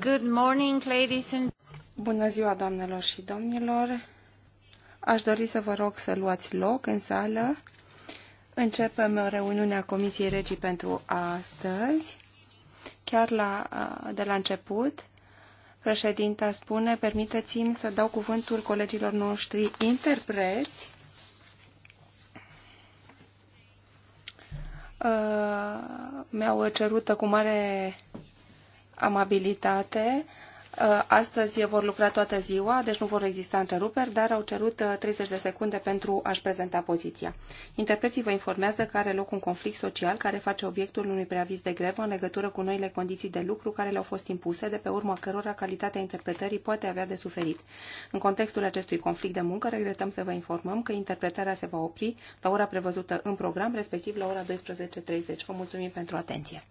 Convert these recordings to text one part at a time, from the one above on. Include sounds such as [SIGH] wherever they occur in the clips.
Good morning, ladies and... Bună ziua, doamnelor și domnilor. Aș dori să vă rog să luați loc în sală. Începem reuniunea Comisiei Regii pentru astăzi. Chiar la, de la început, președinta spune, permiteți-mi să dau cuvântul colegilor noștri interpreți Uh, mi-au cerut cu mare amabilitate Uh, astăzi vor lucra toată ziua, deci nu vor exista întreruperi, dar au cerut 30 uh, de secunde pentru a-și prezenta poziția. Interpreții vă informează că are loc un conflict social care face obiectul unui preaviz de grevă în legătură cu noile condiții de lucru care le-au fost impuse, de pe urma cărora calitatea interpretării poate avea de suferit. În contextul acestui conflict de muncă, regretăm să vă informăm că interpretarea se va opri la ora prevăzută în program, respectiv la ora 12.30. Vă mulțumim pentru atenție!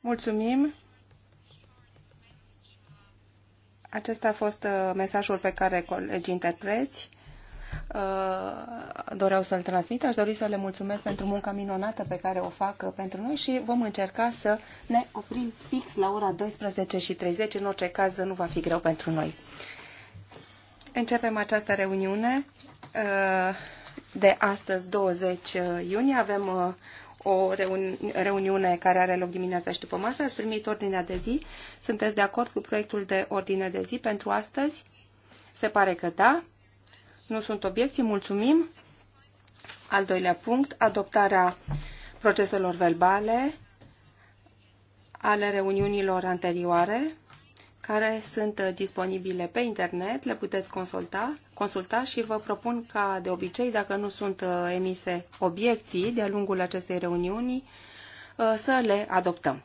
Mulțumim. Acesta a fost uh, mesajul pe care colegii interpreți uh, doreau să-l transmit. Aș dori să le mulțumesc pentru munca minunată pe care o fac uh, pentru noi și vom încerca să ne oprim fix la ora 12.30. În orice caz nu va fi greu pentru noi. Începem această reuniune de astăzi, 20 iunie. Avem o reuni reuniune care are loc dimineața și după masă. Ați primit ordinea de zi. Sunteți de acord cu proiectul de ordine de zi pentru astăzi? Se pare că da. Nu sunt obiecții. Mulțumim. Al doilea punct, adoptarea proceselor verbale ale reuniunilor anterioare care sunt uh, disponibile pe internet, le puteți consulta, consulta și vă propun ca de obicei, dacă nu sunt uh, emise obiecții de-a lungul acestei reuniuni, uh, să le adoptăm.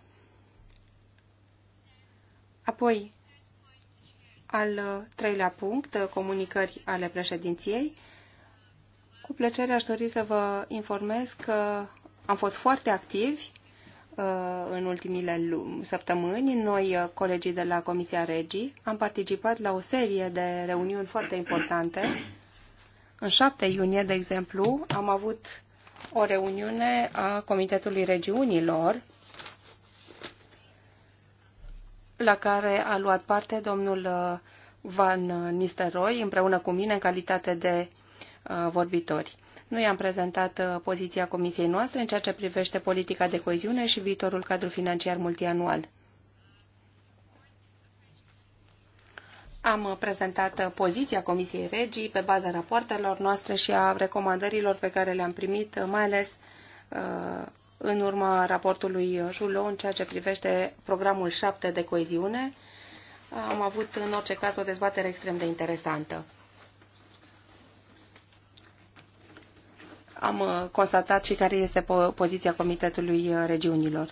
Apoi, al treilea punct, comunicări ale președinției. Cu plăcere aș dori să vă informez că am fost foarte activi Uh, în ultimile săptămâni. Noi, uh, colegii de la Comisia Regii, am participat la o serie de reuniuni foarte importante. În 7 iunie, de exemplu, am avut o reuniune a Comitetului Regiunilor, la care a luat parte domnul uh, Van Nisteroi împreună cu mine în calitate de vorbitori. Nu i-am prezentat uh, poziția comisiei noastre în ceea ce privește politica de coeziune și viitorul cadru financiar multianual. Am uh, prezentat uh, poziția Comisiei Regii pe baza rapoartelor noastre și a recomandărilor pe care le-am primit, mai ales în urma raportului Julo în ceea ce privește programul 7 de coeziune. Am avut în orice caz o dezbatere extrem de interesantă. am uh, constatat și care este poziția Comitetului uh, Regiunilor.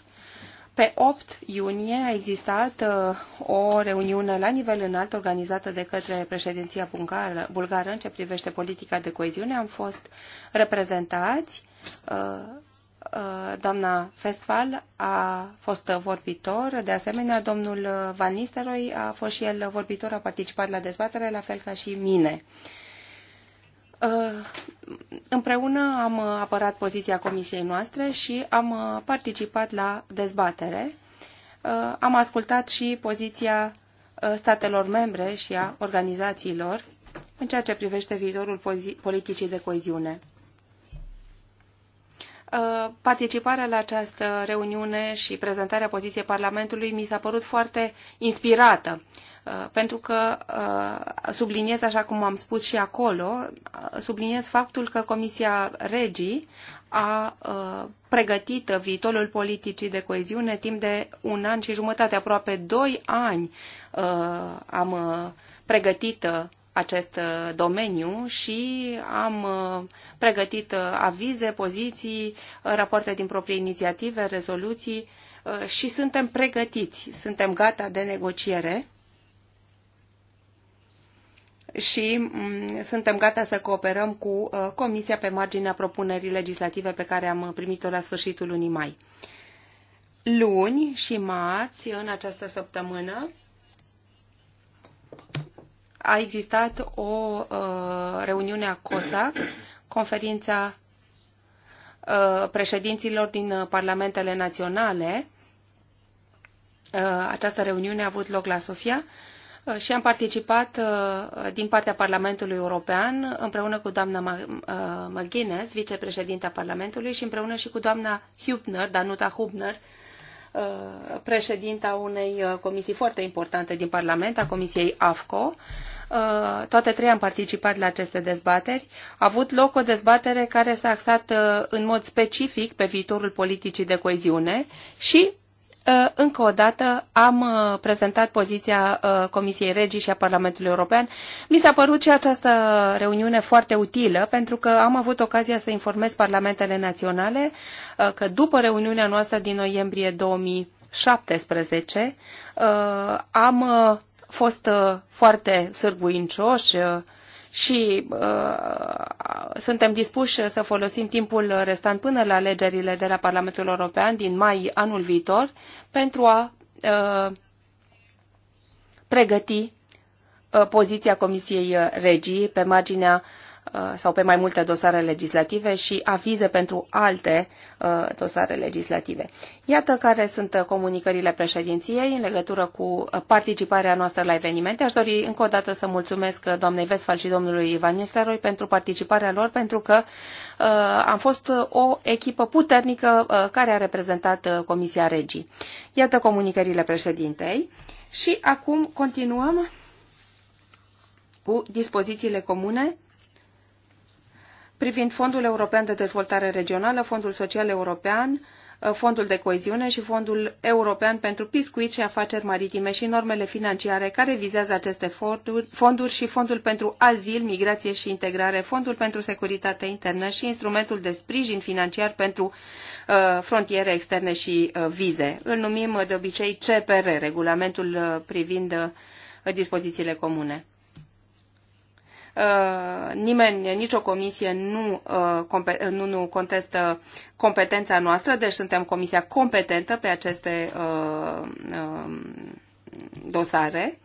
Pe 8 iunie a existat uh, o reuniune la nivel înalt organizată de către președinția bulgară, bulgară în ce privește politica de coeziune. Am fost reprezentați. Doamna Festval a fost vorbitor, de asemenea domnul Van Nistelrooy a fost și el vorbitor, a participat la dezbatere, la fel ca și mine. Uh, împreună am apărat poziția comisiei noastre și am uh, participat la dezbatere. Uh, am ascultat și poziția statelor membre și a organizațiilor în ceea ce privește viitorul politicii de coeziune. Participarea la această reuniune și prezentarea poziției Parlamentului mi s-a părut foarte inspirată Uh, pentru că uh, subliniez, așa cum am spus și acolo, uh, subliniez faptul că Comisia Regii a pregătit viitorul politicii de coeziune timp de un an și jumătate, aproape doi ani am pregătit acest domeniu și am pregătit avize, poziții, rapoarte din proprie inițiative, rezoluții și suntem pregătiți, suntem gata de negociere și mm, suntem gata să cooperăm cu uh, Comisia pe marginea propunerii legislative pe care am primit-o la sfârșitul lunii mai. Luni și marți, în această săptămână, a existat o uh, reuniune a COSAC, conferința uh, președinților din parlamentele naționale. Această reuniune a avut loc la Sofia Uh, și am participat uh, din partea Parlamentului European împreună cu doamna uh, McGuinness, vicepreședinta Parlamentului și împreună și cu doamna Hubner, Danuta Hübner, președinta unei comisii foarte importante din Parlament, a Comisiei AFCO. Toate trei am participat la aceste dezbateri. A avut loc o dezbatere care s-a axat în mod specific pe viitorul politicii de coeziune și Uh, încă o dată am uh, prezentat poziția uh, Comisiei Regii și a Parlamentului European. Mi s-a părut și această reuniune foarte utilă pentru că am avut ocazia să informez parlamentele naționale că după reuniunea noastră din noiembrie 2017 am fost foarte sârguincioși și uh, suntem dispuși să folosim timpul restant până la alegerile de la Parlamentul European din mai anul viitor pentru a uh, pregăti uh, poziția Comisiei Regii pe marginea uh, Uh, sau pe mai multe dosare legislative și avize pentru alte uh, dosare legislative. Iată care sunt comunicările președinției în legătură cu uh, participarea noastră la evenimente. Aș dori încă o dată să mulțumesc doamnei Vesfal și domnului Ivan Nistelrooy pentru participarea lor, pentru că am fost o echipă puternică care a reprezentat Comisia Regii. Iată comunicările președintei și acum continuăm cu dispozițiile comune privind Fondul European de Dezvoltare Regională, Fondul Social European, uh, Fondul de Coeziune și Fondul European pentru Piscuit și Afaceri Maritime și normele financiare care vizează aceste fonduri și Fondul pentru Azil, Migrație și Integrare, Fondul pentru Securitate Internă și Instrumentul de Sprijin Financiar pentru uh, Frontiere Externe și uh, Vize. Îl numim de obicei CPR, regulamentul privind dispozițiile comune. Uh, nimeni, nicio comisie nu, uh, nu, nu contestă competența noastră, deci suntem comisia competentă pe aceste uh, um, dosare.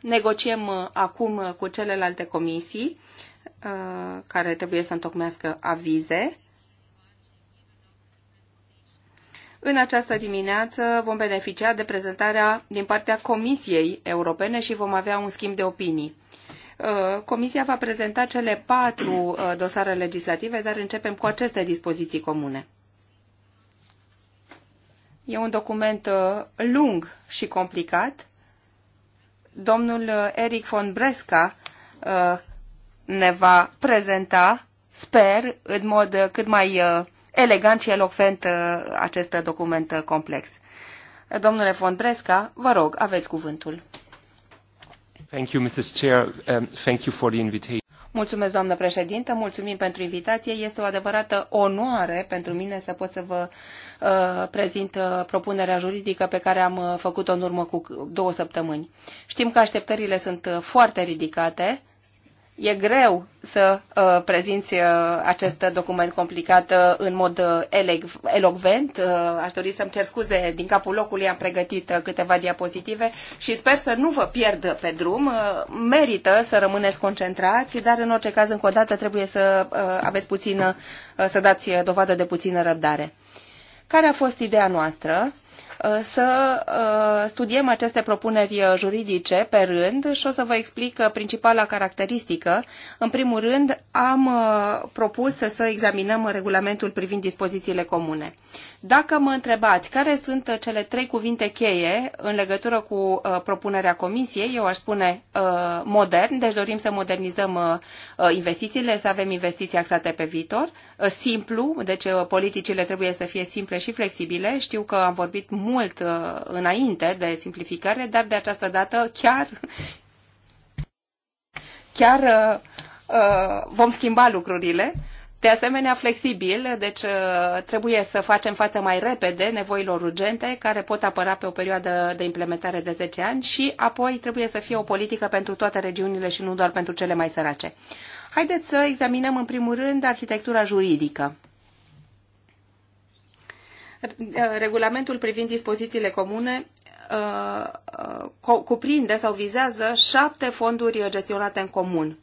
Negociem acum cu celelalte comisii care trebuie să întocmească avize. În această dimineață vom beneficia de prezentarea din partea Comisiei Europene și vom avea un schimb de opinii. Uh, Comisia va prezenta cele patru uh, dosare legislative, dar începem cu aceste dispoziții comune. E un document uh, lung și complicat. Domnul Eric von Bresca ne va prezenta, sper, în mod cât mai elegant și elocvent acest document complex. Domnule von Bresca, vă rog, aveți cuvântul. Mulțumesc, doamnă președintă, mulțumim pentru invitație. Este o adevărată onoare pentru mine să pot să vă uh, prezint uh, propunerea juridică pe care am uh, făcut-o în urmă cu două săptămâni. Știm că așteptările sunt uh, foarte ridicate e greu să uh, prezinți uh, acest document complicat uh, în mod uh, eleg, elocvent. Uh, aș dori să-mi cer scuze din capul locului, am pregătit uh, câteva diapozitive și sper să nu vă pierd pe drum. Uh, merită să rămâneți concentrați, dar în orice caz, încă o dată, trebuie să uh, aveți puțină, uh, să dați dovadă de puțină răbdare. Care a fost ideea noastră? Uh, să uh, studiem aceste propuneri uh, juridice pe rând și o să vă explic principala caracteristică. În primul rând, am propus să examinăm regulamentul privind dispozițiile comune. Dacă mă întrebați care sunt cele trei cuvinte cheie în legătură cu propunerea Comisiei, eu aș spune modern, deci dorim să modernizăm investițiile, să avem investiții axate pe viitor, simplu, deci politicile trebuie să fie simple și flexibile. Știu că am vorbit mult mult uh, înainte de simplificare, dar de această dată chiar, chiar uh, uh, vom schimba lucrurile. De asemenea, flexibil, deci trebuie să facem față mai repede nevoilor urgente care pot apăra pe o perioadă de implementare de 10 ani și apoi trebuie să fie o politică pentru toate regiunile și nu doar pentru cele mai sărace. Haideți să examinăm în primul rând arhitectura juridică regulamentul privind dispozițiile comune uh, uh, cuprinde sau vizează șapte fonduri gestionate în comun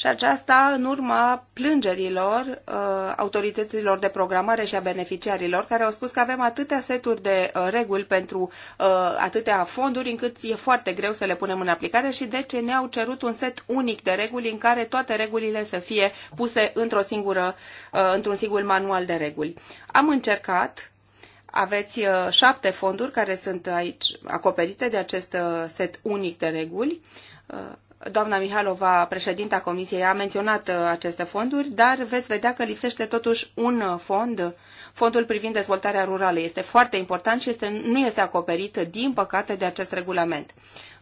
și aceasta în urma plângerilor uh, autorităților de programare și a beneficiarilor, care au spus că avem atâtea seturi de uh, reguli pentru uh, atâtea fonduri, încât e foarte greu să le punem în aplicare și de ce ne-au cerut un set unic de reguli în care toate regulile să fie puse într-o singură, uh, într-un singur manual de reguli. Am încercat aveți uh, șapte fonduri care sunt aici acoperite de acest uh, set unic de reguli uh, Doamna Mihalova, președinta Comisiei, a menționat uh, aceste fonduri, dar veți vedea că lipsește totuși un fond, fondul privind dezvoltarea rurală. Este foarte important și este, nu este acoperit, din păcate, de acest regulament.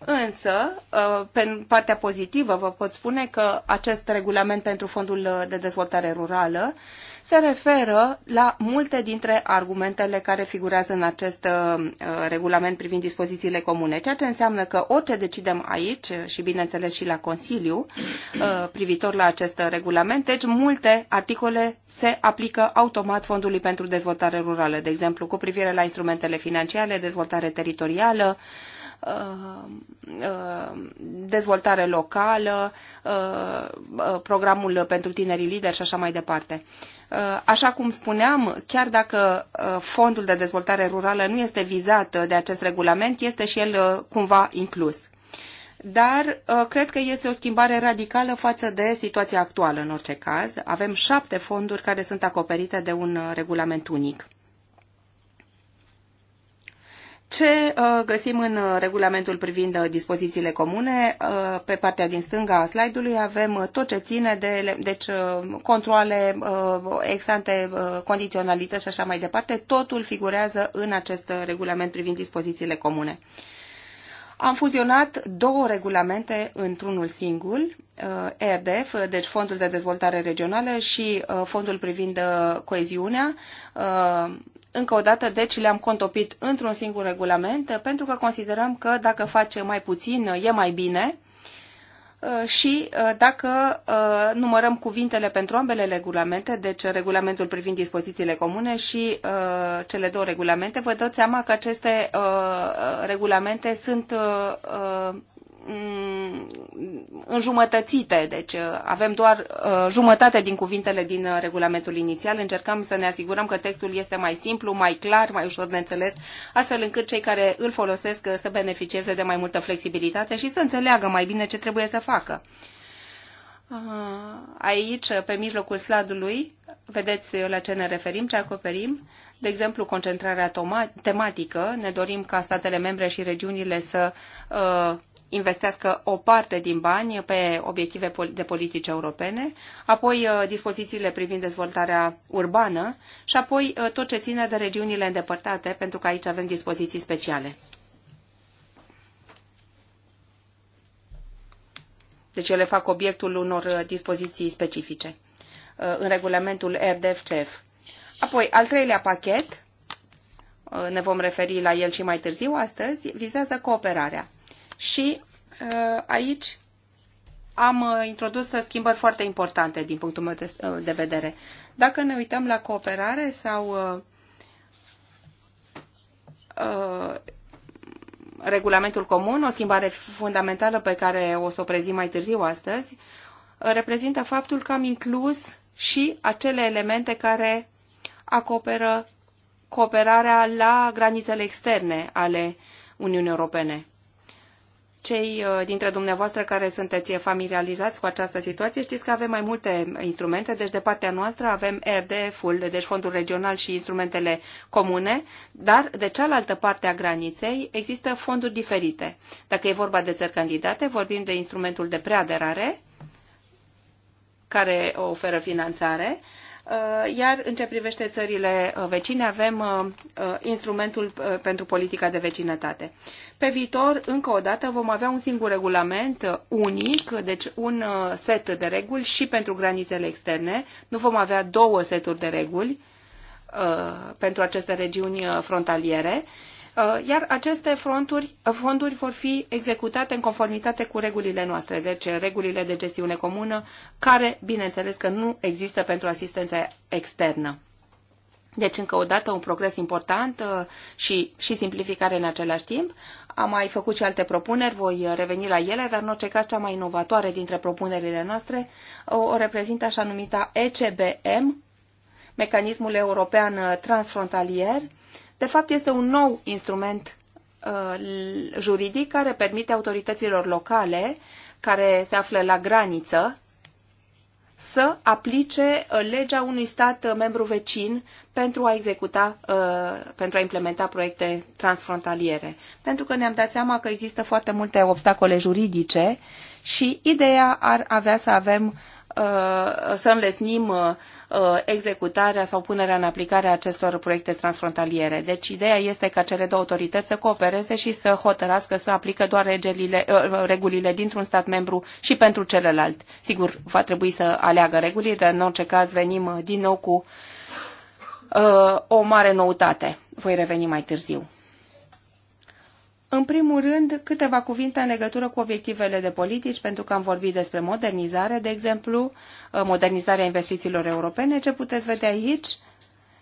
Însă, ă, pe partea pozitivă, vă pot spune că acest regulament pentru Fondul de Dezvoltare Rurală se referă la multe dintre argumentele care figurează în acest ă, regulament privind dispozițiile comune, ceea ce înseamnă că orice decidem aici și, bineînțeles, și la Consiliu ă, privitor la acest regulament, deci multe articole se aplică automat Fondului pentru Dezvoltare Rurală, de exemplu, cu privire la instrumentele financiare, dezvoltare teritorială, Uh, uh, dezvoltare locală, uh, programul pentru tinerii lideri și așa mai departe. Așa cum spuneam, chiar dacă fondul de dezvoltare rurală nu este vizat de acest regulament, este și el cumva inclus. Dar cred că este o schimbare radicală față de situația actuală în orice caz. Avem șapte fonduri care sunt acoperite de un regulament unic ce uh, găsim în uh, regulamentul privind uh, dispozițiile comune? Pe partea din stânga a slide-ului avem tot ce ține de deci, controle, exante, condiționalități și așa mai departe. Totul figurează în acest regulament privind dispozițiile comune. Am fuzionat două regulamente într-unul singur, RDF, deci Fondul de Dezvoltare Regională și Fondul privind coeziunea, încă o dată, deci le-am contopit într-un singur regulament, pentru că considerăm că dacă face mai puțin, e mai bine uh, și uh, dacă uh, numărăm cuvintele pentru ambele regulamente, deci regulamentul privind dispozițiile comune și cele două regulamente, vă dați seama că aceste regulamente sunt Mm, înjumătățite, deci uh, avem doar uh, jumătate din cuvintele din uh, regulamentul inițial. Încercăm să ne asigurăm că textul este mai simplu, mai clar, mai ușor de înțeles, astfel încât cei care îl folosesc să beneficieze de mai multă flexibilitate și să înțeleagă mai bine ce trebuie să facă. Aici, pe mijlocul sladului, vedeți la ce ne referim, ce acoperim. De exemplu, concentrarea tematică. Ne dorim ca statele membre și regiunile să uh, investească o parte din bani pe obiective de politici europene, apoi uh, dispozițiile privind dezvoltarea urbană și apoi uh, tot ce ține de regiunile îndepărtate, pentru că aici avem dispoziții speciale. Deci ele fac obiectul unor uh, dispoziții specifice în regulamentul RDFCF. Apoi, al treilea pachet, ne vom referi la el și mai târziu astăzi, vizează cooperarea și uh, aici am uh, introdus schimbări foarte importante din punctul meu de uh, vedere. Dacă ne uităm la cooperare sau regulamentul comun, o schimbare fundamentală pe care o să o prezint mai târziu astăzi, reprezintă faptul că am inclus și acele elemente care acoperă cooperarea la granițele externe ale Uniunii Europene cei uh, dintre dumneavoastră care sunteți familiarizați cu această situație, știți că avem mai multe instrumente, deci de partea noastră avem RDF-ul, deci fondul regional și instrumentele comune, dar de cealaltă parte a graniței există fonduri diferite. Dacă e vorba de țări candidate, vorbim de instrumentul de preaderare, care oferă finanțare, Uh, iar în ce privește țările uh, vecine avem uh, instrumentul pentru politica de vecinătate. Pe viitor, încă o dată, vom avea un singur regulament unic, deci un set de reguli și pentru granițele externe. Nu vom avea două seturi de reguli pentru aceste regiuni frontaliere Uh, iar aceste fronturi, fonduri vor fi executate în conformitate cu regulile noastre, deci regulile de gestiune comună, care, bineînțeles, că nu există pentru asistența externă. Deci, încă o dată, un progres important uh, și, și simplificare în același timp. Am mai făcut și alte propuneri, voi reveni la ele, dar în orice caz cea mai inovatoare dintre propunerile noastre o reprezintă așa numita ECBM, Mecanismul European uh, Transfrontalier, de fapt, este un nou instrument uh, juridic care permite autorităților locale care se află la graniță să aplice uh, legea unui stat uh, membru vecin pentru a executa, pentru a implementa proiecte transfrontaliere. Pentru că ne-am dat seama că există foarte multe obstacole juridice și ideea ar avea să avem să înlesnim Uh, executarea sau punerea în aplicare a acestor proiecte transfrontaliere. Deci ideea este ca cele două autorități să coopereze și să hotărască să aplică doar regelile, uh, regulile dintr-un stat membru și pentru celălalt. Sigur, va trebui să aleagă regulile, dar în orice caz venim uh, din nou cu uh, o mare noutate. Voi reveni mai târziu. În primul rând, câteva cuvinte în legătură cu obiectivele de politici, pentru că am vorbit despre modernizare, de exemplu, uh, modernizarea investițiilor europene. Ce puteți vedea aici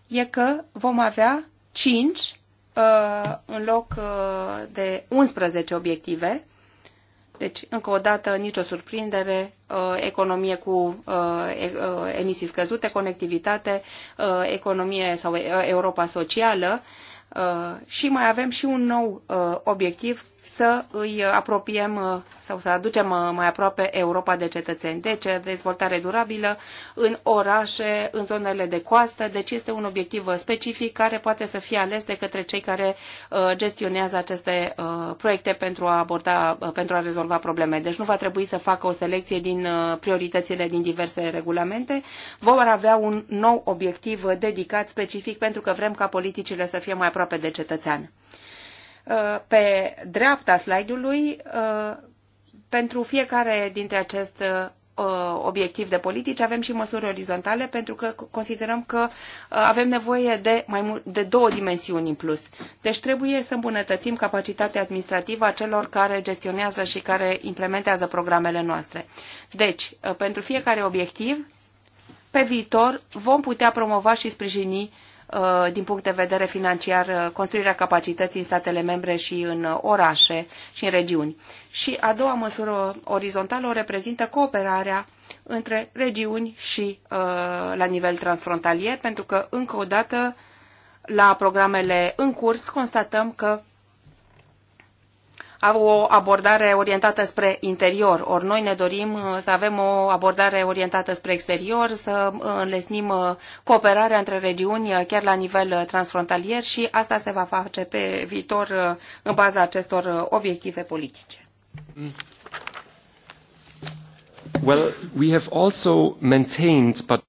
e că vom avea 5 uh, în loc uh, de 11 obiective. Deci, încă o dată, nicio surprindere, economie cu emisii scăzute, conectivitate, economie sau Europa socială, Uh, și mai avem și un nou uh, obiectiv să îi apropiem uh, sau să aducem uh, mai aproape Europa de cetățeni. Deci, uh, dezvoltare durabilă în orașe, în zonele de coastă, deci este un obiectiv specific care poate să fie ales de către cei care gestionează aceste proiecte pentru a aborda, pentru a rezolva probleme. Deci nu va trebui să facă o selecție din prioritățile din diverse regulamente. Vor avea un nou obiectiv dedicat specific pentru că vrem ca politicile să fie mai aproape de cetățean. Uh, pe dreapta slide-ului uh, pentru fiecare dintre acest uh, obiectiv de politici, avem și măsuri orizontale pentru că considerăm că avem nevoie de mai mult de două dimensiuni în plus. Deci trebuie să îmbunătățim capacitatea administrativă a celor care gestionează și care implementează programele noastre. Deci, pentru fiecare obiectiv, pe viitor vom putea promova și sprijini uh, Uh, din punct de vedere financiar uh, construirea capacității în statele membre și în uh, orașe și în regiuni. Și a doua măsură orizontală o reprezintă cooperarea între regiuni și la nivel transfrontalier, pentru că, încă o dată, la programele în curs constatăm că au o abordare orientată spre interior, ori noi ne dorim uh, să avem o abordare orientată spre exterior, să uh, înlesnim uh, cooperarea între regiuni chiar la nivel transfrontalier și asta se va face pe viitor în baza acestor obiective politice. Well, we have also maintained, but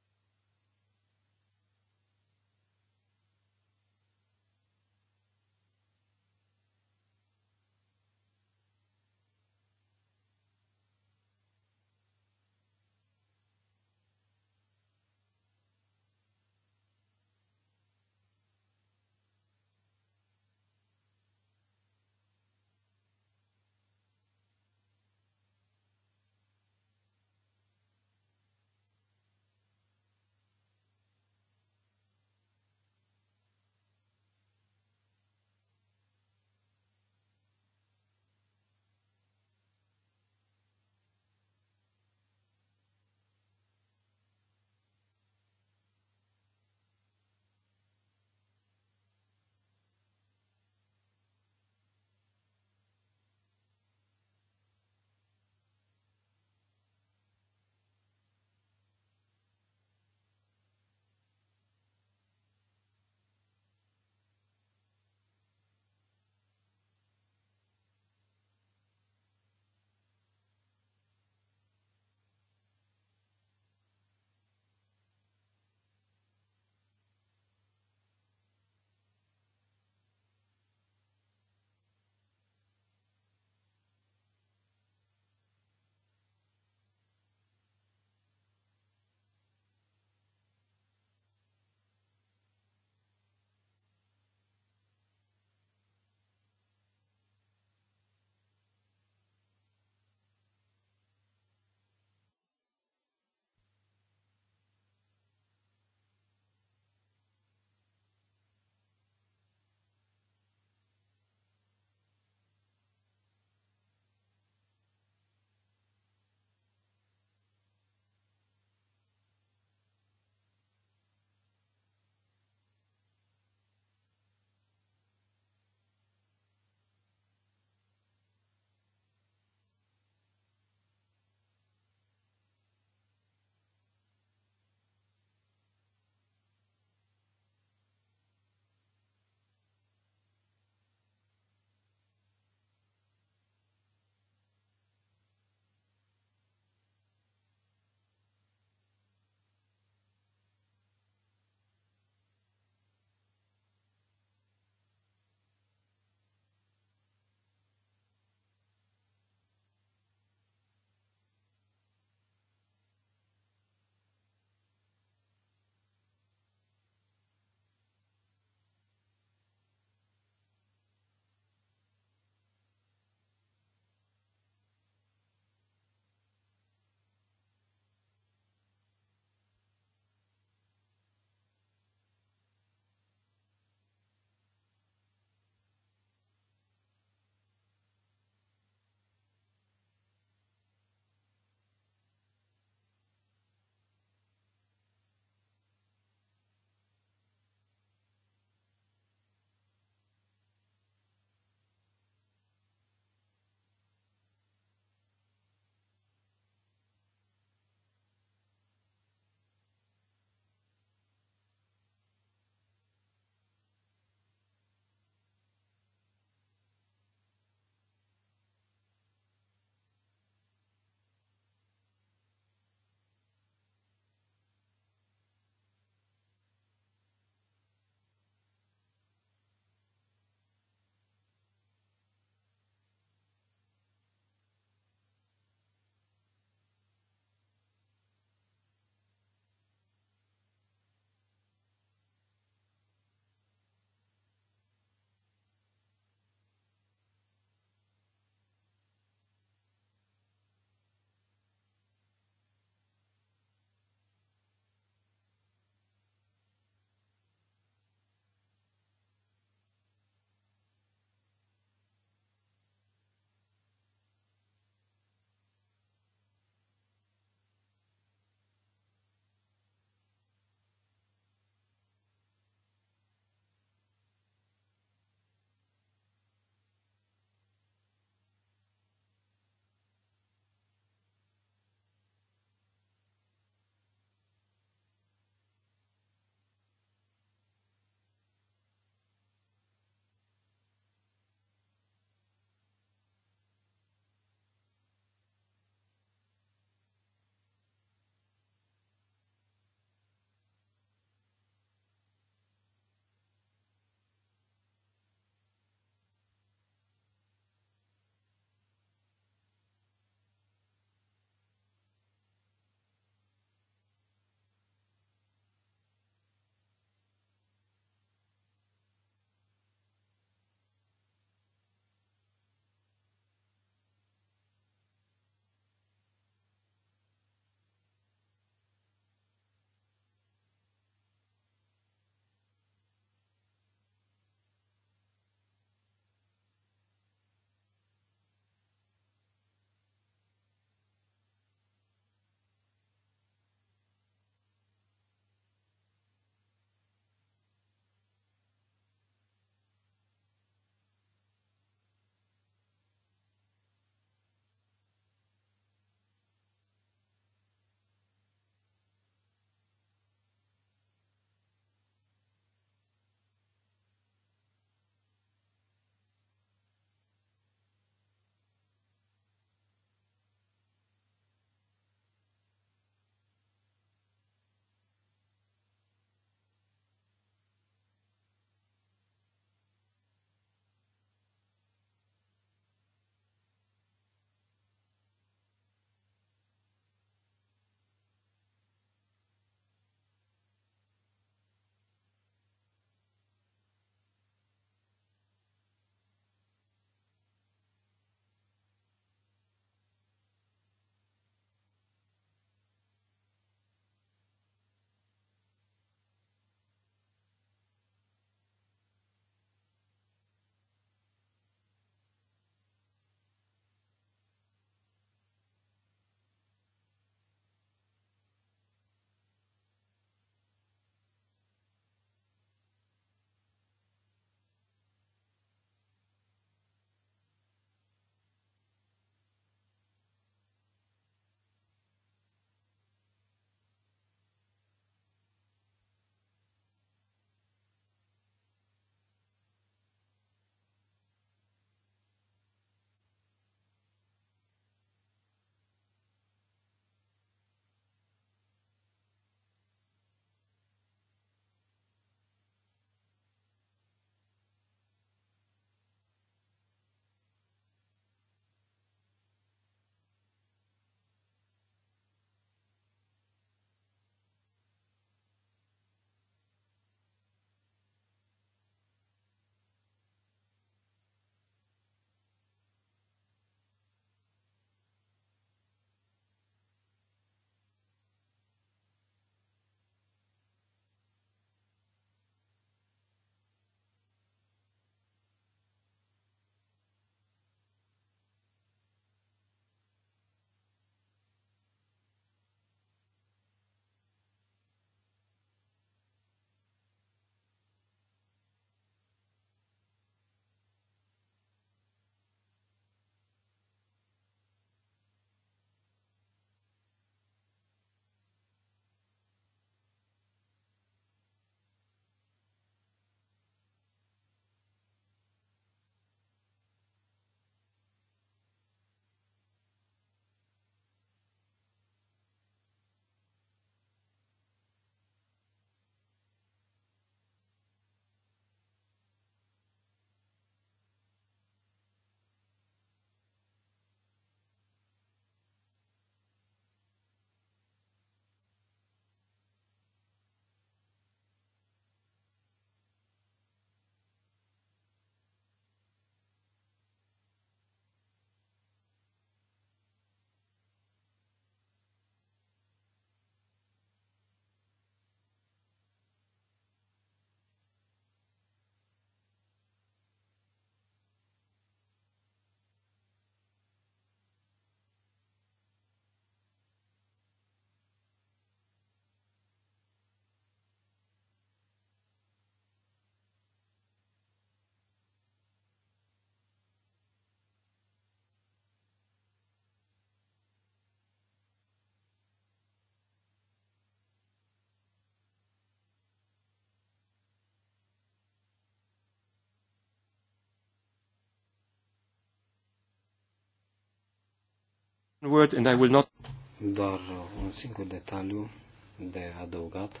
word and I will not... Doar uh, un singur detaliu de adăugat.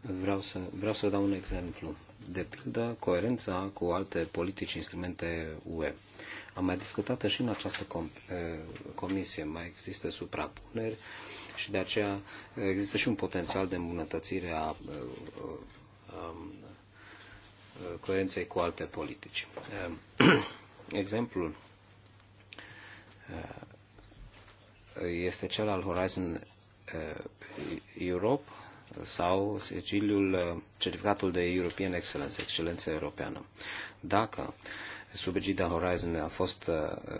Vreau să, vreau să dau un exemplu. De pildă, coerența cu alte politici instrumente UE. Am mai discutat și în această com uh, comisie, mai există suprapuneri și de aceea există și un potențial de îmbunătățire a, a, uh, a um, coerenței cu alte politici. [CLEARS THROAT] Exemplul este cel al Horizon uh, Europe sau sigiliul, uh, certificatul de European Excellence, excelență europeană. Dacă sub egida Horizon a fost uh,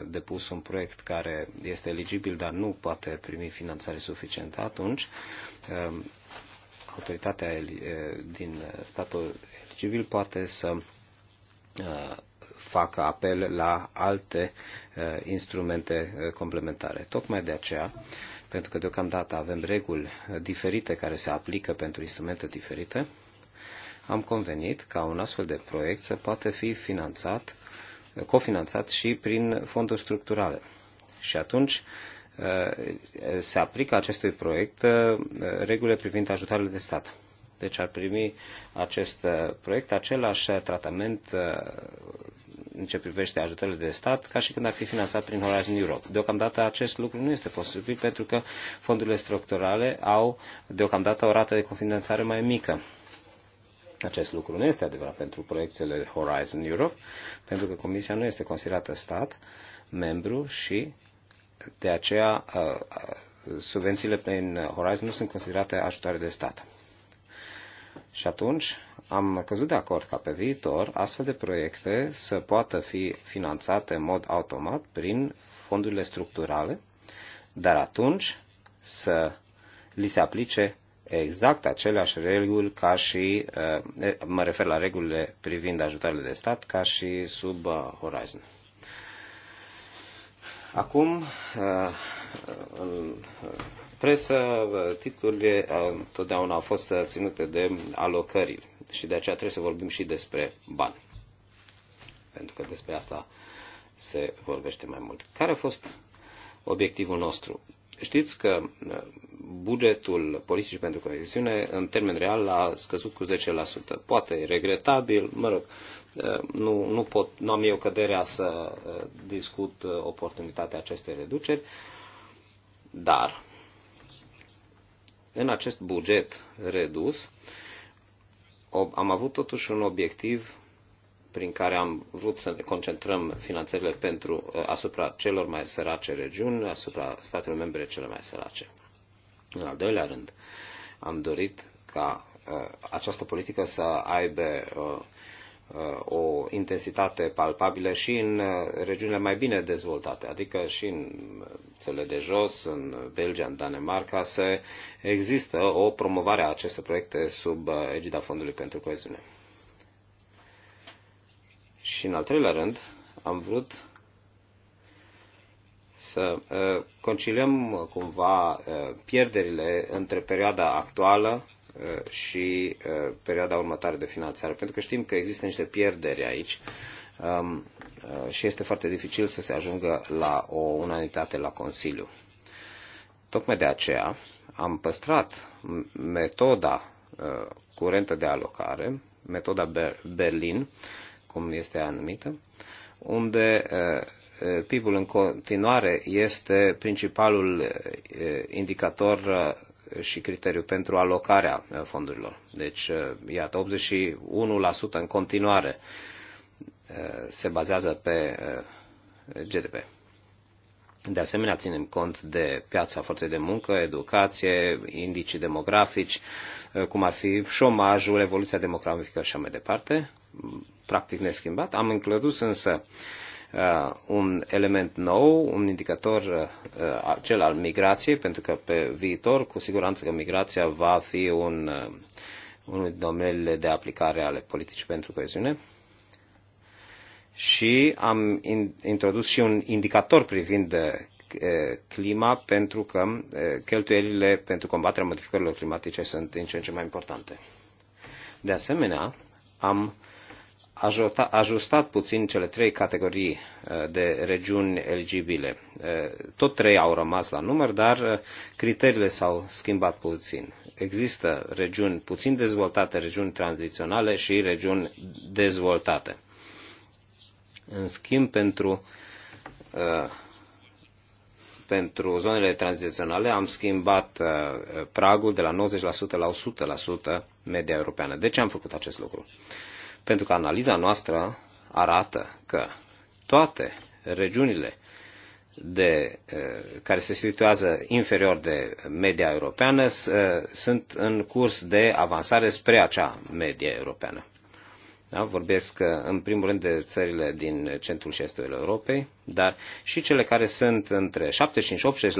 depus un proiect care este eligibil, dar nu poate primi finanțare suficientă, atunci autoritatea din statul eligibil poate să facă apel la alte uh, instrumente uh, complementare. Tocmai de aceea, pentru că deocamdată avem reguli uh, diferite care se aplică pentru instrumente diferite, am convenit ca un astfel de proiect să poate fi finanțat, cofinanțat și prin fonduri structurale. Și atunci se aplică acestui proiect regulile privind ajutoarele de stat. Deci ar primi acest proiect același tratament în ce privește ajutările de stat, ca și când ar fi finanțat prin Horizon Europe. Deocamdată acest lucru nu este posibil pentru că fondurile structurale au deocamdată o rată de confinanțare mai mică. Acest lucru nu este adevărat pentru proiectele Horizon Europe, pentru că Comisia nu este considerată stat, membru și de aceea uh, uh, subvențiile prin Horizon nu sunt considerate ajutoare de stat. Și atunci am căzut de acord ca pe viitor astfel de proiecte să poată fi finanțate în mod automat prin fondurile structurale, dar atunci să li se aplice exact aceleași reguli ca și, eh, eh, mă refer la regulile privind ajutoarele de stat, ca și sub eh, Horizon. Acum, în presă, titlurile întotdeauna au fost ținute de alocări și de aceea trebuie să vorbim și despre bani. Pentru că despre asta se vorbește mai mult. Care a fost obiectivul nostru? Știți că bugetul politicii pentru coeziune, în termen real, a scăzut cu 10%. Poate e regretabil, mă rog, nu, nu, pot, nu am eu căderea să discut oportunitatea acestei reduceri, dar în acest buget redus, am avut totuși un obiectiv prin care am vrut să ne concentrăm finanțările pentru, uh, asupra celor mai sărace regiuni, asupra statelor membre cele mai sărace. În al doilea rând, am dorit ca uh, această politică să aibă uh, Uh, o intensitate palpabilă și în uh, regiunile mai bine dezvoltate, adică și în uh, țele de jos, în Belgia, în Danemarca, se există o promovare a acestor proiecte sub egida Fondului pentru Coeziune. Și în al treilea rând, am vrut să conciliem cumva pierderile între perioada actuală Uh, și uh, perioada următoare de finanțare, pentru că știm că există niște pierderi aici um, uh, și este foarte dificil să se ajungă la o unanitate la Consiliu. Tocmai de aceea am păstrat metoda curentă de alocare, metoda Berlin, cum este anumită, unde PIB-ul în continuare este principalul indicator și criteriu pentru alocarea uh, fondurilor. Deci, uh, iată, 81% în continuare uh, se bazează pe GDP. De asemenea, ținem cont de piața forței de muncă, educație, indicii demografici, cum ar fi șomajul, evoluția demografică și așa mai departe, practic neschimbat. Am inclus însă uh, Uh, un element nou, un indicator uh, uh, cel al migrației, pentru că pe viitor, cu siguranță că migrația va fi un, unul din domeniile de aplicare ale politicii pentru coeziune. Și am introdus și un indicator privind clima, pentru că cheltuielile pentru combaterea modificărilor climatice sunt din ce în ce mai importante. De asemenea, am uh, ajuta, ajustat puțin cele trei categorii uh, de regiuni eligibile. Uh, tot trei au rămas la număr, dar uh, criteriile s-au schimbat puțin. Există regiuni puțin dezvoltate, regiuni tranziționale și regiuni dezvoltate. În schimb, pentru, pentru zonele tranziționale am schimbat pragul de la 90% la 100% media europeană. De ce am făcut acest lucru? pentru că analiza noastră arată că toate regiunile de, eh, care se situează inferior de media europeană eh, sunt în curs de avansare spre acea medie europeană. Da? Vorbesc eh, în primul rând de țările din centrul și estul Europei, dar și cele care sunt între 75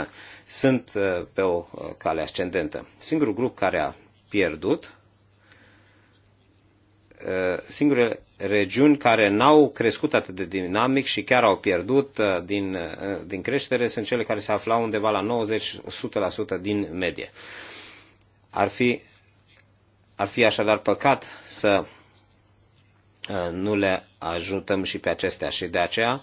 85% sunt pe o cale ascendentă. Singurul grup care a pierdut Uh, singure regiuni care n-au crescut atât de dinamic și chiar au pierdut uh, din, uh, din creștere sunt cele care se aflau undeva la 90-100% din medie. Ar fi, ar fi așadar păcat să nu le ajutăm și pe acestea și de aceea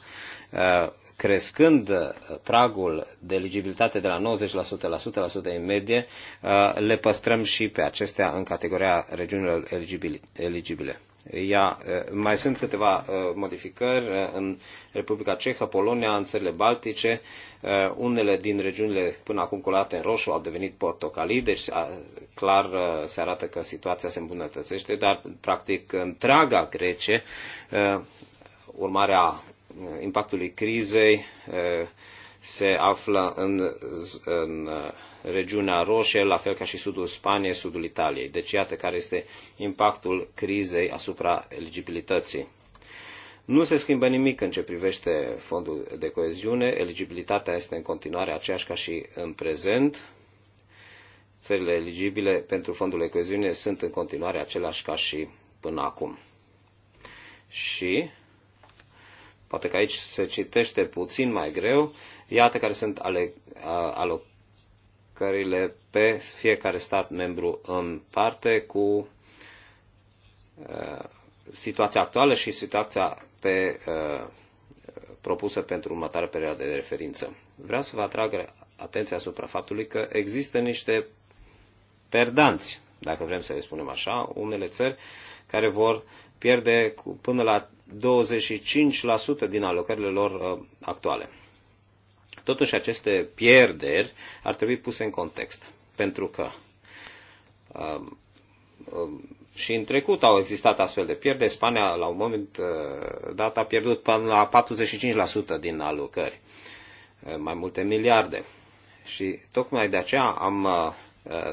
crescând uh, pragul de eligibilitate de la 90% la 100% în medie, uh, le păstrăm și pe acestea în categoria regiunilor eligibile. Ia, uh, mai sunt câteva modificări în Republica Cehă, Polonia, în țările Baltice. Unele din regiunile până acum colate în roșu au devenit portocalii, deci clar se arată că situația se îmbunătățește, dar practic întreaga Grecie urmarea impactului crizei se află în, în regiunea roșie, la fel ca și sudul Spaniei, sudul Italiei. Deci iată care este impactul crizei asupra eligibilității. Nu se schimbă nimic în ce privește fondul de coeziune, eligibilitatea este în continuare aceeași ca și în prezent. Țările eligibile pentru fondul de coeziune sunt în continuare aceleași ca și până acum. Și poate că aici se citește puțin mai greu, iată care sunt ale, a, alocările pe fiecare stat membru în parte cu a, situația actuală și situația pe, a, propusă pentru următoarea perioadă de referință. Vreau să vă atrag atenția asupra faptului că există niște perdanți, dacă vrem să le spunem așa, unele țări care vor pierde cu, până la 25% din alocările lor uh, actuale. Totuși, aceste pierderi ar trebui puse în context, pentru că uh, uh, și în trecut au existat astfel de pierderi. Spania, la un moment dat, a pierdut până la 45% din alocări, mai multe miliarde. Și tocmai de aceea am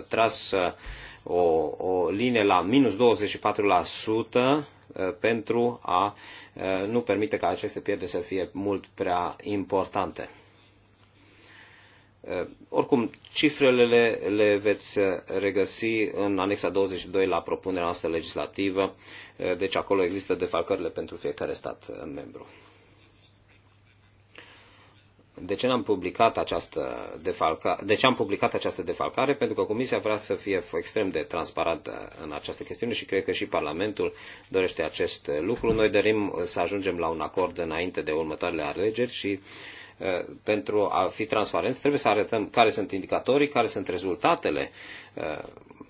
tras o, o linie la minus 24% Uh, pentru a uh, nu permite ca aceste pierderi să fie mult prea importante. Uh, oricum, cifrele le, le veți regăsi în anexa 22 la propunerea noastră legislativă, deci acolo există defalcările pentru fiecare stat membru. De ce, am publicat această defalca, de ce am publicat această defalcare? Pentru că Comisia vrea să fie extrem de transparentă uh, în această chestiune și cred că și Parlamentul dorește acest lucru. Noi dorim uh, să ajungem la un acord înainte de următoarele alegeri și uh, pentru a fi transparenți trebuie să arătăm care sunt indicatorii, care sunt rezultatele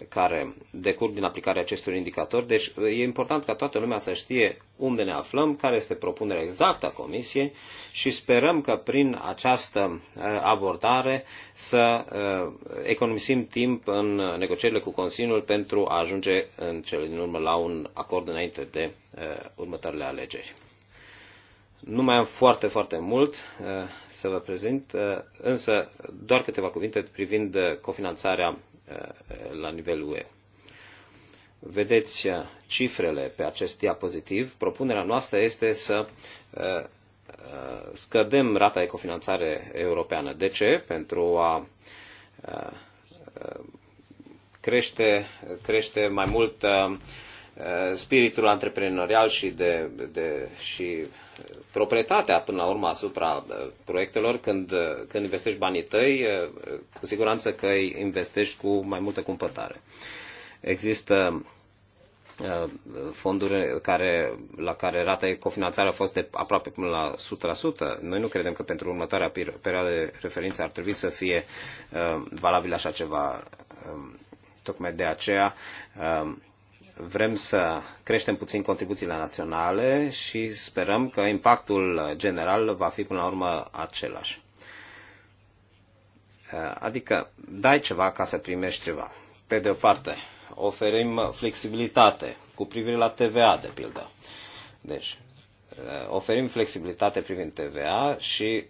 care decurg din aplicarea acestor indicatori. Deci e important ca toată lumea să știe unde ne aflăm, care este propunerea exactă a Comisiei și sperăm că prin această uh, abordare să uh, economisim timp în negocierile cu Consiliul pentru a ajunge în cele din urmă la un acord înainte de uh, următoarele alegeri. Nu mai am foarte, foarte mult să vă prezint, însă doar câteva cuvinte privind cofinanțarea Uh, la nivelul UE. Vedeți uh, cifrele pe acest diapozitiv. Propunerea noastră este să uh, scădem rata de cofinanțare europeană. De ce? Pentru a crește, crește mai mult Eh, spiritul antreprenorial și, de, de, și proprietatea până la urmă asupra eh, proiectelor, când, eh, când investești banii tăi, cu siguranță că îi investești cu mai multă cumpătare. Există fonduri care, la care rata de cofinanțare a fost de aproape până la 100%. Noi nu credem că pentru următoarea perioadă de referință ar trebui să fie valabil așa ceva. Tocmai de aceea vrem să creștem puțin contribuțiile naționale și sperăm că impactul general va fi până la urmă același. Eh, adică dai ceva ca să primești ceva. Pe de o parte, oferim flexibilitate cu privire la TVA, de pildă. Deci, eh, oferim flexibilitate privind TVA și, eh,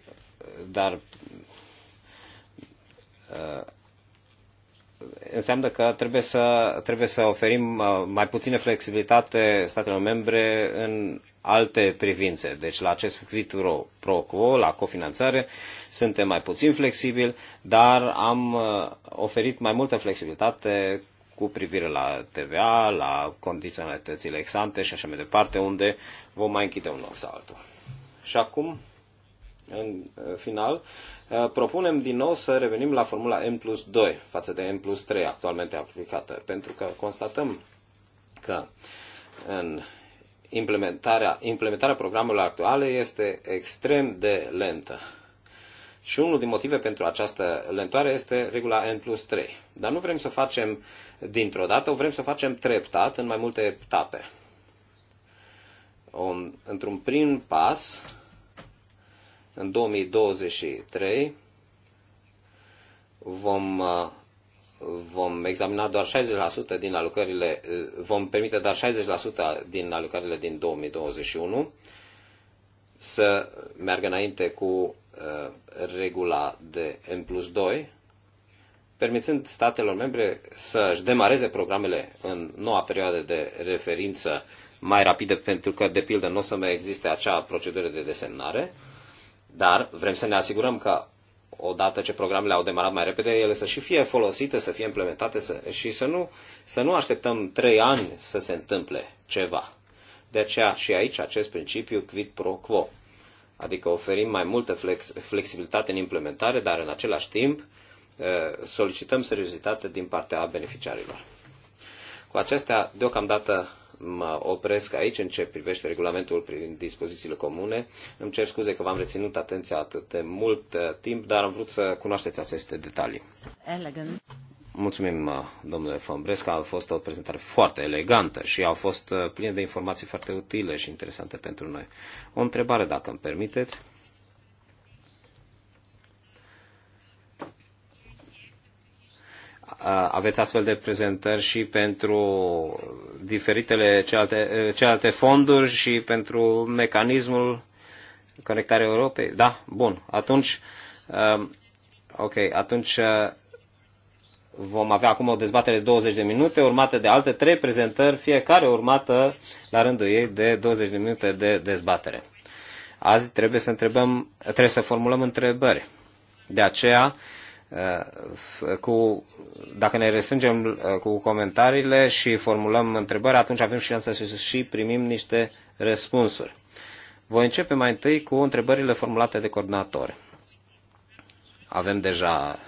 dar înseamnă că trebuie să, trebuie să oferim uh, mai puțină flexibilitate statelor membre în alte privințe. Deci la acest fit pro quo, la cofinanțare, suntem mai puțin flexibili, dar am uh, oferit mai multă flexibilitate cu privire la TVA, la condiționalitățile exante și așa mai departe, unde vom mai închide un loc sau altul. Și acum, în uh, final, Uh, propunem din nou să revenim la formula M plus 2 față de M plus 3 actualmente aplicată, pentru că constatăm că în implementarea, implementarea programului actuale este extrem de lentă. Și unul din motive pentru această lentoare este regula N plus 3. Dar nu vrem să o facem dintr-o dată, o vrem să o facem treptat, în mai multe etape. Într-un prim pas, în 2023 vom, uh, vom examina doar 60% din alocările, uh, vom permite doar 60% din alocările din 2021 să meargă înainte cu uh, regula de N plus 2, permițând statelor membre să-și demareze programele în noua perioadă de referință mai rapidă, pentru că, de pildă, nu o să mai existe acea procedură de desemnare. Uh, dar vrem să ne asigurăm că odată ce programele au demarat mai repede, ele să și fie folosite, să fie implementate să, și să nu, să nu așteptăm trei ani să se întâmple ceva. De aceea și aici acest principiu quid pro quo. Adică oferim mai multă flex, flexibilitate în implementare, dar în același timp eh, solicităm seriozitate din partea beneficiarilor. Cu acestea, deocamdată mă opresc aici în ce privește regulamentul prin dispozițiile comune. Îmi cer scuze că v-am reținut atenția atât de mult uh, timp, dar am vrut să cunoașteți aceste detalii. Elegant. Mulțumim, uh, domnule Fombrescu, a fost o prezentare foarte elegantă și a fost uh, plină de informații foarte utile și interesante pentru noi. O întrebare, dacă îmi permiteți. aveți astfel de prezentări și pentru diferitele celelalte, celelalte fonduri și pentru mecanismul conectarea Europei? Da, bun. Atunci, um, ok, atunci uh, vom avea acum o dezbatere de 20 de minute, urmată de alte trei prezentări, fiecare urmată la rândul ei de 20 de minute de dezbatere. Azi trebuie să întrebăm, trebuie să formulăm întrebări. De aceea, uh, cu, dacă ne restrângem uh, cu comentariile și formulăm întrebări, atunci avem șansa să și primim niște răspunsuri. Voi începe mai întâi cu întrebările formulate de coordonatori. Avem deja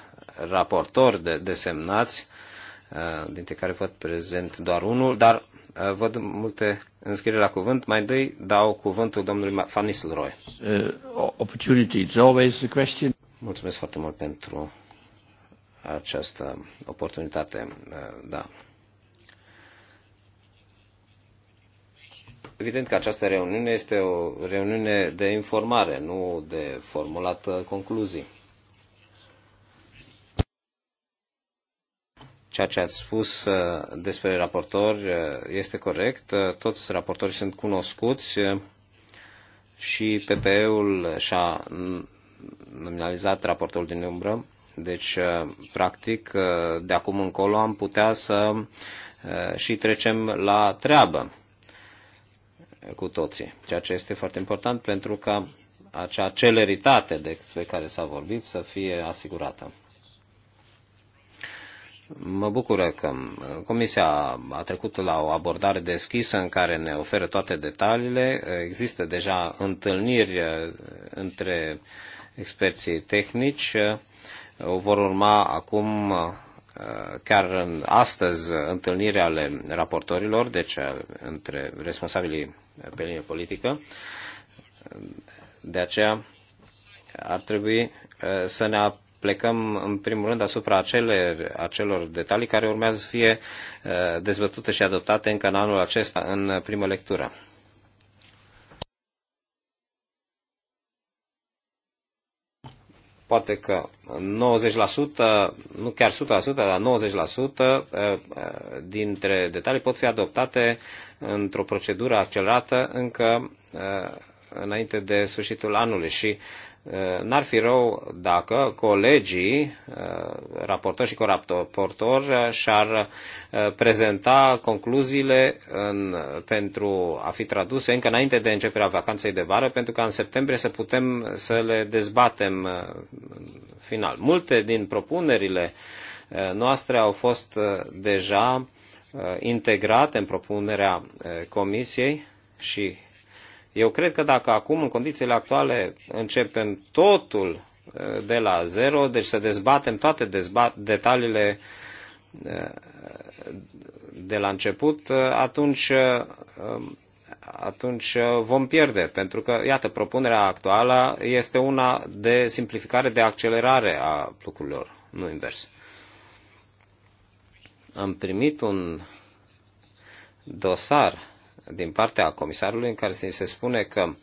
raportori de, desemnați, uh, dintre care văd prezent doar unul, dar uh, văd multe înscrieri la cuvânt. Mai întâi dau cuvântul domnului Fanis Roy. Uh, opportunity, always the question. Mulțumesc foarte mult pentru această oportunitate. Uh, da. Evident că această reuniune este o reuniune de informare, nu de formulat uh, concluzii. Ceea ce ați spus uh, despre raportori este corect. Toți raportorii sunt cunoscuți și PPE-ul și-a nominalizat raportorul din umbră deci, uh, practic, uh, de acum încolo am putea să uh, și trecem la treabă cu toții, ceea ce este foarte important pentru că acea celeritate despre care s-a vorbit să fie asigurată. Mă bucură că Comisia a trecut la o abordare deschisă în care ne oferă toate detaliile. Există deja întâlniri între experții tehnici vor urma acum, uh, chiar în astăzi, întâlniri ale raportorilor, deci uh, între responsabilii pe linie politică. De aceea ar trebui uh, să ne plecăm în primul rând asupra acele, acelor detalii care urmează să fie dezbătute și adoptate încă în anul acesta în primă lectură. poate că 90%, nu chiar 100%, dar 90% eh, eh, dintre detalii pot fi adoptate într-o procedură accelerată încă eh, înainte de sfârșitul anului și Eh, n-ar fi rău dacă colegii, eh, raportori și coraportori, eh, și-ar prezenta concluziile în, pentru a fi traduse încă înainte de începerea vacanței de vară, pentru ca în septembrie să putem să le dezbatem final. Multe din propunerile noastre au fost deja integrate în propunerea Comisiei și eu cred că dacă acum, în condițiile actuale, începem totul uh, de la zero, deci să dezbatem toate dezbat- detaliile uh, de la început, uh, atunci, atunci vom pierde. Pentru că, iată, propunerea actuală este una de simplificare, de accelerare a lucrurilor, nu invers. Am primit un dosar din partea comisarului în care se spune că uh,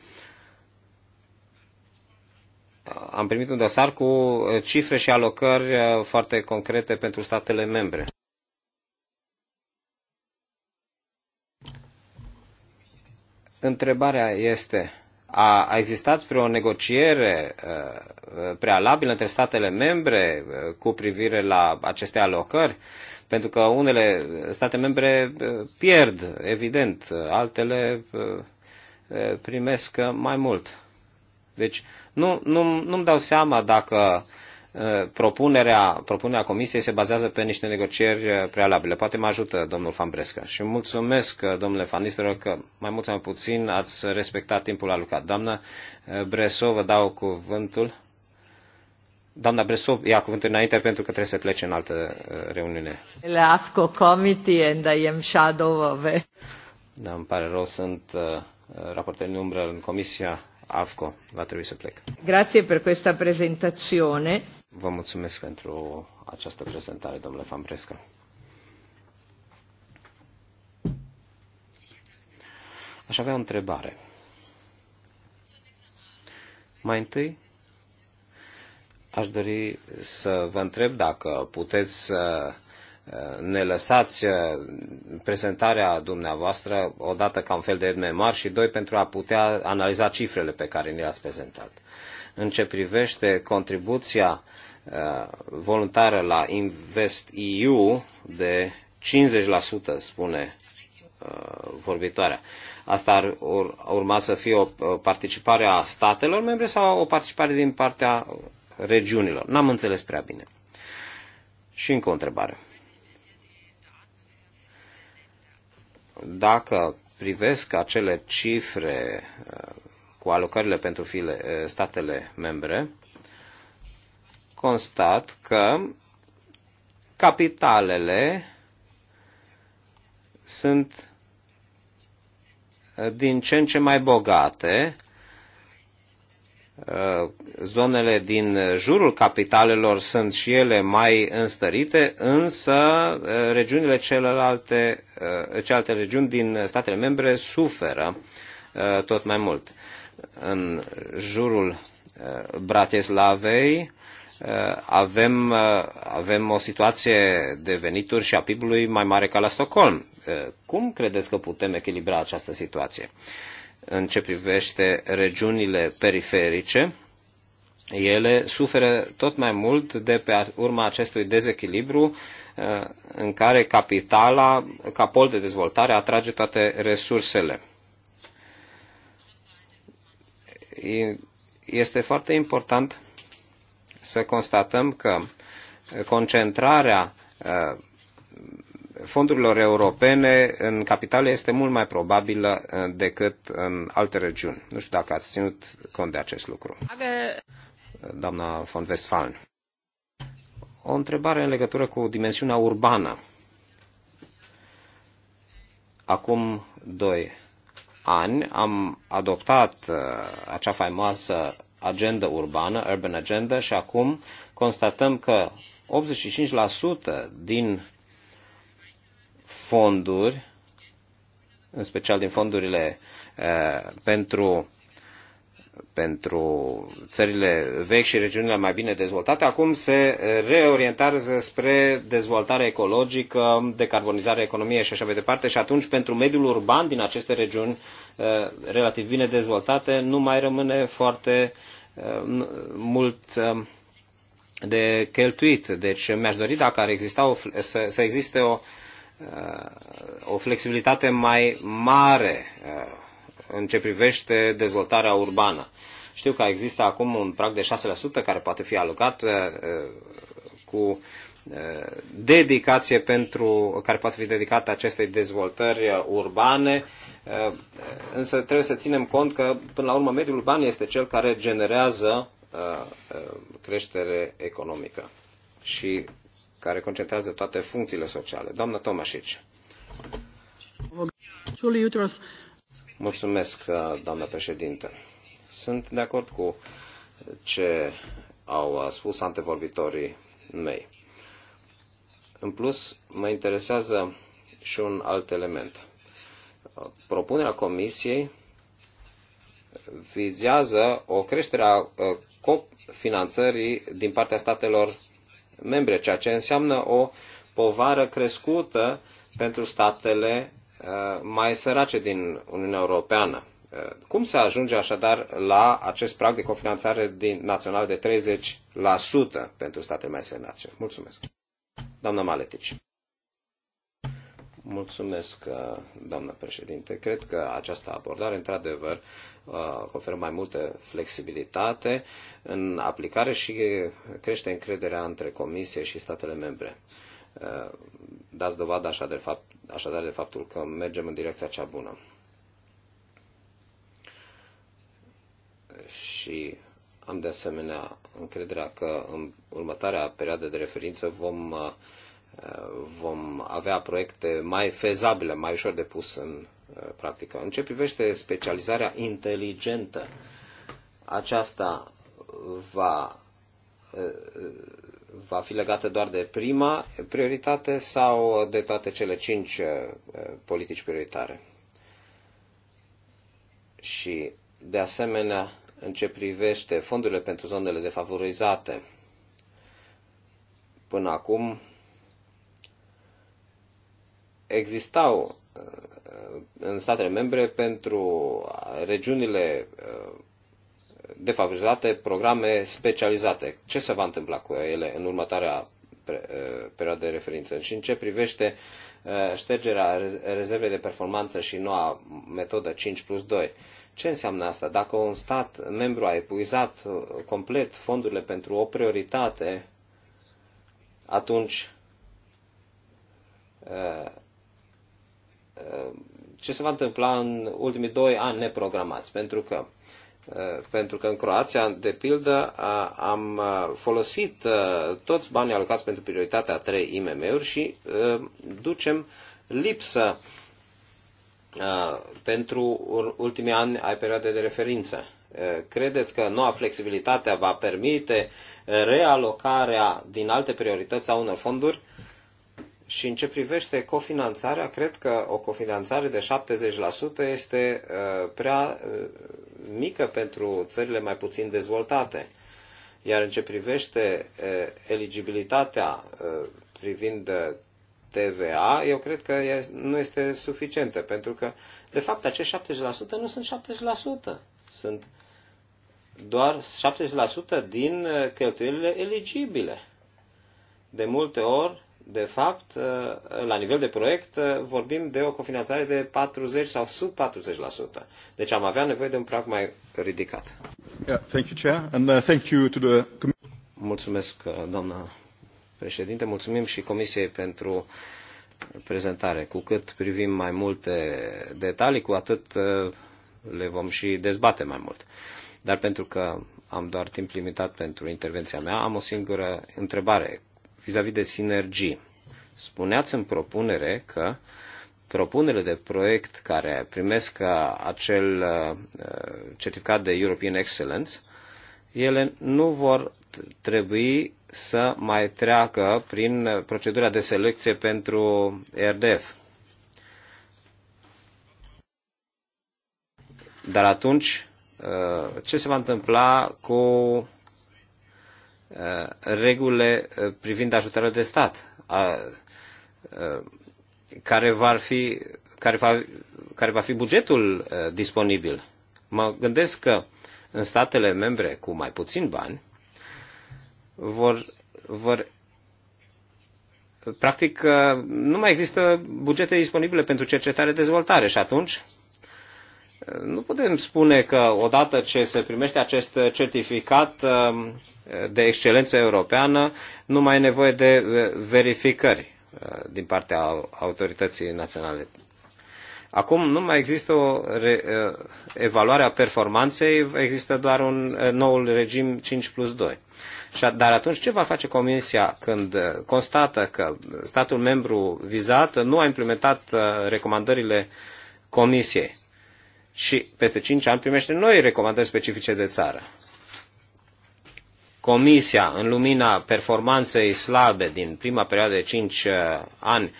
am primit un dosar cu uh, cifre și alocări uh, foarte concrete pentru statele membre. Întrebarea este, a, a existat vreo negociere prealabilă între statele membre cu privire la aceste alocări? pentru că unele state membre eh, pierd, evident, altele eh, eh, primesc mai mult. Deci nu, nu, nu-mi dau seama dacă propunerea, propunerea comisiei se bazează pe niște negocieri prealabile. Poate mă ajută domnul Fambresca. Și mulțumesc, domnule Fanisteră, că mai mult sau mai puțin ați respectat timpul alocat. Doamnă Bresov, vă dau cuvântul. Doamna Bresu ia cuvântul înainte pentru că trebuie să plece în altă uh, reuniune. La AFCO Committee and I am shadow of it. Da, îmi pare rău, sunt uh, raportor în umbră în Comisia AFCO. Va trebui să plec. Grazie per questa presentazione. Vă mulțumesc pentru această prezentare, domnule Van Brescă. Aș avea o întrebare. Mai întâi, Aș dori să vă întreb dacă puteți să eh, ne lăsați eh, prezentarea dumneavoastră odată ca un fel de MMR și doi pentru a putea analiza cifrele pe care ne le-ați prezentat. În ce privește contribuția eh, voluntară la Invest EU de 50%, spune vorbitoarea. Asta ar urma să fie o participare a statelor membre sau o participare din partea regiunilor. N-am înțeles prea bine. Și încă o întrebare. Dacă privesc acele cifre uh, cu alocările pentru file, uh, statele membre, constat că capitalele sunt uh, din ce în ce mai bogate, Uh, zonele din jurul capitalelor sunt și ele mai înstărite, însă uh, regiunile celelalte, uh, celelalte regiuni din statele membre suferă tot mai mult. În jurul Bratislavei avem, avem o situație de venituri și a PIB-ului mai mare ca la Stockholm. Cum credeți că putem echilibra această situație? în ce privește regiunile periferice, ele suferă tot mai mult de pe urma acestui dezechilibru uh, în care capitala, ca pol de dezvoltare, atrage toate resursele. Este foarte important să constatăm că concentrarea uh, fondurilor europene în capitale este mult mai probabilă uh, decât în alte regiuni. Nu știu dacă ați ținut cont de acest lucru. Doamna von Westphalen. O întrebare în legătură cu dimensiunea urbană. Acum doi ani am adoptat uh, acea faimoasă agenda urbană, Urban Agenda, și acum constatăm că 85% din fonduri, în special din fondurile eh, pentru pentru țările vechi și regiunile mai bine dezvoltate, acum se reorientează spre dezvoltare ecologică, decarbonizare economiei și așa mai departe și atunci pentru mediul urban din aceste regiuni eh, relativ bine dezvoltate nu mai rămâne foarte eh, mult de cheltuit. Deci mi-aș dori dacă ar exista o, să, să existe o o flexibilitate mai mare uh, în ce privește dezvoltarea urbană. Știu că există acum un prag de 6% care poate fi alocat uh, uh, cu dedicație pentru, care poate fi dedicată acestei dezvoltări urbane, însă trebuie să ținem cont că, până la urmă, mediul urban este cel care generează creștere economică. Și care concentrează toate funcțiile sociale. Doamna Tomașici. Mulțumesc, uh, doamnă președintă. Sunt de acord cu ce au uh, spus antevorbitorii mei. În plus, mă interesează și un alt element. Propunerea Comisiei vizează o creștere a uh, cofinanțării din partea statelor membre, ceea ce înseamnă o povară crescută pentru statele uh, mai sărace din Uniunea Europeană. Uh, cum se ajunge așadar la acest prag de cofinanțare din, național de 30% pentru statele mai sărace? Mulțumesc. Doamna Maletici. Mulțumesc, uh, doamnă președinte. Cred că această abordare, într-adevăr, uh, oferă mai multă flexibilitate în aplicare și crește încrederea între Comisie și statele membre. Uh, dați dovadă așadar de fapt, așadar de faptul că mergem în direcția cea bună. Și am de asemenea încrederea că în următoarea perioadă de referință vom vom avea proiecte mai fezabile, mai ușor de pus în uh, practică. În ce privește specializarea inteligentă, aceasta va, uh, va fi legată doar de prima prioritate sau de toate cele cinci uh, politici prioritare? Și, de asemenea, în ce privește fondurile pentru zonele defavorizate, până acum existau uh, în statele membre pentru regiunile uh, defavorizate programe specializate. Ce se va întâmpla cu ele în următoarea uh, perioadă de referință? Și în ce privește ștergerea rezervei de performanță și noua metodă 5 plus 2? Ce înseamnă asta? Dacă un stat membru a epuizat complet fondurile pentru o prioritate, atunci ce se va întâmpla în ultimii doi ani neprogramați, pentru că uh, pentru că în Croația, de pildă, am uh, folosit uh, toți banii alocați pentru prioritatea 3 IMM-uri și ducem lipsă pentru ultimii ani ai perioadei de referință. Credeți că noua flexibilitate va permite realocarea din alte priorități a unor fonduri? Și în ce privește cofinanțarea, cred că o cofinanțare de 70% este uh, prea uh, mică pentru țările mai puțin dezvoltate. Iar în ce privește uh, eligibilitatea privind TVA, eu cred că nu este suficientă, pentru că, de fapt, acești 70% nu sunt 70%, sunt doar 70% din cheltuielile eligibile. De multe ori, de fapt, ă, la nivel de proiect, ă, vorbim de o cofinanțare de 40 sau sub 40%. Deci am avea nevoie de un prag mai ridicat. Yeah, thank you, Chair, and uh, thank you to the... Mulțumesc, ă, doamna președinte, mulțumim și Comisiei pentru prezentare. Cu cât privim mai multe detalii, cu atât le vom și dezbate mai mult. Dar pentru că am doar timp limitat pentru intervenția mea, am o singură întrebare vis-a-vis -vis de sinergii. Spuneați în propunere că propunerile de proiect care primesc uh, acel uh, uh, certificat de European Excellence, ele nu vor trebui să mai treacă prin procedura de selecție pentru RDF. Dar atunci, ce se va întâmpla cu Uh, regulile uh, privind ajutorul de stat, a, uh, care, va fi, care, va, care va fi bugetul disponibil. Mă gândesc că în statele membre cu mai puțin bani vor, vor practic nu mai există bugete disponibile pentru cercetare-dezvoltare și atunci nu putem spune că odată ce se primește acest certificat de excelență europeană, nu mai e nevoie de uh, verificări uh, din partea autorității naționale. Acum nu mai există o re, uh, evaluare a performanței, există doar un noul regim 5 plus 2. Dar atunci ce va face Comisia când constată că statul membru vizat nu a implementat recomandările Comisiei și peste 5 ani primește noi recomandări specifice de țară? Comisia, în lumina performanței slabe din prima perioadă de 5 uh, ani,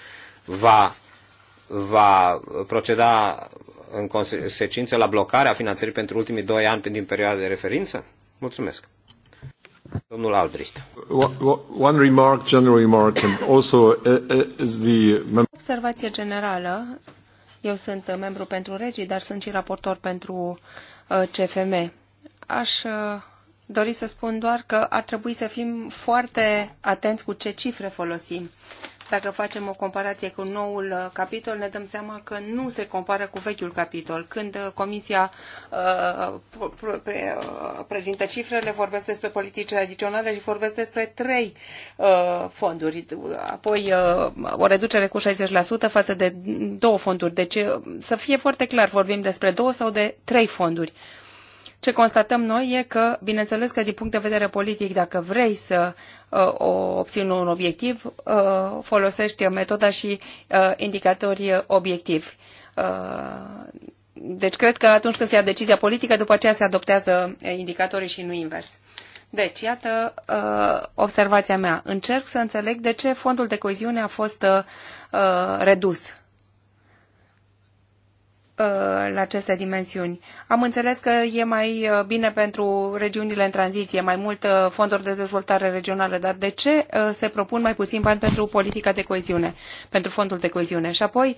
va, va proceda în consecință la blocarea finanțării pentru ultimii doi ani din perioada de referință? Mulțumesc. Domnul Albrecht. One remark, general remark, and also uh, uh, is the... Observație generală. Eu sunt membru pentru regii, dar sunt și raportor pentru CFM. Aș dori să spun doar că ar trebui să fim foarte atenți cu ce cifre folosim. Dacă facem o comparație cu noul uh, capitol, ne dăm seama că nu se compară cu vechiul capitol. Când uh, Comisia uh, pre, uh, prezintă cifrele, vorbesc despre politici adiționale și vorbesc despre trei uh, fonduri. Apoi o reducere cu 60% față de două fonduri. Deci să fie foarte clar, vorbim despre două sau de trei fonduri. Uh, ce constatăm noi e că, bineînțeles că din punct de vedere politic, dacă vrei să uh, obții un obiectiv, uh, folosești metoda și uh, indicatori obiectivi. Uh, deci cred că atunci când se ia decizia politică, după aceea se adoptează uh, indicatorii și nu invers. Deci, iată uh, observația mea. Încerc să înțeleg de ce fondul de coeziune a fost uh, uh redus la uh, aceste dimensiuni. Am înțeles că e mai uh, bine pentru regiunile în tranziție, mai mult uh, fonduri de dezvoltare regională, dar de ce se propun mai puțin bani pentru politica de coeziune, pentru fondul de coeziune? Și apoi,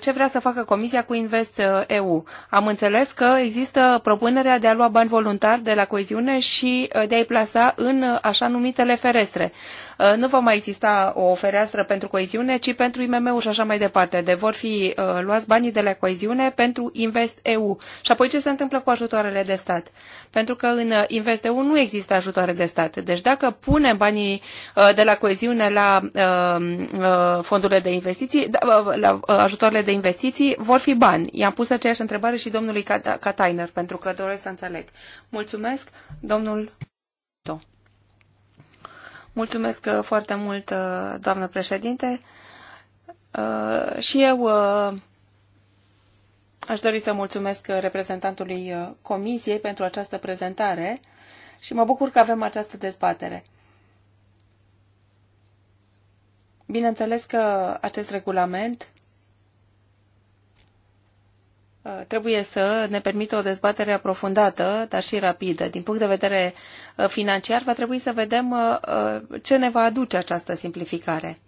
ce vrea să facă Comisia cu Invest EU? Am înțeles că există propunerea de a lua bani voluntari de la coeziune și de a-i plasa în așa numitele ferestre. Uh, nu va mai exista o fereastră pentru coeziune, ci pentru IMM-uri și așa mai departe. De deci vor fi uh, luați banii de la coeziune pentru Invest EU. Și apoi ce se întâmplă cu ajutoarele de stat? Pentru că în uh, Invest EU nu există ajutoare de stat. Deci dacă punem banii de la coeziune la fondurile de investiții, da, la ajutoarele de investiții, vor fi bani. I-am pus aceeași întrebare și domnului Katainer, pentru că doresc să înțeleg. Mulțumesc, domnul Mulțumesc uh, foarte mult, uh, doamnă președinte. Uh, și eu aș dori să mulțumesc reprezentantului Comisiei pentru această prezentare și mă bucur că avem această dezbatere. Bineînțeles că acest regulament Uh, trebuie să ne permită o dezbatere aprofundată, dar și rapidă. Din punct de vedere uh, financiar, va trebui să vedem uh, ce ne va aduce această simplificare.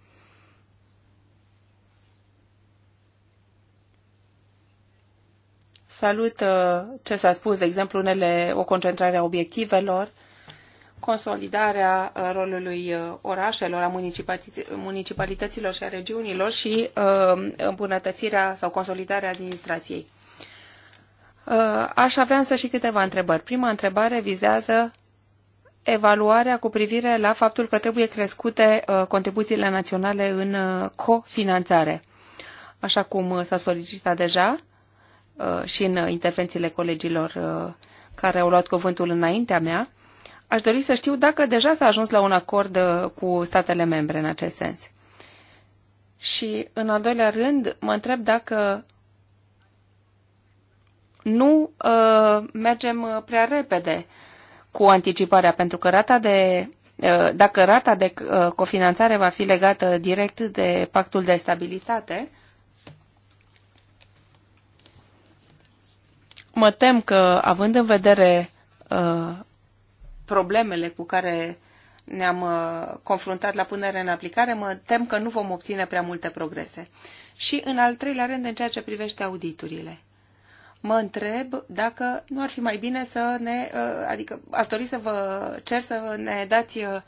Salut ce s-a spus, de exemplu, unele, o concentrare a obiectivelor, consolidarea rolului orașelor, a municipalităților și a regiunilor și îmbunătățirea sau consolidarea administrației. Uh, aș avea însă și câteva întrebări. Prima întrebare vizează evaluarea cu privire la faptul că trebuie crescute uh, contribuțiile naționale în uh, cofinanțare, așa cum s-a solicitat deja și în intervențiile colegilor care au luat cuvântul înaintea mea. Aș dori să știu dacă deja s-a ajuns la un acord cu statele membre în acest sens. Și, în al doilea rând, mă întreb dacă nu uh, mergem uh, prea repede cu anticiparea, pentru că rata de uh, dacă rata de uh, cofinanțare va fi legată direct de pactul de stabilitate, mă tem că, având în vedere uh, problemele cu care ne-am uh, confruntat la punere în aplicare, mă tem că nu vom obține prea multe progrese. Și, în al treilea rând, în ceea ce privește auditurile mă întreb dacă nu ar fi mai bine să ne, uh, adică ar dori să vă cer să ne dați uh,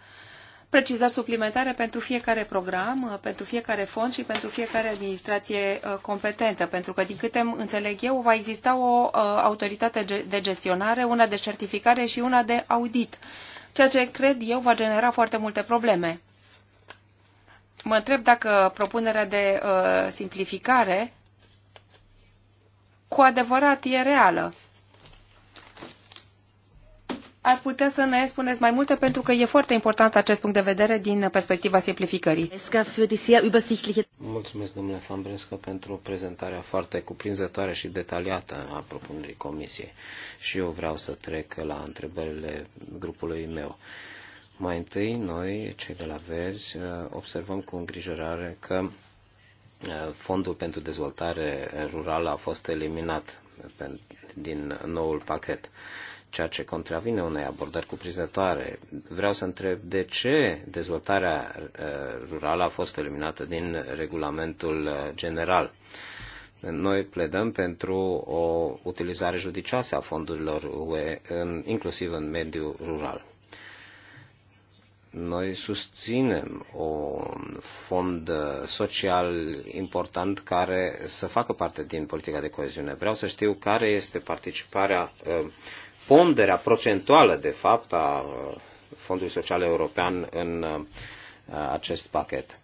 precizări suplimentare pentru fiecare program, uh, pentru fiecare fond și pentru fiecare administrație competentă, pentru că, din câte înțeleg eu, va exista o autoritate de gestionare, una de certificare și una de audit, ceea ce cred eu va genera foarte multe probleme. Mă întreb dacă propunerea de simplificare cu adevărat e reală. Ați putea să ne spuneți mai multe pentru că e foarte important acest punct de vedere din perspectiva simplificării. Mulțumesc, domnule Fambrescă, pentru prezentarea foarte cuprinzătoare și detaliată a propunerii comisiei. Și eu vreau să trec la întrebările grupului meu. Mai întâi, noi, cei de la Verzi, observăm cu îngrijorare că fondul pentru dezvoltare rurală a fost eliminat din noul pachet, ceea ce contravine unei abordări cuprinzătoare. Vreau să întreb de ce dezvoltarea uh, rurală a fost eliminată din regulamentul uh, general. Noi pledăm pentru o utilizare judicioasă a fondurilor UE, în, inclusiv în mediul rural. Noi susținem un fond social important care să facă parte din politica de coeziune. Vreau să știu care este participarea, ă, ponderea procentuală, de fapt, a ă, Fondului Social European în ă, acest pachet.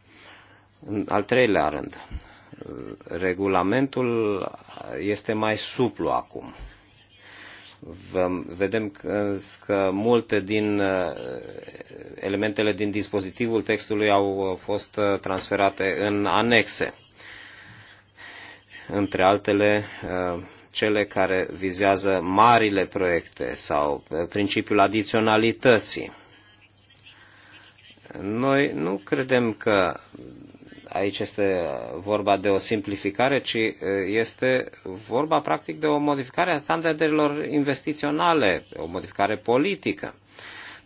În al treilea rând, regulamentul este mai suplu acum vedem că multe din uh, elementele din dispozitivul textului au uh, fost uh, transferate în anexe. Între altele, cele care vizează marile proiecte sau principiul adiționalității. Noi nu credem că aici este vorba de o simplificare, ci este vorba practic de o modificare a standardelor investiționale, o modificare politică.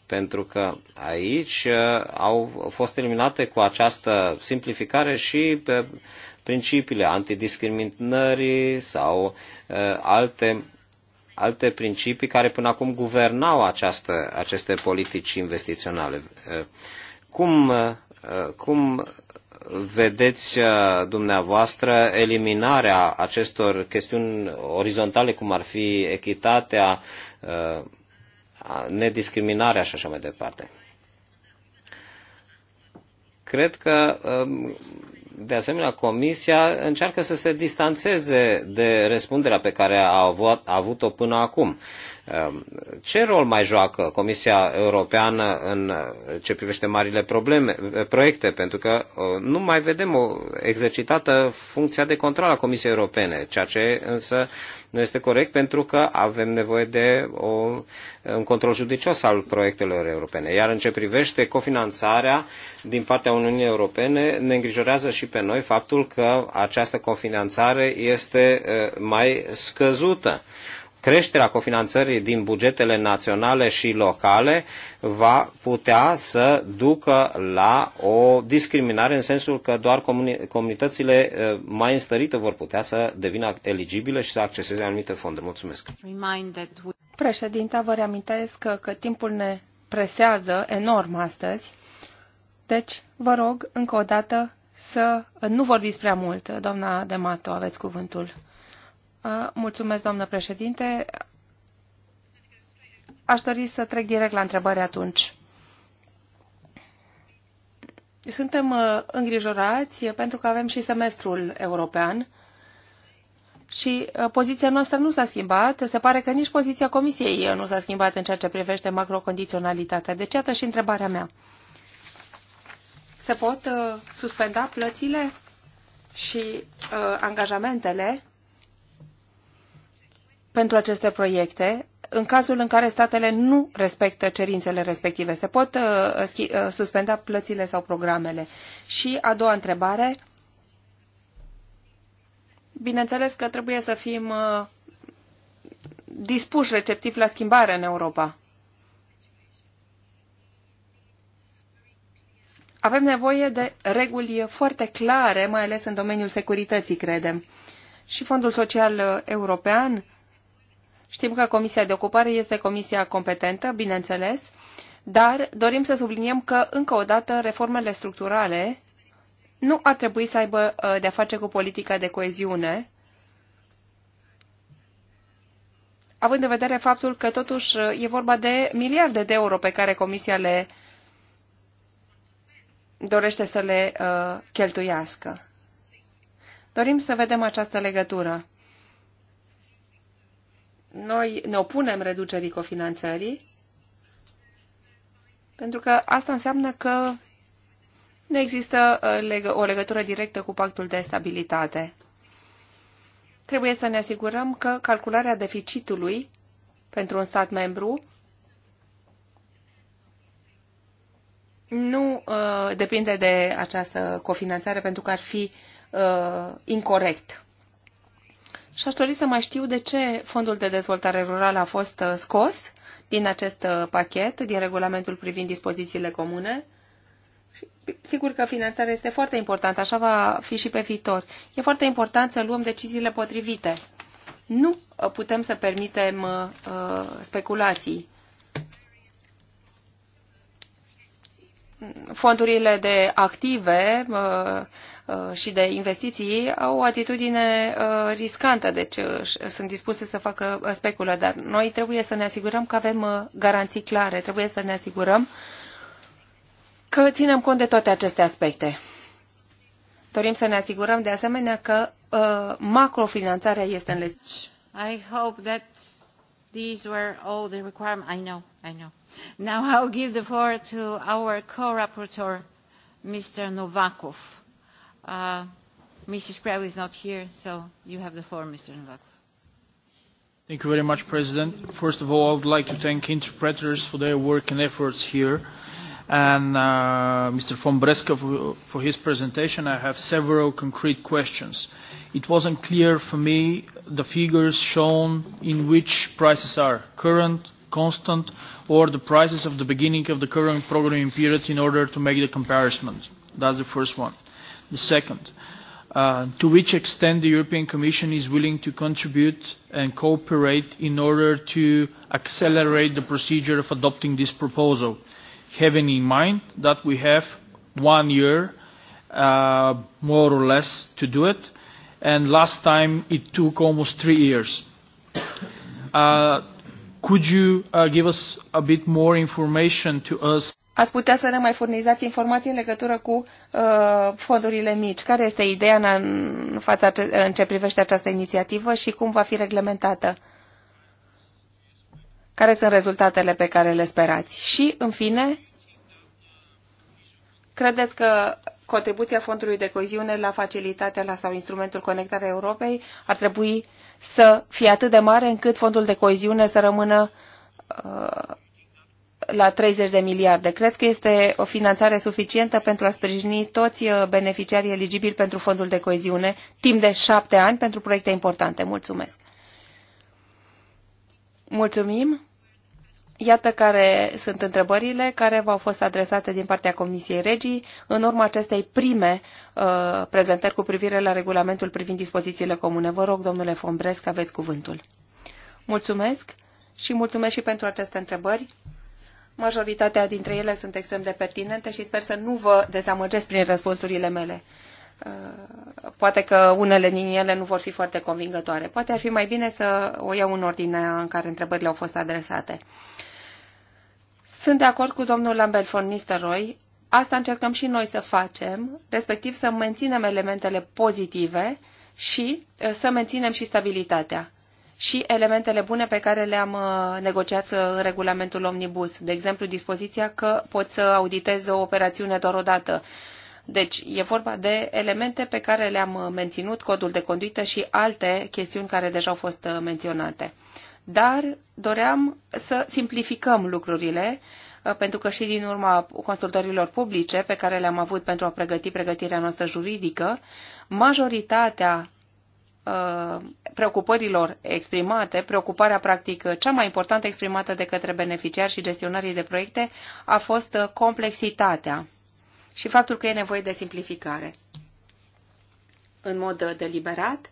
Pentru că aici au fost eliminate cu această simplificare și principiile antidiscriminării sau alte, alte principii care până acum guvernau această, aceste politici investiționale. Cum, cum vedeți uh, dumneavoastră eliminarea acestor chestiuni orizontale, cum ar fi echitatea, uh, nediscriminarea și așa mai departe. Cred că, um, de asemenea, Comisia încearcă să se distanțeze de răspunderea pe care a avut-o până acum. Ehm, ce rol mai joacă Comisia Europeană în eh, ce privește marile probleme, eh, proiecte? Pentru că eh, nu mai vedem o exercitată funcția de control a Comisiei Europene, ceea ce însă nu este corect pentru că avem nevoie de o, un control judicios al proiectelor europene. Iar în ce privește cofinanțarea din partea Uniunii Europene, ne îngrijorează și pe noi faptul că această cofinanțare este mai scăzută creșterea cofinanțării din bugetele naționale și locale va putea să ducă la o discriminare în sensul că doar comuni- comunitățile eh, mai înstărite vor putea să devină eligibile și să acceseze anumite fonduri. Mulțumesc! Președinte, vă reamintesc că, că timpul ne presează enorm astăzi, deci vă rog încă o dată să nu vorbiți prea mult. Doamna Demato, aveți cuvântul. Uh, mulțumesc, doamnă președinte. Aș dori să trec direct la întrebări atunci. Suntem uh, îngrijorați pentru că avem și semestrul european și uh, poziția noastră nu s-a schimbat. Se pare că nici poziția Comisiei nu s-a schimbat în ceea ce privește macrocondiționalitatea. Deci, iată și întrebarea mea. Se pot suspenda plățile și angajamentele pentru aceste proiecte în cazul în care statele nu respectă cerințele respective. Se pot uh, uh, suspenda plățile sau programele. Și a doua întrebare. Bineînțeles că trebuie să fim uh, dispuși receptiv la schimbare în Europa. Avem nevoie de reguli foarte clare, mai ales în domeniul securității, credem. Și Fondul Social European uh, Știm că Comisia de Ocupare este comisia competentă, bineînțeles, dar dorim să subliniem că, încă o dată, reformele structurale nu ar trebui să aibă uh, de-a face cu politica de coeziune, având în vedere faptul că, totuși, uh, e vorba de miliarde de euro pe care Comisia le dorește să le uh, cheltuiască. Dorim să vedem această legătură noi ne opunem reducerii cofinanțării pentru că asta înseamnă că nu există uh, o legătură directă cu pactul de stabilitate. Trebuie să ne asigurăm că calcularea deficitului pentru un stat membru nu uh, depinde de această cofinanțare pentru că ar fi uh, incorrect. Și aș dori să mai știu de ce Fondul de Dezvoltare Rurală a fost uh, scos din acest uh, pachet, din regulamentul privind dispozițiile comune. Sigur că finanțarea este foarte importantă, așa va fi și pe viitor. E foarte important să luăm deciziile potrivite. Nu uh, putem să permitem uh, speculații. fondurile de active uh, uh, și de investiții au o atitudine uh, riscantă, deci sunt dispuse să facă speculă, dar noi trebuie să ne asigurăm că avem garanții clare, trebuie să ne asigurăm că ținem cont de toate aceste aspecte. Dorim să ne asigurăm de asemenea că macrofinanțarea este în legi. I hope that these were all the requirements. I know, I know. Now [LAUGHS] I'll give the floor to our co-rapporteur, Mr. Novakov. Uh, Mrs. Krell is not here, so you have the floor, Mr. Novakov. Thank you very much, President. First of all, I would like to thank interpreters for their work and efforts here, and uh, Mr. von Breska for, uh, for his presentation. I have several concrete questions. It wasn't clear for me the figures shown in which prices are current, constant or the prices of the beginning of the current programming period in order to make the comparison. That's the first one. The second, uh, to which extent the European Commission is willing to contribute and cooperate in order to accelerate the procedure of adopting this proposal, having in mind that we have one year uh, more or less to do it, and last time it took almost three years. Uh, Could you uh, give us a bit more information to us? Ați putea să ne mai furnizați informații în legătură cu uh, fondurile mici. Care este ideea în, în, fața ce, în ce privește această inițiativă și cum va fi reglementată? Care sunt rezultatele pe care le sperați? Și, în fine, credeți că contribuția fondului de coeziune la facilitatea la, sau instrumentul conectarea Europei ar trebui să fie atât de mare încât fondul de coeziune să rămână uh, la 30 de miliarde. Crezi că este o finanțare suficientă pentru a sprijini toți uh, beneficiarii eligibili pentru fondul de coeziune timp de șapte ani pentru proiecte importante? Mulțumesc! Mulțumim! Iată care sunt întrebările care v-au fost adresate din partea Comisiei Regii în urma acestei prime uh, prezentări cu privire la regulamentul privind dispozițiile comune. Vă rog, domnule Fombresc, aveți cuvântul. Mulțumesc și mulțumesc și pentru aceste întrebări. Majoritatea dintre ele sunt extrem de pertinente și sper să nu vă dezamăgesc prin răspunsurile mele. Uh, poate că unele din ele nu vor fi foarte convingătoare. Poate ar fi mai bine să o iau în ordinea în care întrebările au fost adresate. Sunt de acord cu domnul Lambert von Nistelrooy. Asta încercăm și noi să facem, respectiv să menținem elementele pozitive și uh, să menținem și stabilitatea și elementele bune pe care le-am uh, negociat uh, în regulamentul Omnibus. De exemplu, dispoziția că poți să auditezi o operațiune doar o dată. Deci e vorba de elemente pe care le-am menținut, codul de conduită și alte chestiuni care deja au fost menționate dar doream să simplificăm lucrurile, uh, pentru că și din urma consultărilor publice pe care le-am avut pentru a pregăti pregătirea noastră juridică, majoritatea uh, preocupărilor exprimate, preocuparea practic cea mai importantă exprimată de către beneficiari și gestionarii de proiecte a fost uh, complexitatea și faptul că e nevoie de simplificare. În mod deliberat,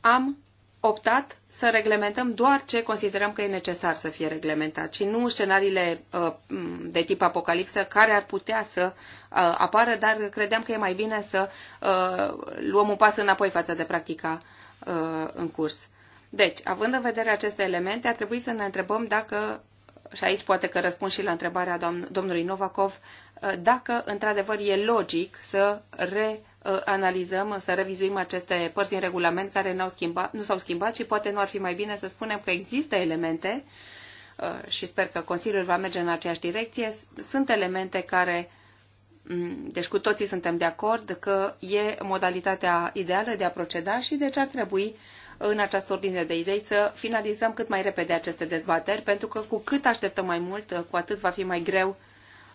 am optat să reglementăm doar ce considerăm că e necesar să fie reglementat și nu scenariile uh, de tip apocalipsă care ar putea să uh, apară, dar credeam că e mai bine să uh, luăm un pas înapoi față de practica în curs. Deci, având în vedere aceste elemente, ar trebui să ne întrebăm dacă, și aici poate că răspund și la întrebarea domnului Novakov, dacă într-adevăr e logic să re Uh, analizăm, să revizuim aceste părți din regulament care -au schimbat, nu s-au schimbat și poate nu ar fi mai bine să spunem că există elemente uh, și sper că Consiliul va merge în aceeași direcție, sunt elemente care, mm, deci cu toții suntem de acord că e modalitatea ideală de a proceda și deci ar trebui uh, în această ordine de idei să finalizăm cât mai repede aceste dezbateri, pentru că cu cât așteptăm mai mult, cu atât va fi mai greu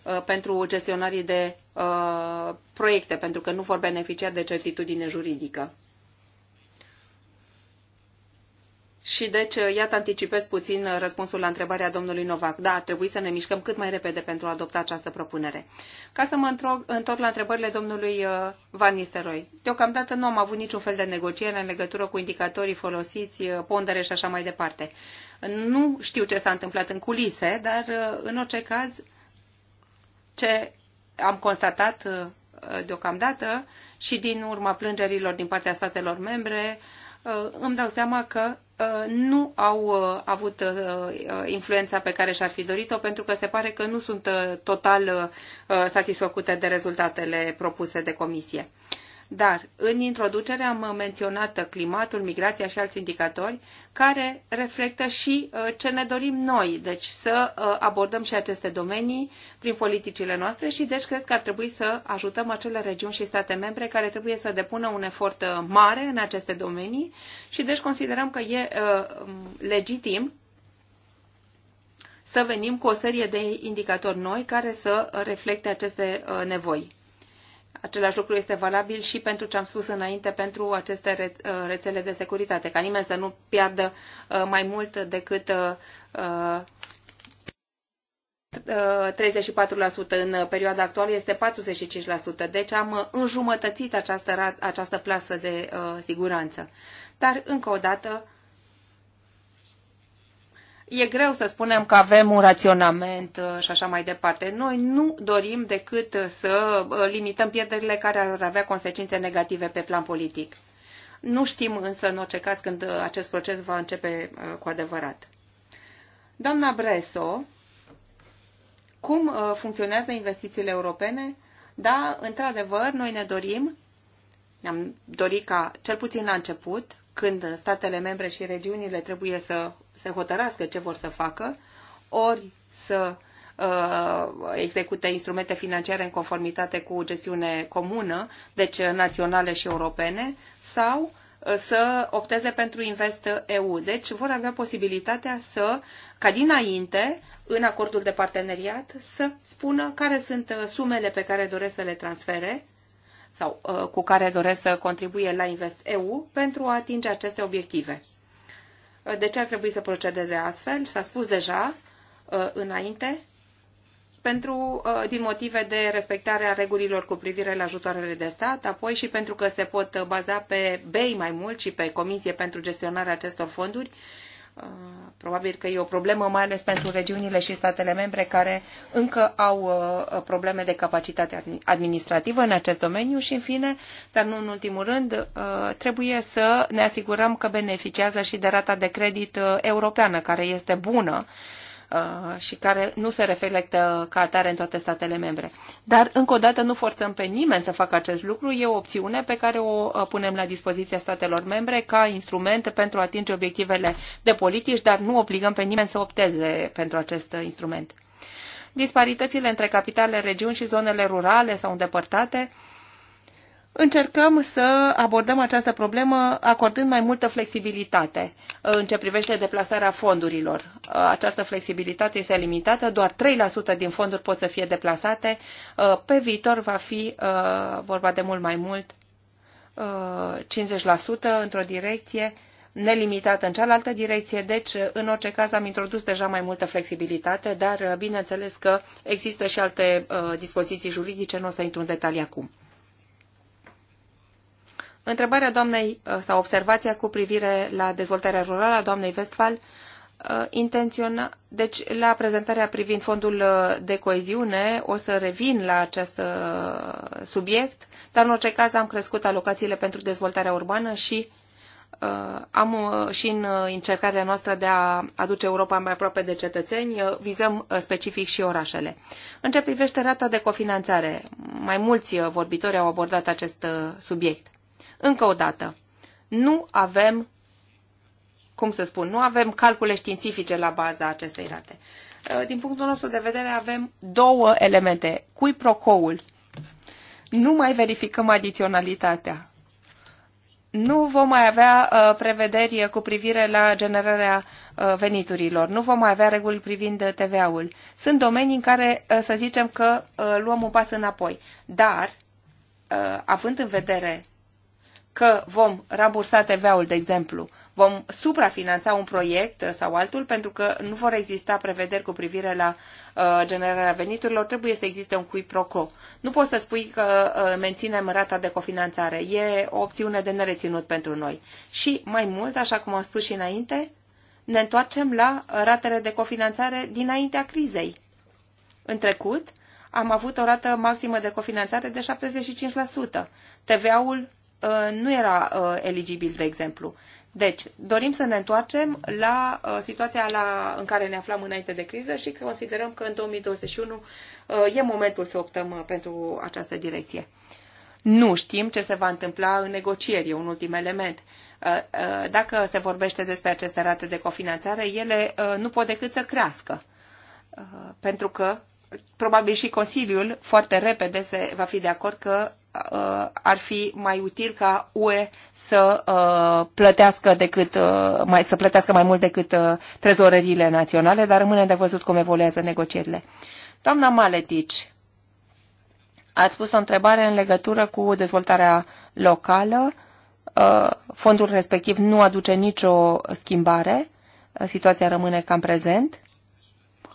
Uh, pentru gestionarii de uh, proiecte, pentru că nu vor beneficia de certitudine juridică. Și deci, uh, iată, anticipez puțin răspunsul la întrebarea domnului Novac. Da, ar trebui să ne mișcăm cât mai repede pentru a adopta această propunere. Ca să mă întorc la întrebările domnului Van Nistelrooy. Deocamdată nu am avut niciun fel de negociere în legătură cu indicatorii folosiți, pondere și așa mai departe. Nu știu ce s-a întâmplat în culise, dar în orice caz ce am constatat uh, deocamdată și din urma plângerilor din partea statelor membre, uh, îmi dau seama că uh, nu au avut influența pe care și-ar fi dorit-o, pentru că se pare că nu sunt total satisfăcute de rezultatele propuse de comisie. Dar în introducere am menționat climatul, migrația și alți indicatori care reflectă și uh, ce ne dorim noi, deci să uh, abordăm și aceste domenii prin politicile noastre și deci cred că ar trebui să ajutăm acele regiuni și state membre care trebuie să depună un efort uh, mare în aceste domenii și deci considerăm că e legitim să venim cu o serie de indicatori noi care să reflecte aceste nevoi. Același lucru este valabil și pentru ce am spus înainte, pentru aceste uh, rețele de securitate, ca nimeni să nu piardă uh, mai mult decât 34% uh, în perioada actuală este 45%, deci am înjumătățit această, această plasă de siguranță. Dar, încă o dată, e greu să spunem că avem un raționament uh, și așa mai departe. Noi nu dorim decât să uh, limităm pierderile care ar avea consecințe negative pe plan politic. Nu știm însă în orice caz când uh, acest proces va începe cu adevărat. Doamna Breso, cum funcționează investițiile europene? Da, într-adevăr, noi ne dorim, ne-am dorit ca, cel puțin la început, când statele membre și regiunile trebuie să se hotărască ce vor să facă, ori să uh, execute instrumente financiare în conformitate cu gestiune comună, deci naționale și europene, sau uh, să opteze pentru Invest EU. Deci vor avea posibilitatea să, ca dinainte, în acordul de parteneriat, să spună care sunt uh, sumele pe care doresc să le transfere sau uh, cu care doresc să contribuie la InvestEU pentru a atinge aceste obiective. Uh, de ce ar trebui să procedeze astfel? S-a spus deja uh, înainte, pentru, uh, din motive de respectare a regulilor cu privire la ajutoarele de stat, apoi și pentru că se pot baza pe BEI mai mult și pe Comisie pentru gestionarea acestor fonduri, uh, Uh, probabil că e o problemă, mai ales pentru regiunile și statele membre care încă au uh, uh, probleme de capacitate administrativă în acest domeniu și, în fine, dar nu în ultimul rând, trebuie să ne asigurăm că beneficiază și de rata de credit europeană, care este bună Uh, și care nu se reflectă ca atare în toate statele membre. Dar, încă o dată, nu forțăm pe nimeni să facă acest lucru. E o opțiune pe care o uh, punem la dispoziția statelor membre ca instrument pentru a atinge obiectivele de politici, dar nu obligăm pe nimeni să opteze pentru acest instrument. Disparitățile între capitale, regiuni și zonele rurale sau îndepărtate uh, încercăm să abordăm această problemă acordând mai multă flexibilitate uh, în ce privește deplasarea fondurilor. Uh, această flexibilitate este limitată, doar 3% din fonduri pot să fie deplasate. Uh, pe viitor va fi vorba de mult mai mult, 50% într-o direcție, nelimitată în cealaltă direcție, deci în orice caz am introdus deja mai multă flexibilitate, dar bineînțeles că există și alte dispoziții juridice, nu o să intru în detalii acum. Întrebarea doamnei uh, sau observația cu privire la dezvoltarea rurală a doamnei Vestfal, uh, intenționa, deci la prezentarea privind fondul uh, de coeziune o să revin la acest subiect, dar în orice caz am crescut alocațiile pentru dezvoltarea urbană și am și în încercarea noastră de a aduce Europa mai aproape de cetățeni, vizăm specific și orașele. În ce privește rata de cofinanțare, mai mulți vorbitori au abordat acest subiect. Încă o dată, nu avem, cum să spun, nu avem calcule științifice la baza acestei rate. Uh, din punctul nostru de vedere avem două elemente. Cui procoul? Nu mai verificăm adiționalitatea. Nu vom mai avea uh, prevederi cu privire la generarea uh, veniturilor. Nu vom mai avea reguli privind TVA-ul. Sunt domenii în care uh, să zicem că uh, luăm un pas înapoi. Dar, uh, având în vedere că vom rambursa TVA-ul, de exemplu, vom suprafinanța un proiect sau altul pentru că nu vor exista prevederi cu privire la uh, generarea veniturilor, trebuie să existe un cui pro quo. Nu poți să spui că uh, menținem rata de cofinanțare. E o opțiune de nereținut pentru noi. Și mai mult, așa cum am spus și înainte, ne întoarcem la ratele de cofinanțare dinaintea crizei. În trecut, am avut o rată maximă de cofinanțare de 75%. TVA-ul Uh, nu era uh, eligibil, de exemplu. Deci, dorim să ne întoarcem la uh, situația la, în care ne aflam înainte de criză și considerăm că în 2021 uh, e momentul să optăm uh, pentru această direcție. Nu știm ce se va întâmpla în negocieri, e un ultim element. Uh, dacă se vorbește despre aceste rate de cofinanțare, ele nu pot decât să crească, pentru că probabil și Consiliul foarte repede se va fi de acord că Uh, ar fi mai util ca UE să uh, plătească decât uh, mai, să plătească mai mult decât trezorările naționale, dar rămâne de văzut cum evoluează negocierile. Doamna Maletici, ați pus o întrebare în legătură cu dezvoltarea locală. Fondul respectiv nu aduce nicio schimbare. Situația rămâne cam prezent.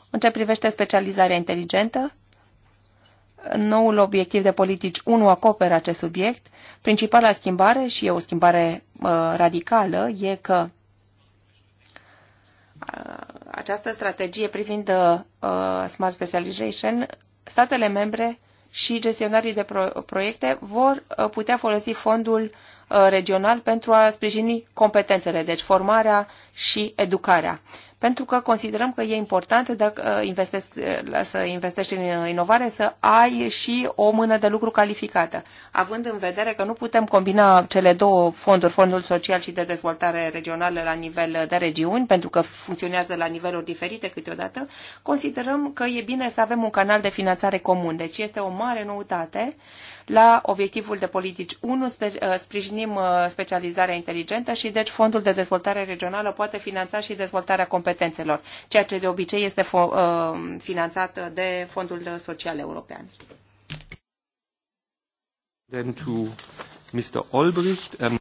În ce privește specializarea inteligentă, Noul obiectiv de politici 1 acoperă acest subiect. Principala schimbare, și e o schimbare uh, radicală, e că uh, această strategie privind uh, uh, Smart Specialization, statele membre și gestionarii de pro proiecte vor uh, putea folosi fondul uh, regional pentru a sprijini competențele, deci formarea și educarea. Uh, pentru că considerăm că e important dacă uh, investești, uh, să investești în inovare să ai și o mână de lucru calificată, având în vedere că nu putem combina cele două fonduri, Fondul Social și de Dezvoltare Regională la nivel de regiuni, pentru că funcționează la niveluri diferite câteodată, considerăm că e bine să avem un canal de finanțare comun. Deci este o mare noutate la obiectivul de politici 1, uh, sprijinim uh, specializarea inteligentă și deci Fondul de Dezvoltare Regională poate finanța și dezvoltarea competențelor, ceea ce de obicei este uh, finanțat de Fondul Social European. Then to Mr. Olbricht. Um...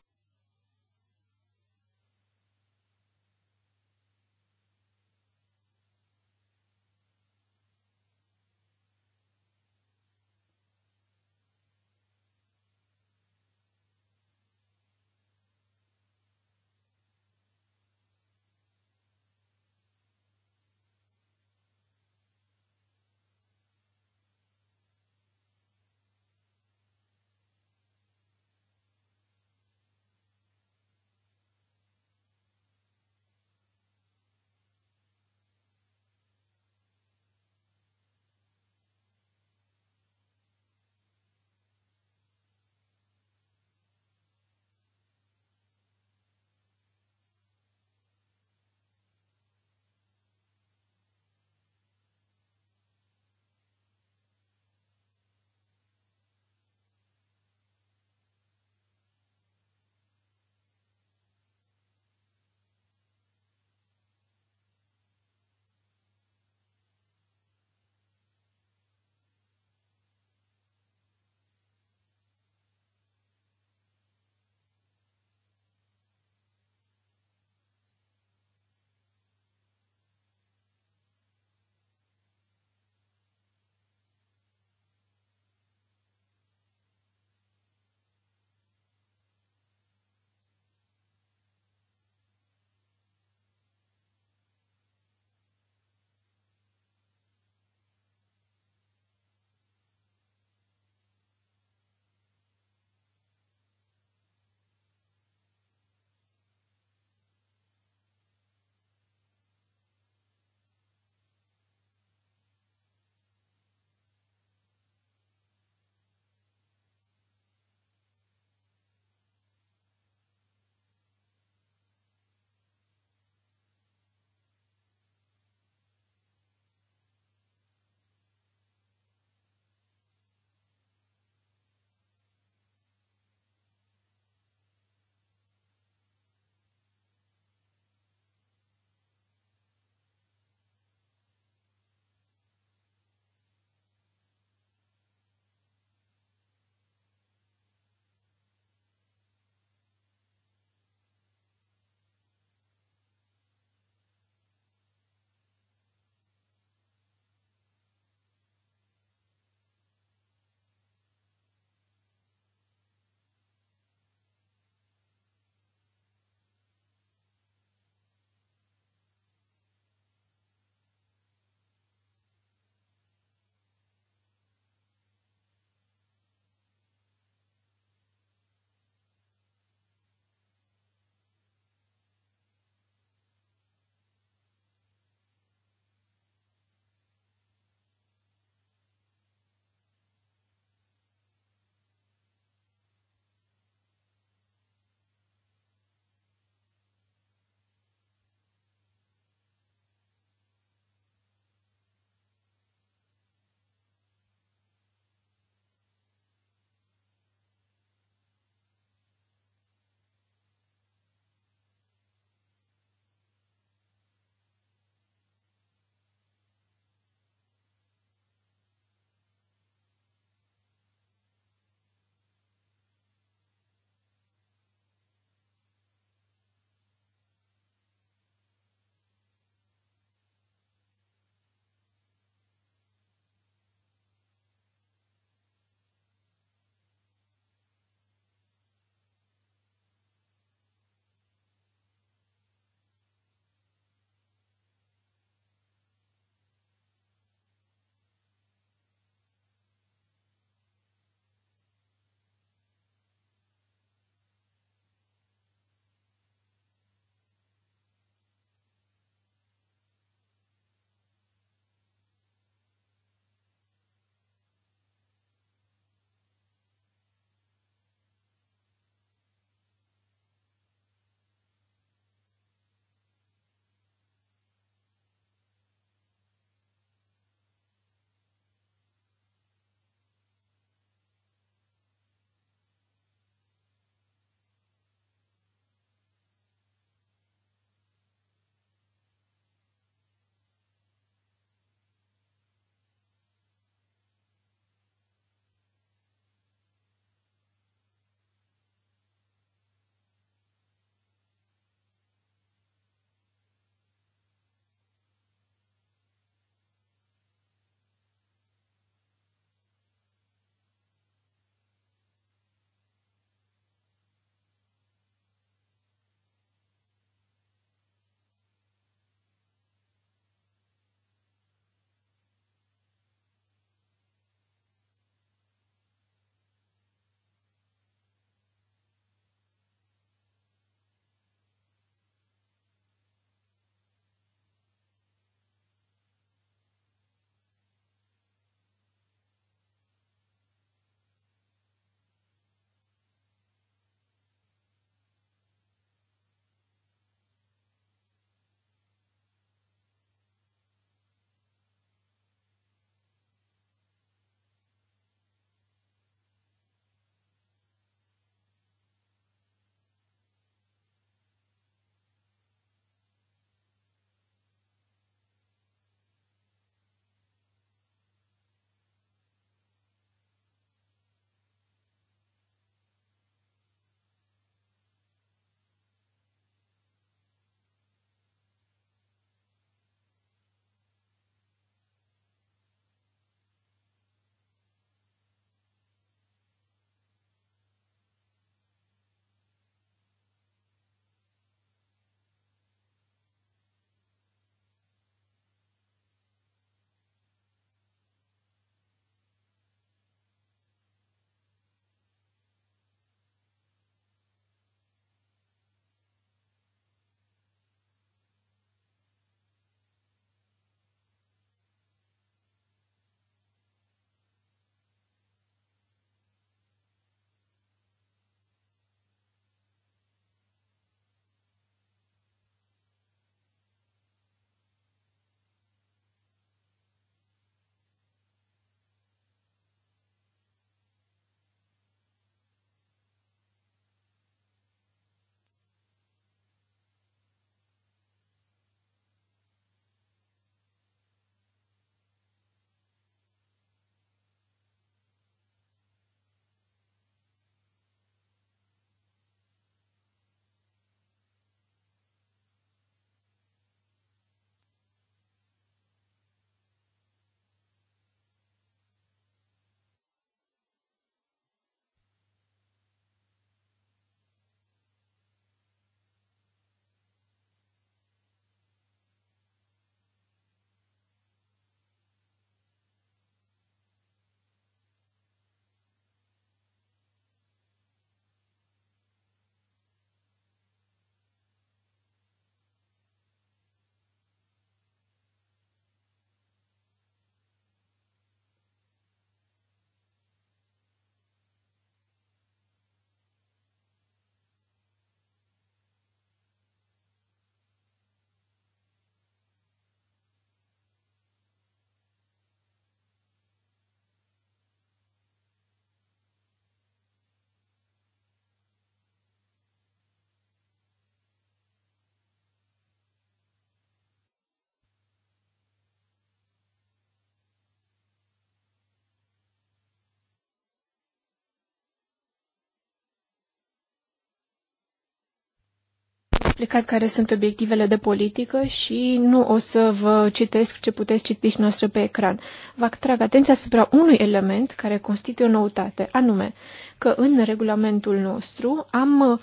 explicat care sunt obiectivele de politică și nu o să vă citesc ce puteți citi și noastră pe ecran. Vă atrag atenția asupra unui element care constituie o noutate, anume că în regulamentul nostru am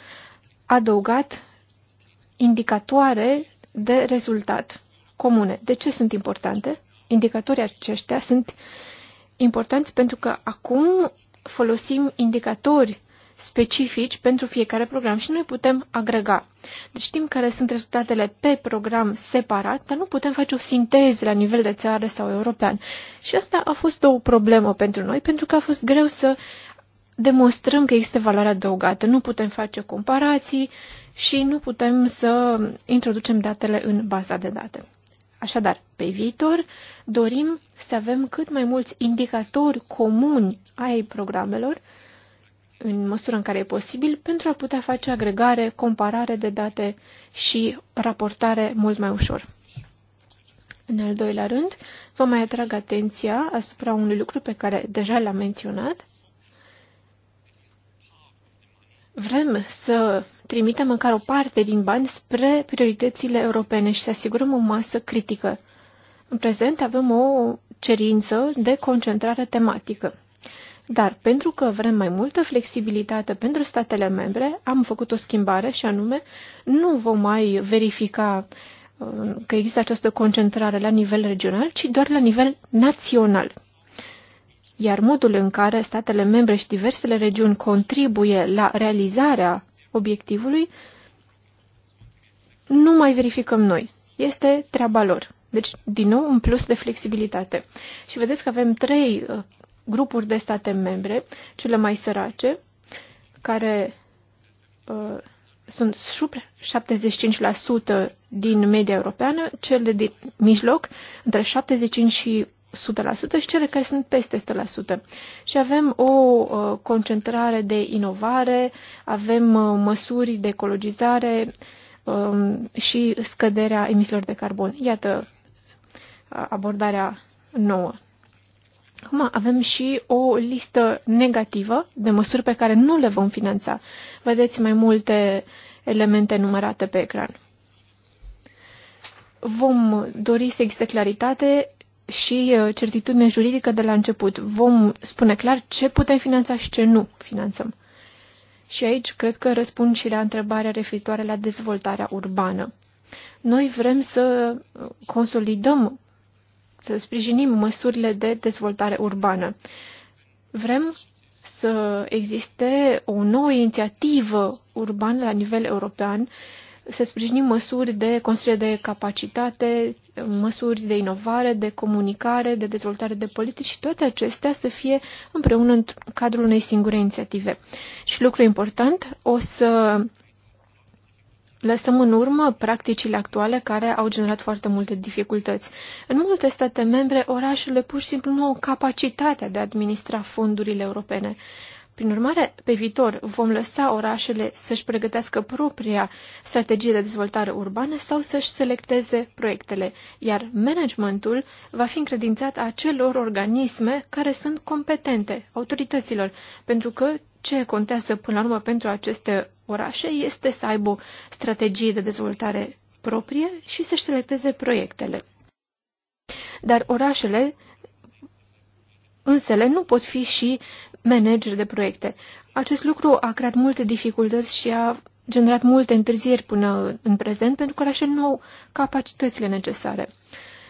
adăugat indicatoare de rezultat comune. De ce sunt importante? Indicatorii aceștia sunt importanți pentru că acum folosim indicatori specifici pentru fiecare program și noi putem agrega. Deci știm care sunt rezultatele pe program separat, dar nu putem face o sinteză la nivel de țară sau european. Și asta a fost o problemă pentru noi, pentru că a fost greu să demonstrăm că există valoare adăugată. Nu putem face comparații și nu putem să introducem datele în baza de date. Așadar, pe viitor dorim să avem cât mai mulți indicatori comuni ai programelor în măsura în care e posibil, pentru a putea face agregare, comparare de date și raportare mult mai ușor. În al doilea rând, vă mai atrag atenția asupra unui lucru pe care deja l-am menționat. Vrem să trimitem măcar o parte din bani spre prioritățile europene și să asigurăm o masă critică. În prezent avem o cerință de concentrare tematică. Dar pentru că vrem mai multă flexibilitate pentru statele membre, am făcut o schimbare și anume nu vom mai verifica uh, că există această concentrare la nivel regional, ci doar la nivel național. Iar modul în care statele membre și diversele regiuni contribuie la realizarea obiectivului, nu mai verificăm noi. Este treaba lor. Deci, din nou, un plus de flexibilitate. Și vedeți că avem trei uh, grupuri de state membre, cele mai sărace, care uh, sunt sub 75% din media europeană, cele din mijloc, între 75 și 100% și cele care sunt peste 100%. Și avem o uh, concentrare de inovare, avem uh, măsuri de ecologizare uh, și scăderea emisiilor de carbon. Iată uh, abordarea nouă. Acum avem și o listă negativă de măsuri pe care nu le vom finanța. Vedeți mai multe elemente numărate pe ecran. Vom dori să existe claritate și uh, certitudine juridică de la început. Vom spune clar ce putem finanța și ce nu finanțăm. Și aici cred că răspund și la întrebarea referitoare la dezvoltarea urbană. Noi vrem să consolidăm să sprijinim măsurile de dezvoltare urbană. Vrem să existe o nouă inițiativă urbană la nivel european, să sprijinim măsuri de construire de capacitate, măsuri de inovare, de comunicare, de dezvoltare de politici și toate acestea să fie împreună în cadrul unei singure inițiative. Și lucru important, o să lăsăm în urmă practicile actuale care au generat foarte multe dificultăți. În multe state membre, orașele pur și simplu nu au capacitatea de a administra fondurile europene. Prin urmare, pe viitor vom lăsa orașele să-și pregătească propria strategie de dezvoltare urbană sau să-și selecteze proiectele, iar managementul va fi încredințat acelor organisme care sunt competente, autorităților, pentru că ce contează până la urmă pentru aceste orașe este să aibă strategii de dezvoltare proprie și să-și selecteze proiectele. Dar orașele însele nu pot fi și manageri de proiecte. Acest lucru a creat multe dificultăți și a generat multe întârzieri până în prezent, pentru că orașele nu au capacitățile necesare.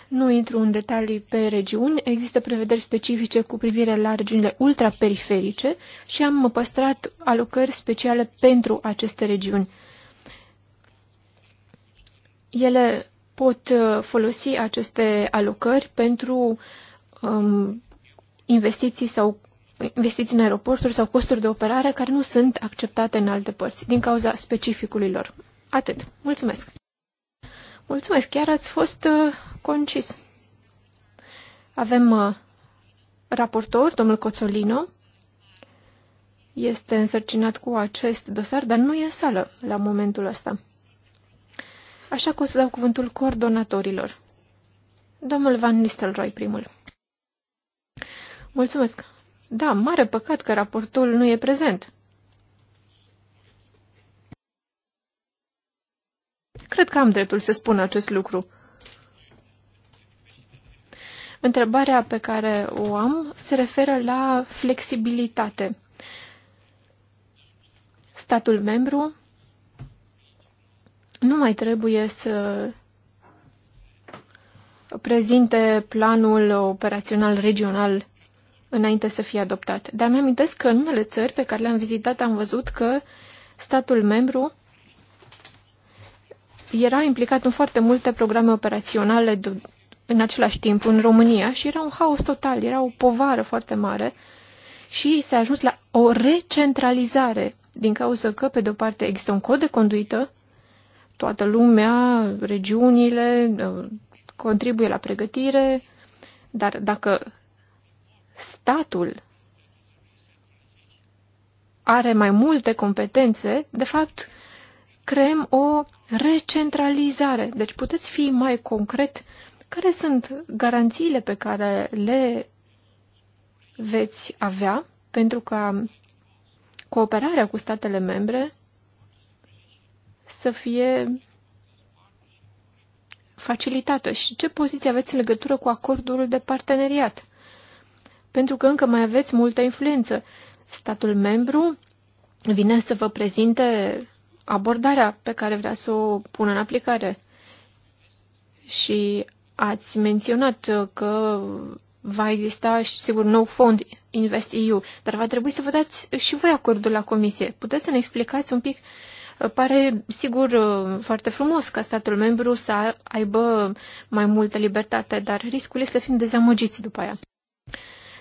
Nu intru în detalii pe regiuni, există prevederi specifice cu privire la regiunile ultraperiferice și am păstrat alocări speciale pentru aceste regiuni. Ele pot uh, folosi aceste alocări pentru um, investiții sau investiții în aeroporturi sau costuri de operare care nu sunt acceptate în alte părți, din cauza specificului lor. Atât. Mulțumesc! Mulțumesc, chiar ați fost uh, concis. Avem uh, raportor, domnul Coțolino, este însărcinat cu acest dosar, dar nu e în sală la momentul ăsta. Așa că o să dau cuvântul coordonatorilor. Domnul Van Nistelrooy primul. Mulțumesc. Da, mare păcat că raportul nu e prezent. Cred că am dreptul să spun acest lucru. Întrebarea pe care o am se referă la flexibilitate. Statul membru nu mai trebuie să prezinte planul operațional regional înainte să fie adoptat. Dar mi-amintesc că în unele țări pe care le-am vizitat am văzut că statul membru era implicat în foarte multe programe operaționale de, în același timp în România și era un haos total, era o povară foarte mare și s-a ajuns la o recentralizare din cauza că, pe de o parte, există un cod de conduită, toată lumea, regiunile uh, contribuie la pregătire, dar dacă statul are mai multe competențe, de fapt, creăm o recentralizare. Deci puteți fi mai concret care sunt garanțiile pe care le veți avea pentru ca cooperarea cu statele membre să fie facilitată și ce poziție aveți în legătură cu acordul de parteneriat. Pentru că încă mai aveți multă influență. Statul membru vine să vă prezinte abordarea pe care vrea să o pună în aplicare. Și ați menționat că va exista, și sigur, nou fond InvestEU, dar va trebui să vă dați și voi acordul la comisie. Puteți să ne explicați un pic? Pare, sigur, foarte frumos ca statul membru să aibă mai multă libertate, dar riscul este să fim dezamăgiți după aia.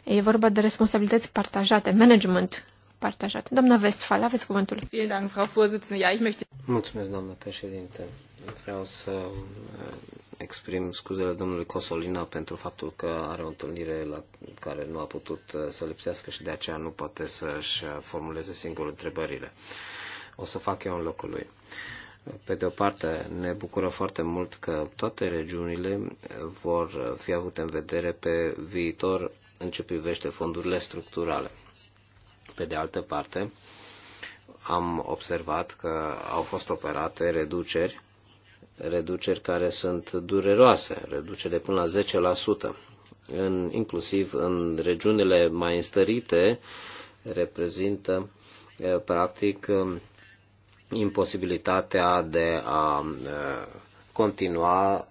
E vorba de responsabilități partajate, management, partajat. Doamna Westphal, aveți cuvântul. Mulțumesc, doamna președinte. Vreau să eh, exprim scuzele domnului Cosolina pentru faptul că are o întâlnire la care nu a putut eh, să lipsească și de aceea nu poate să-și eh, formuleze singur întrebările. O să fac eu în locul lui. Pe de o parte, ne bucură foarte mult că toate regiunile vor fi avute în vedere pe viitor în ce privește fondurile structurale. Pe de altă parte, am observat că au fost operate reduceri, reduceri care sunt dureroase, reduceri de până la 10%, în, inclusiv în regiunile mai înstărite, reprezintă practic imposibilitatea de a continua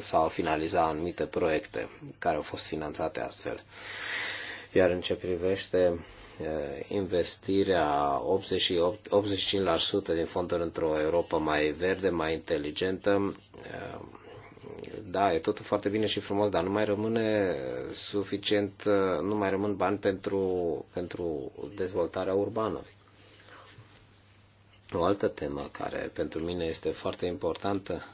sau a finaliza anumite proiecte care au fost finanțate astfel. Iar în ce privește Eh, investirea 88, 85% din fonduri într-o Europa mai verde, mai inteligentă. Eh, da, e totul foarte bine și frumos, dar nu mai rămâne suficient, eh, nu mai rămân bani pentru, pentru dezvoltarea urbană. O altă temă care pentru mine este foarte importantă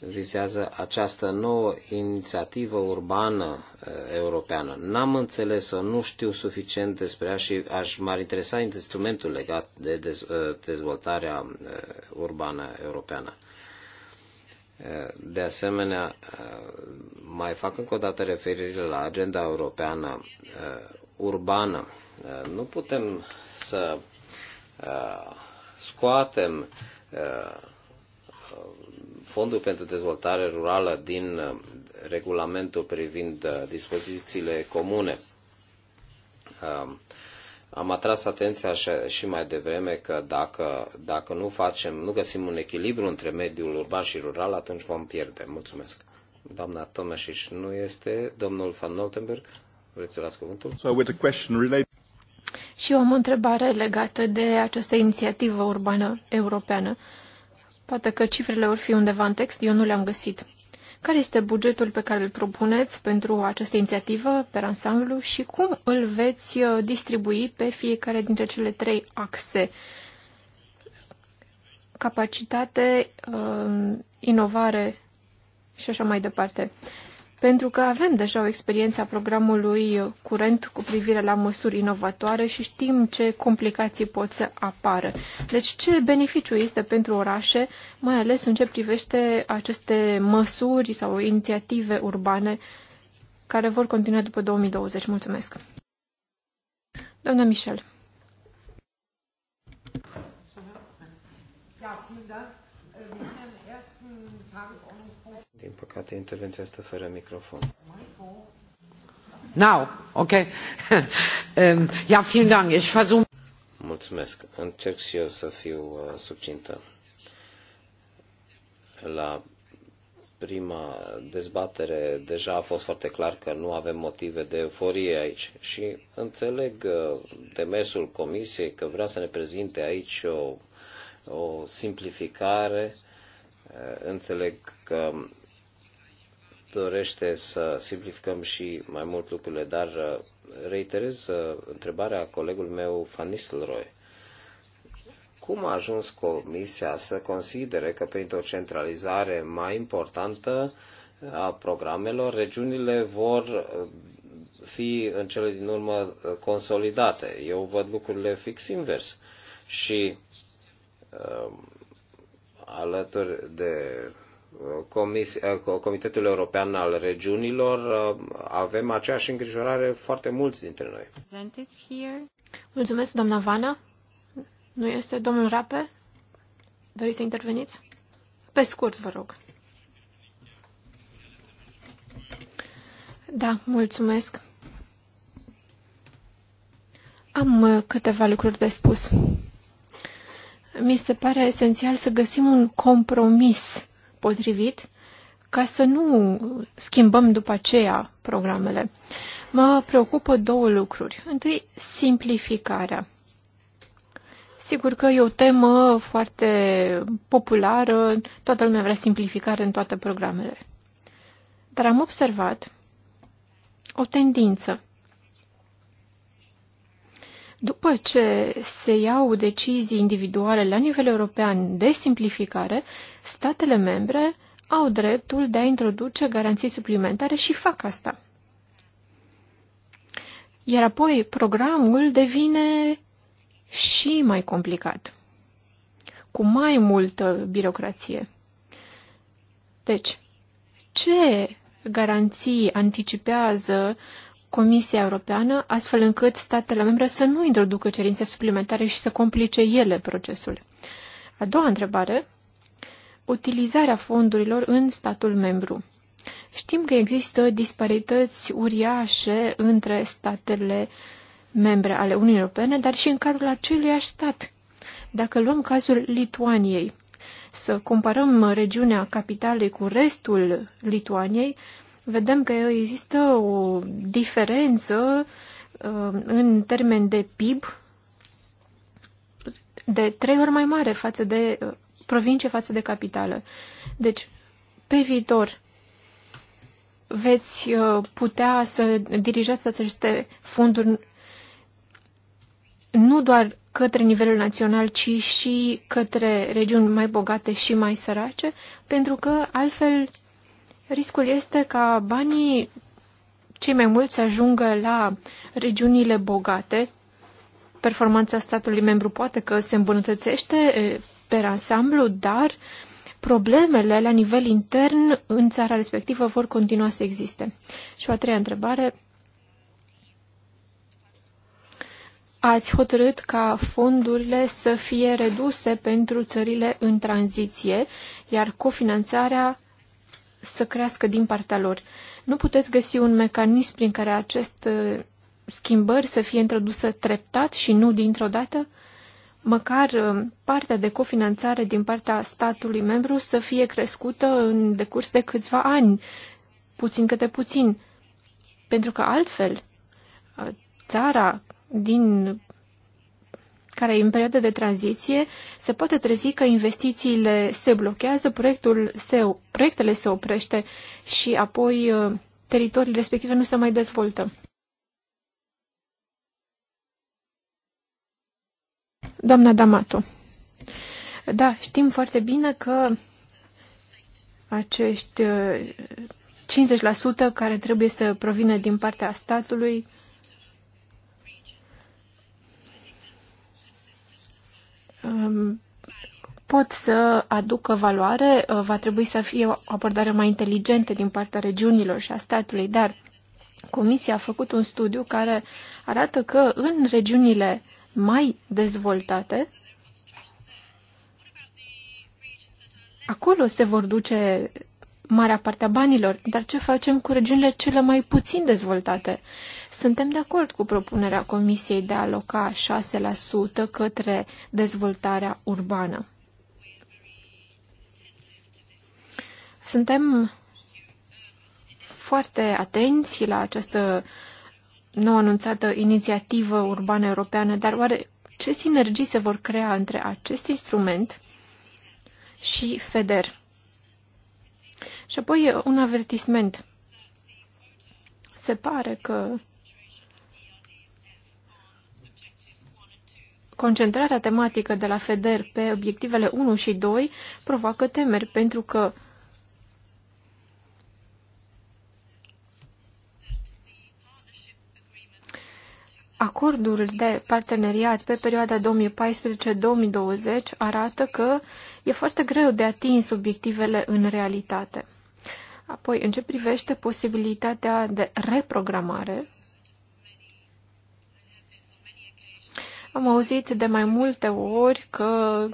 vizează această nouă inițiativă urbană uh, europeană. N-am înțeles-o, nu știu suficient despre ea și aș m-ar interesa instrumentul legat de uh, dezvoltarea uh, urbană europeană. De asemenea, mai fac încă o dată referire la agenda europeană urbană. Nu putem să scoatem Fondul pentru Dezvoltare Rurală din uh, regulamentul privind uh, dispozițiile comune. Um, am atras atenția și mai devreme că dacă, dacă nu facem, nu găsim un echilibru între mediul urban și rural, atunci vom pierde. Mulțumesc. Doamna Tomașiș nu este. Domnul Van Noltenberg, vreți să las cuvântul? So, with a question related... Și eu am o întrebare legată de această inițiativă urbană europeană. Uh, Poate că cifrele vor fi undeva în text, eu nu le-am găsit. Care este bugetul pe care îl propuneți pentru această inițiativă, pe ansamblu, și cum îl veți uh, distribui pe fiecare dintre cele trei axe? Capacitate, uh, inovare și așa mai departe pentru că avem deja o experiență a programului curent cu privire la măsuri inovatoare și știm ce complicații pot să apară. Deci ce beneficiu este pentru orașe, mai ales în ce privește aceste măsuri sau inițiative urbane care vor continua după 2020? Mulțumesc! Doamna Michel. păcate, intervenția asta fără microfon. Now, ok. ja, [LAUGHS] vielen Dank. Ich versuch... Mulțumesc. Încerc și eu să fiu uh, subcintă. La prima dezbatere deja a fost foarte clar că nu avem motive de euforie aici și înțeleg uh, demersul comisiei că vrea să ne prezinte aici o, o simplificare, uh, înțeleg că dorește să simplificăm și mai mult lucrurile, dar uh, reiterez uh, întrebarea colegului meu, Van Nistelrooy. Cum a ajuns Comisia să considere că printr-o centralizare mai importantă uh, a programelor, regiunile vor fi în cele din urmă consolidate? Eu văd lucrurile fix invers. Și alături de Comis eh, Comitetul European al Regiunilor, eh, avem aceeași îngrijorare foarte mulți dintre noi. Mulțumesc, doamna Vana. Nu este domnul Rape? Doriți să interveniți? Pe scurt, vă rog. Da, mulțumesc. Am eh, câteva lucruri de spus. Mi se pare esențial să găsim un compromis potrivit ca să nu schimbăm după aceea programele. Mă preocupă două lucruri. Întâi, simplificarea. Sigur că e o temă foarte populară, toată lumea vrea simplificare în toate programele. Dar am observat o tendință. După ce se iau decizii individuale la nivel european de simplificare, statele membre au dreptul de a introduce garanții suplimentare și fac asta. Iar apoi programul devine și mai complicat, cu mai multă birocrație. Deci, ce garanții anticipează uh, Comisia Europeană, astfel încât statele membre să nu introducă cerințe suplimentare și să complice ele procesul. A doua întrebare, utilizarea fondurilor în statul membru. Știm că există disparități uriașe între statele membre ale Uniunii Europene, dar și în cadrul aceluiași stat. Dacă luăm cazul Lituaniei, să comparăm regiunea capitalei cu restul Lituaniei, vedem că există o diferență uh, în termen de PIB de trei ori mai mare față de uh, provincie față de capitală. Deci, pe viitor, veți uh, putea să dirijați aceste fonduri nu doar către nivelul național, ci și către regiuni mai bogate și mai sărace, pentru că altfel riscul este ca banii cei mai mulți ajungă la regiunile bogate. Performanța statului membru poate că se îmbunătățește pe ansamblu, dar problemele la nivel intern în țara respectivă vor continua să existe. Și o a treia întrebare. Ați hotărât ca fondurile să fie reduse pentru țările în tranziție, iar cofinanțarea să crească din partea lor. Nu puteți găsi un mecanism prin care aceste uh, schimbări să fie introdusă treptat și nu dintr-o dată? Măcar uh, partea de cofinanțare din partea statului membru să fie crescută în decurs de câțiva ani, puțin câte puțin. Pentru că altfel, uh, țara din care e în perioadă de tranziție, se poate trezi că investițiile se blochează, proiectul se, proiectele se oprește și apoi uh, teritoriile respective nu se mai dezvoltă. Doamna Damato, da, știm foarte bine că acești 50% uh, care trebuie să provină din partea statului Um, pot să aducă valoare, uh, va trebui să fie o abordare mai inteligentă din partea regiunilor și a statului, dar Comisia a făcut un studiu care arată că în regiunile mai dezvoltate, acolo se vor duce marea parte a banilor, dar ce facem cu regiunile cele mai puțin dezvoltate? Suntem de acord cu propunerea Comisiei de a aloca 6% către dezvoltarea urbană. Suntem foarte atenți la această nouă anunțată inițiativă urbană europeană, dar oare ce sinergii se vor crea între acest instrument și FEDER? Și apoi un avertisment. Se pare că concentrarea tematică de la FEDER pe obiectivele 1 și 2 provoacă temeri, pentru că Acordul de parteneriat pe perioada 2014-2020 arată că e foarte greu de atins obiectivele în realitate. Apoi, în ce privește posibilitatea de reprogramare, am auzit de mai multe ori că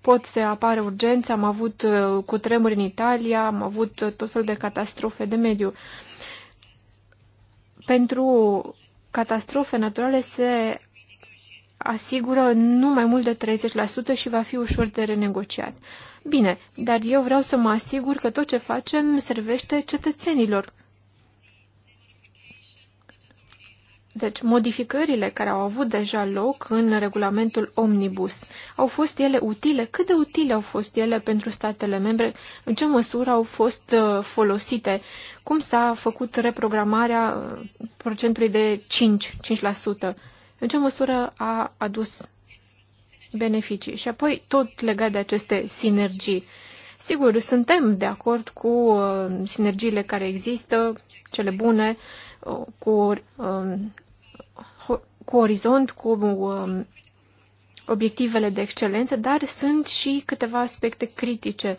pot să apară urgențe, am avut uh, cutremuri în Italia, am avut uh, tot fel de catastrofe de mediu. Pentru catastrofe naturale se asigură nu mai mult de 30% și va fi ușor de renegociat. Bine, dar eu vreau să mă asigur că tot ce facem servește cetățenilor. Deci, modificările care au avut deja loc în regulamentul Omnibus, au fost ele utile? Cât de utile au fost ele pentru statele membre? În ce măsură au fost uh, folosite? Cum s-a făcut reprogramarea uh, procentului de 5, 5%? în ce măsură a adus beneficii. Și apoi, tot legat de aceste sinergii. Sigur, suntem de acord cu uh, sinergiile care există, cele bune, uh, cu, uh, cu orizont, cu uh, obiectivele de excelență, dar sunt și câteva aspecte critice.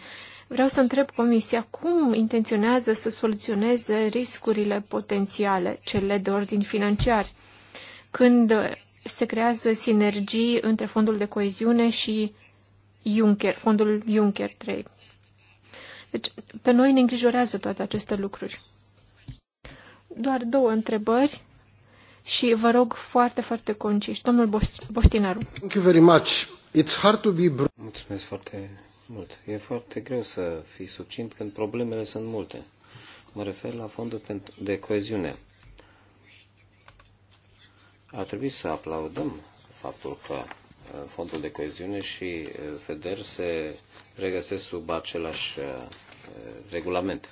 Vreau să întreb Comisia cum intenționează să soluționeze riscurile potențiale, cele de ordin financiar când se creează sinergii între fondul de coeziune și Juncker, fondul Juncker 3. Deci, pe noi ne îngrijorează toate aceste lucruri. Doar două întrebări și vă rog foarte, foarte conciși. Domnul Boștinaru. Thank you very much. It's hard to be... Mulțumesc foarte mult. E foarte greu să fii succint când problemele sunt multe. Mă refer la fondul de coeziune ar trebui să aplaudăm faptul că uh, fondul de coeziune și uh, FEDER se regăsesc sub același uh, regulament.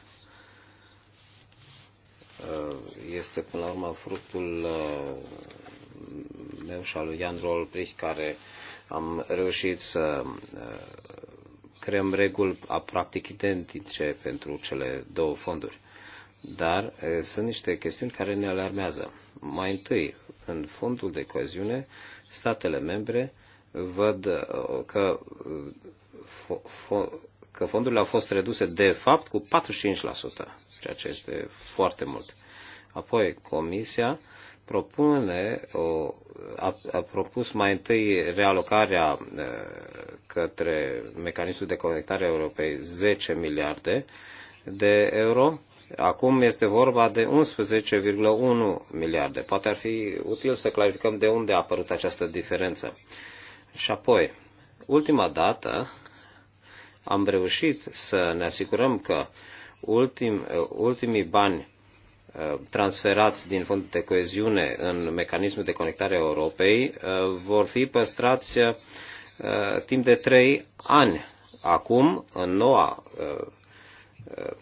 Este până la urmă fructul meu și al lui Jan Rolprich care am reușit să creăm reguli practic identice pentru cele două fonduri. Dar sunt niște chestiuni care ne alarmează. Mai întâi, în fondul de coeziune, statele membre văd uh, că, uh, că fondurile au fost reduse de fapt cu 45%, ceea ce este foarte mult. Apoi, Comisia propune, o, a, a propus mai întâi realocarea uh, către mecanismul de conectare europei 10 miliarde de euro, Acum este vorba de 11,1 miliarde. Poate ar fi util să clarificăm de unde a apărut această diferență. Și apoi, ultima dată am reușit să ne asigurăm că ultim, ultimii bani uh, transferați din fondul de coeziune în mecanismul de conectare a Europei uh, vor fi păstrați uh, timp de trei ani. Acum, în noua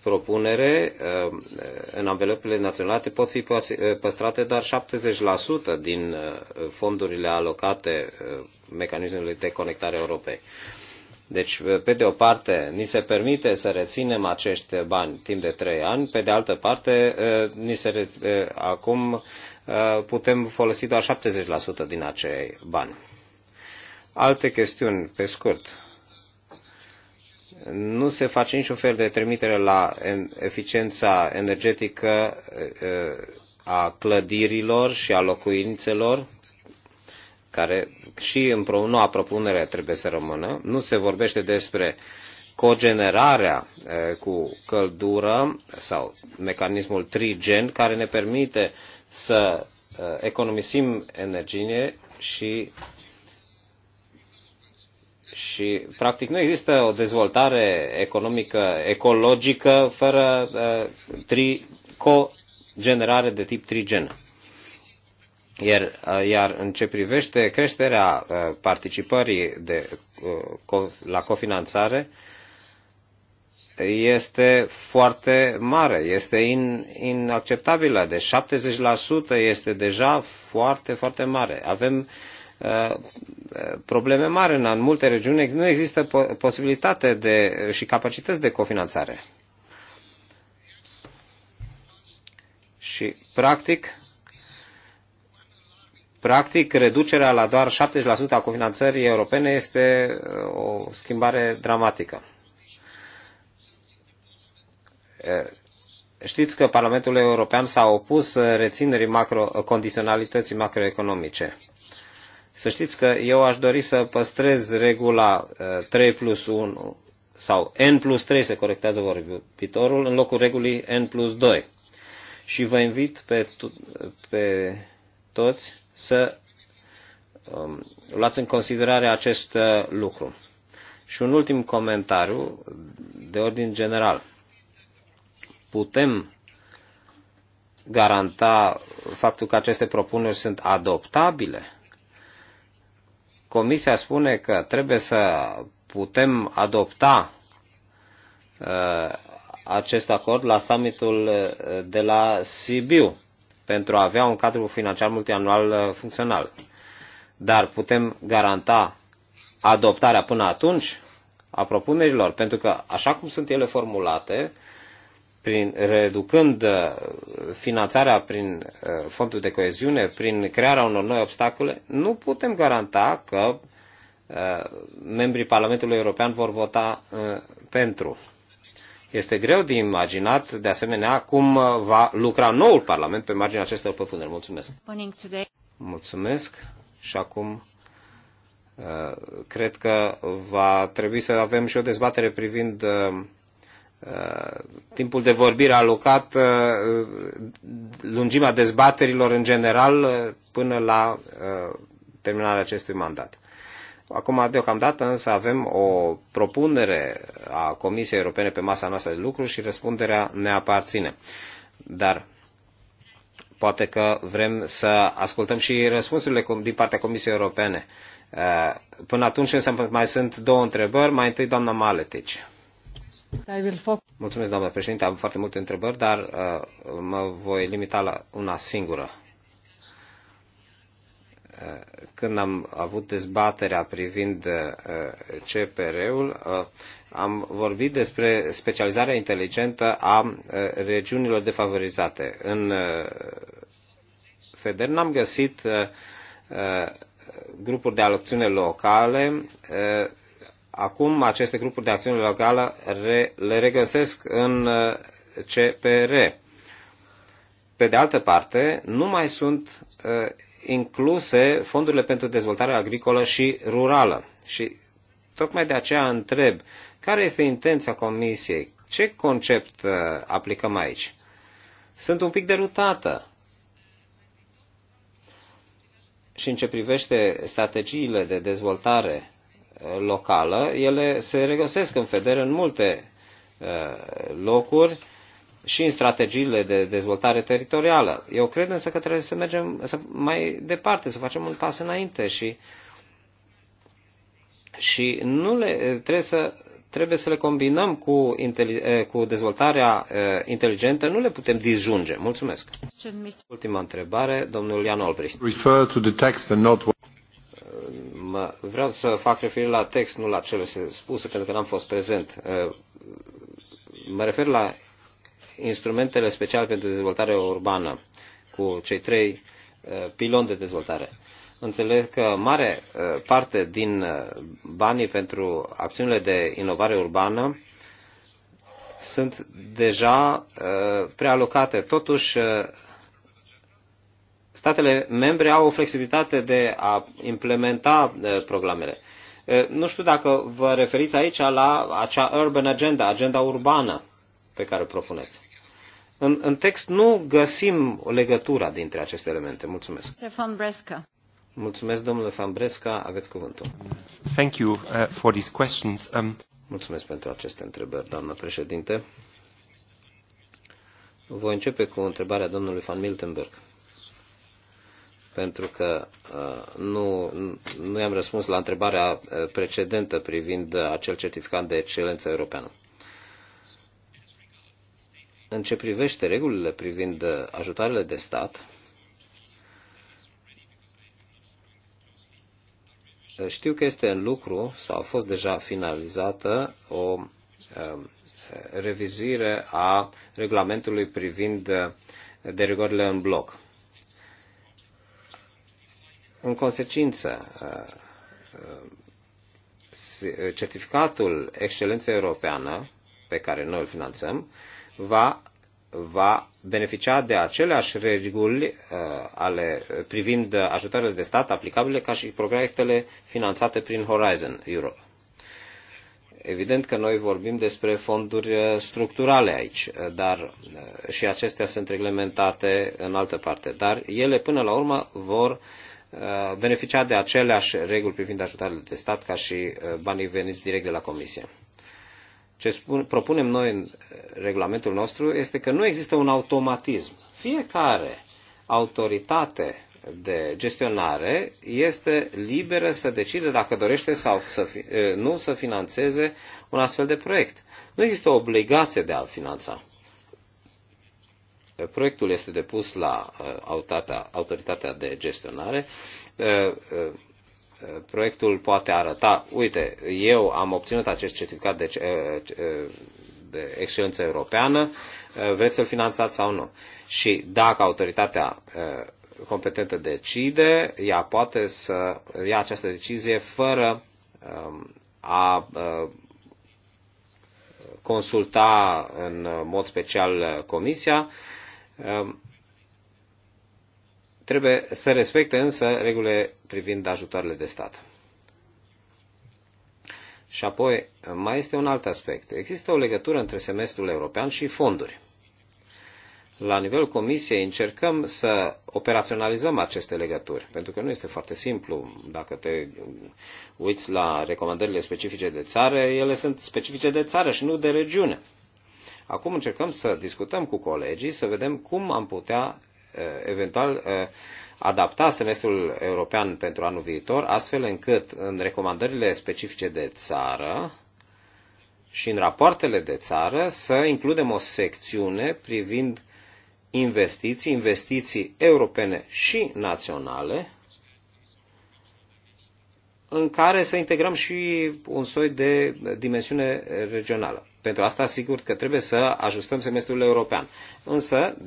propunere, uh, în anvelopele naționale pot fi uh, păstrate doar 70% din uh, fondurile alocate mecanismului de conectare europei. Deci, pe de o parte, ni se permite să reținem acești bani timp de trei ani, pe de altă parte, ni se reț... acum putem folosi doar 70% din acei bani. Alte chestiuni, pe scurt nu se face niciun fel de trimitere la eficiența energetică a clădirilor și a locuințelor, care și în noua propunere trebuie să rămână. Nu se vorbește despre cogenerarea cu căldură sau mecanismul trigen care ne permite să economisim energie și și, practic, nu există o dezvoltare economică, ecologică, fără uh, tri, generare de tip trigen. Iar, uh, iar în ce privește creșterea uh, participării de, uh, co- la cofinanțare, este foarte mare, este in, inacceptabilă, de deci, 70% este deja foarte, foarte mare. Avem uh, probleme mari. În multe regiuni nu există posibilitate de, și capacități de cofinanțare. Și, practic, practic, reducerea la doar 70% a cofinanțării europene este uh, o schimbare dramatică. Uh, știți că Parlamentul European s-a opus uh, reținerii macro, condiționalității macroeconomice. Să știți că eu aș dori să păstrez regula 3 uh, plus 1 sau N plus 3 se corectează vorbitorul în locul regulii N plus 2. Și vă invit pe, pe toți să um, luați în considerare acest uh, lucru. Și un ultim comentariu de ordin general. Putem garanta faptul că aceste propuneri sunt adoptabile? Comisia spune că trebuie să putem adopta uh, acest acord la summitul uh, de la Sibiu pentru a avea un cadru financiar multianual uh, funcțional. Dar putem garanta adoptarea până atunci a propunerilor, pentru că așa cum sunt ele formulate, prin reducând uh, finanțarea prin uh, fondul de coeziune, prin crearea unor noi obstacole, nu putem garanta că uh, membrii Parlamentului European vor vota pentru. Este greu de imaginat, de asemenea, cum va lucra noul Parlament pe marginea acestor propuneri. Mulțumesc! Mulțumesc și acum cred că va trebui să avem și o dezbatere privind Uh, timpul de vorbire alocat, uh, lungimea dezbaterilor în general uh, până la terminarea acestui mandat. Acum, deocamdată, însă avem o propunere a Comisiei Europene pe masa noastră de lucru și răspunderea ne aparține. Dar poate că vrem să ascultăm și răspunsurile din partea Comisiei Europene. Până atunci, însă, mai sunt două întrebări. Mai întâi, doamna Maletici. Mulțumesc, doamnă președinte. Am foarte multe întrebări, dar uh, mă voi limita la una singură. Uh, când am avut dezbaterea privind uh, CPR-ul, uh, am vorbit despre specializarea inteligentă a regiunilor defavorizate. În FEDER n-am găsit grupuri de alocțiune locale Acum aceste grupuri de acțiune locală le regăsesc în uh, CPR. Pe de altă parte, nu mai sunt uh, incluse fondurile pentru dezvoltare agricolă și rurală. Și tocmai de aceea întreb, care este intenția Comisiei? Ce concept uh, aplicăm aici? Sunt un pic derutată. Și în ce privește strategiile de dezvoltare locală, ele se regăsesc în FEDER în multe uh, locuri și în strategiile de dezvoltare teritorială. Eu cred însă că trebuie să mergem să mai departe, să facem un pas înainte și, și nu le, trebuie, să, trebuie să le combinăm cu, eh, cu dezvoltarea eh, inteligentă, nu le putem disjunge. Mulțumesc. Ultima întrebare, domnul Ian Olbricht mă, vreau să fac referire la text, nu la cele spuse, pentru că n-am fost prezent. Mă refer la instrumentele speciale pentru dezvoltare urbană, cu cei trei piloni de dezvoltare. Înțeleg că mare parte din banii pentru acțiunile de inovare urbană sunt deja prealocate. Totuși, statele membre au o flexibilitate de a implementa eh, programele. Eh, nu știu dacă vă referiți aici la acea urban agenda, agenda urbană pe care o propuneți. În, în text nu găsim legătura dintre aceste elemente. Mulțumesc. Mulțumesc, domnule Fambresca, aveți cuvântul. Thank you uh, for these questions. Um... Mulțumesc pentru aceste întrebări, doamnă președinte. Voi începe cu întrebarea domnului Van Miltenberg pentru că uh, nu, nu i-am răspuns la întrebarea uh, precedentă privind acel certificat de excelență europeană. În ce privește regulile privind uh, ajutoarele de stat, știu că este în lucru sau a fost deja finalizată o revizuire a regulamentului privind derogările în bloc în consecință, uh, uh, certificatul excelență europeană pe care noi îl finanțăm va, va beneficia de aceleași reguli uh, ale, privind ajutoarele de stat aplicabile ca și proiectele finanțate prin Horizon Europe. Evident că noi vorbim despre fonduri structurale aici, dar și acestea sunt reglementate în altă parte, dar ele până la urmă vor uh, Uh, beneficia de aceleași reguli privind ajutoarele de stat ca și uh, banii veniți direct de la Comisie. Ce spun, propunem noi în uh, regulamentul nostru este că nu există un automatism. Fiecare autoritate de gestionare este liberă să decide dacă dorește sau să fi, nu să financeze un astfel de proiect. Nu există o obligație de a-l finanța. Eh, proiectul este depus la eh, autoritatea de gestionare. Eh, proiectul poate arăta, uite, eu am obținut acest certificat de, de excelență europeană, vreți să-l finanțați sau nu? Și dacă autoritatea competentă decide, ea poate să ia această decizie fără a consulta în mod special comisia, Trebuie să respecte însă regulile privind ajutoarele de stat. Și apoi mai este un alt aspect. Există o legătură între semestrul european și fonduri. La nivelul Comisiei încercăm să operaționalizăm aceste legături, pentru că nu este foarte simplu. Dacă te uiți la recomandările specifice de țară, ele sunt specifice de țară și nu de regiune. Acum încercăm să discutăm cu colegii, să vedem cum am putea eventual adapta semestrul european pentru anul viitor, astfel încât în recomandările specifice de țară și în rapoartele de țară să includem o secțiune privind investiții, investiții europene și naționale, în care să integrăm și un soi de dimensiune regională. Pentru asta, sigur că trebuie să ajustăm semestrul european. Însă,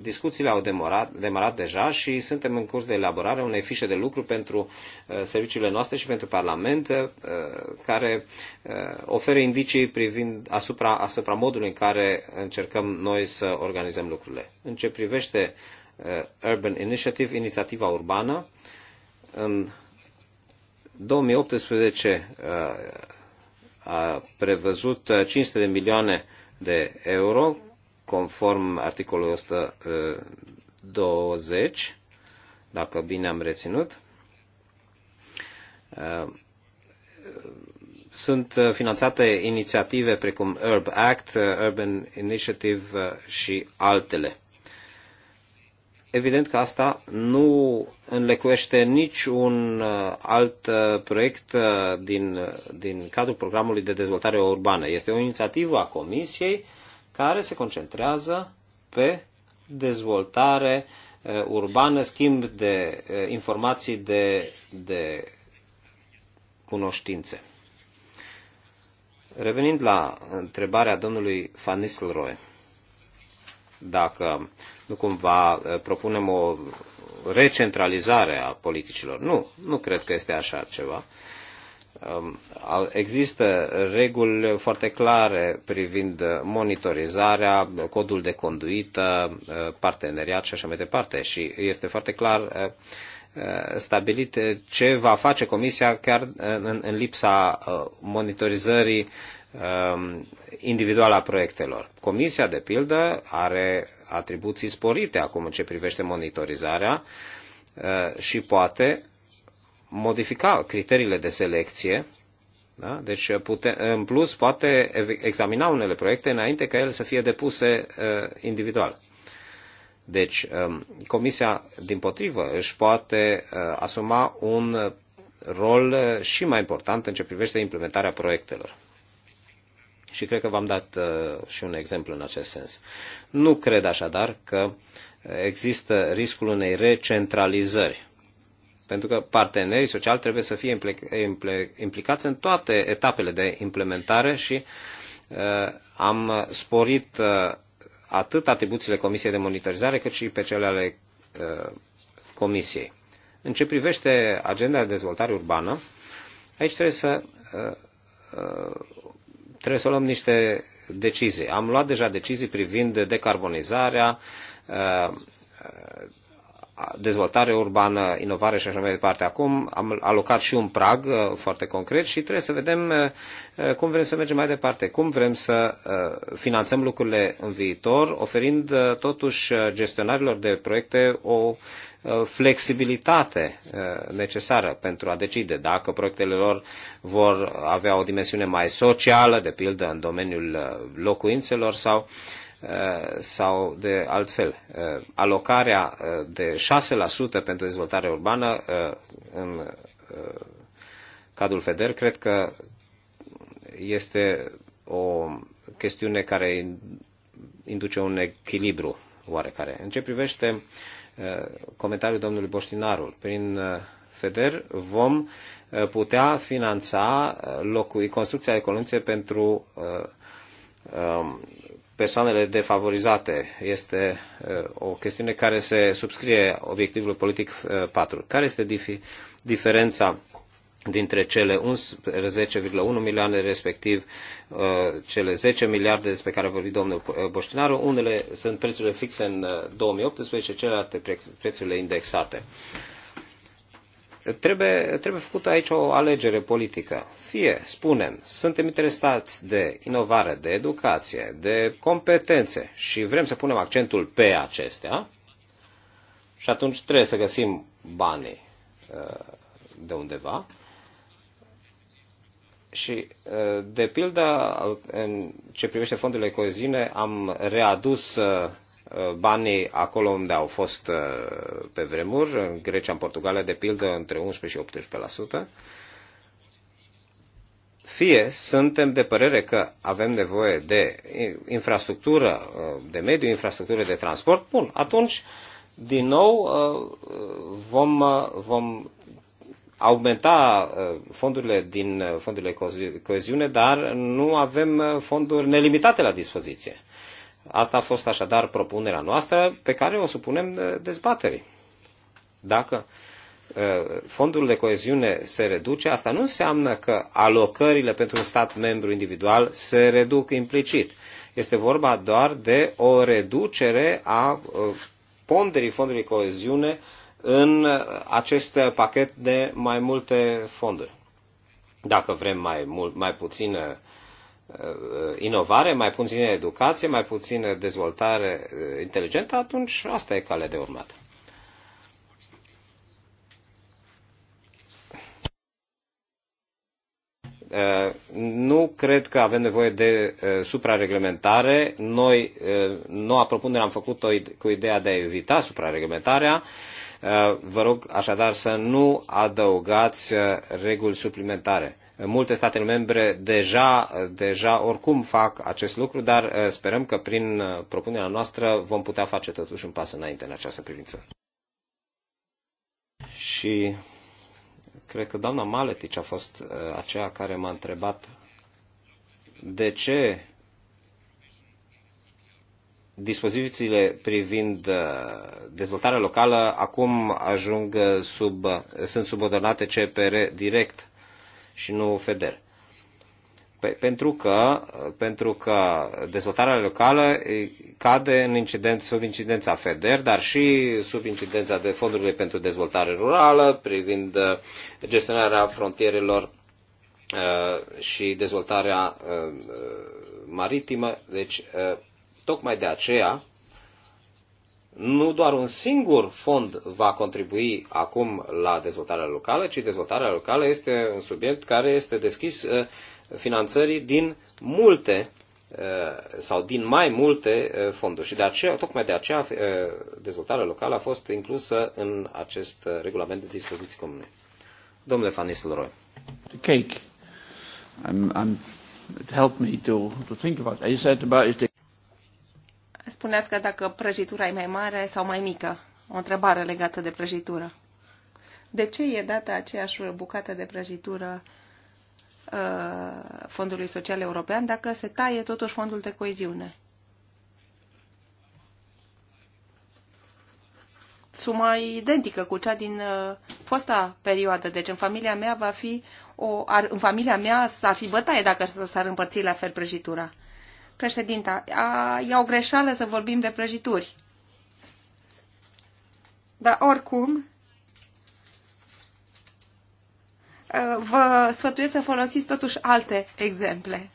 discuțiile au demarat, demarat deja și suntem în curs de elaborare unei fișe de lucru pentru serviciile noastre și pentru Parlament, care oferă indicii privind asupra, asupra modului în care încercăm noi să organizăm lucrurile. În ce privește Urban Initiative, inițiativa urbană, în 2018 a prevăzut 500 de milioane de euro, conform articolului 120, dacă bine am reținut. Sunt finanțate inițiative precum Urb Act, Urban Initiative și altele evident că asta nu înlecuiește niciun uh, alt uh, proiect uh, din, din cadrul programului de dezvoltare urbană. Este o inițiativă a Comisiei care se concentrează pe dezvoltare urbană, schimb de informații, de, de cunoștințe. Revenind la întrebarea domnului Van Nistelrooy, dacă nu cumva uh, propunem o recentralizare a politicilor. Nu, nu cred că este așa ceva. Um, există reguli foarte clare privind monitorizarea, codul de conduită, uh, parteneriat și așa mai departe. Și este foarte clar uh, stabilit ce va face Comisia chiar în, lipsa monitorizării Um, individual a proiectelor. Comisia, de pildă, are atribuții sporite acum în ce privește monitorizarea uh, și poate modifica criteriile de selecție. Da? Deci, uh, pute, uh, în plus, poate examina unele proiecte înainte ca ele să fie depuse individual. Deci, um, Comisia, din potrivă, își poate asuma un rol și mai important în ce privește implementarea proiectelor și cred că v-am dat uh, și un exemplu în acest sens. Nu cred așadar că există riscul unei recentralizări pentru că partenerii sociali trebuie să fie implicați în toate etapele de implementare și uh, am sporit uh, atât atribuțiile Comisiei de Monitorizare cât și pe cele ale uh, Comisiei. În ce privește agenda de dezvoltare urbană, aici trebuie să uh, uh, trebuie să luăm niște decizii. Am luat deja decizii privind decarbonizarea, uh, dezvoltare urbană, inovare și așa mai departe. Acum am alocat și un prag uh, foarte concret și trebuie să vedem uh, uh, cum vrem să mergem mai departe, cum vrem să finanțăm lucrurile în viitor, oferind totuși gestionarilor de proiecte o flexibilitate necesară pentru a decide dacă proiectele lor vor avea o dimensiune mai socială, de pildă în domeniul locuințelor sau Uh, sau de altfel. Uh, alocarea uh, de 6% pentru dezvoltare urbană în cadrul FEDER cred că este o chestiune care induce un echilibru oarecare. În ce privește comentariul domnului Boștinarul, prin FEDER vom putea finanța locui, construcția de pentru um, persoanele defavorizate este uh, o chestiune care se subscrie obiectivul politic 4. Uh, care este diferența dintre cele 11,1 milioane respectiv uh, cele 10 miliarde despre care a vorbit domnul Boștinaru, unele sunt prețurile fixe în 2018, celelalte prețurile indexate. Uh, trebuie, trebuie făcută aici o alegere politică. Fie, spunem, suntem interesați de inovare, de educație, de competențe și vrem să punem accentul pe acestea, și atunci trebuie să găsim banii uh, de undeva. Și, uh, de pildă, în ce privește fondurile coeziune, am readus uh, Uh, banii acolo unde au fost uh, pe vremuri, în Grecia, în Portugalia, de pildă, între 11 și 18%, fie suntem de părere că avem nevoie de infrastructură uh, de mediu, infrastructură de transport, bun, atunci, din nou, vom, vom aumenta fondurile din fondurile coeziune, dar nu avem fonduri nelimitate la dispoziție. Asta a fost așadar propunerea noastră pe care o supunem dezbaterii. Dacă fondul de coeziune se reduce, asta nu înseamnă că alocările pentru un stat membru individual se reduc implicit. Este vorba doar de o reducere a ponderii fondului de coeziune în acest pachet de mai multe fonduri. Dacă vrem mai, mult, mai puțină uh, Uh, inovare, mai puțină educație, mai puțină dezvoltare uh, inteligentă, atunci asta e calea de urmat. Uh, nu cred că avem nevoie de suprareglementare. Noi, noua propunere am făcut-o cu ideea de a evita suprareglementarea. Vă rog așadar să nu adăugați reguli suplimentare Multe state membre deja, deja oricum fac acest lucru, dar uh, sperăm că prin uh, propunerea noastră vom putea face totuși un pas înainte în această privință. Și cred că doamna Maletic a fost uh, aceea care m-a întrebat de ce dispozițiile privind dezvoltarea locală acum ajung sub, sunt subordonate CPR direct și nu FEDER. Pentru că, pentru că dezvoltarea locală cade în incident, sub incidența FEDER, dar și sub incidența de fondurile pentru dezvoltare rurală, privind uh, gestionarea frontierelor uh, și dezvoltarea uh, maritimă. Deci, tocmai de aceea, nu doar un singur fond va contribui acum la dezvoltarea locală, ci dezvoltarea locală este un subiect care este deschis uh, finanțării din multe uh, sau din mai multe uh, fonduri. Și de aceea, tocmai de aceea dezvoltarea locală a fost inclusă în acest regulament de dispoziții comune. Domnule Fanisul Roy. The cake. I'm, I'm, it helped me to, to think about it. I said about it. Spuneați că dacă prăjitura e mai mare sau mai mică. O întrebare legată de prăjitură. De ce e dată aceeași bucată de prăjitură uh, Fondului Social European dacă se taie totuși fondul de coeziune? Suma identică cu cea din uh, fosta perioadă. Deci în familia mea va fi o, ar, în familia mea s-ar fi bătaie dacă s-ar împărți la fel prăjitura. Președinta, a, e o greșeală să vorbim de prăjituri. Dar oricum, vă sfătuiesc să folosiți totuși alte exemple.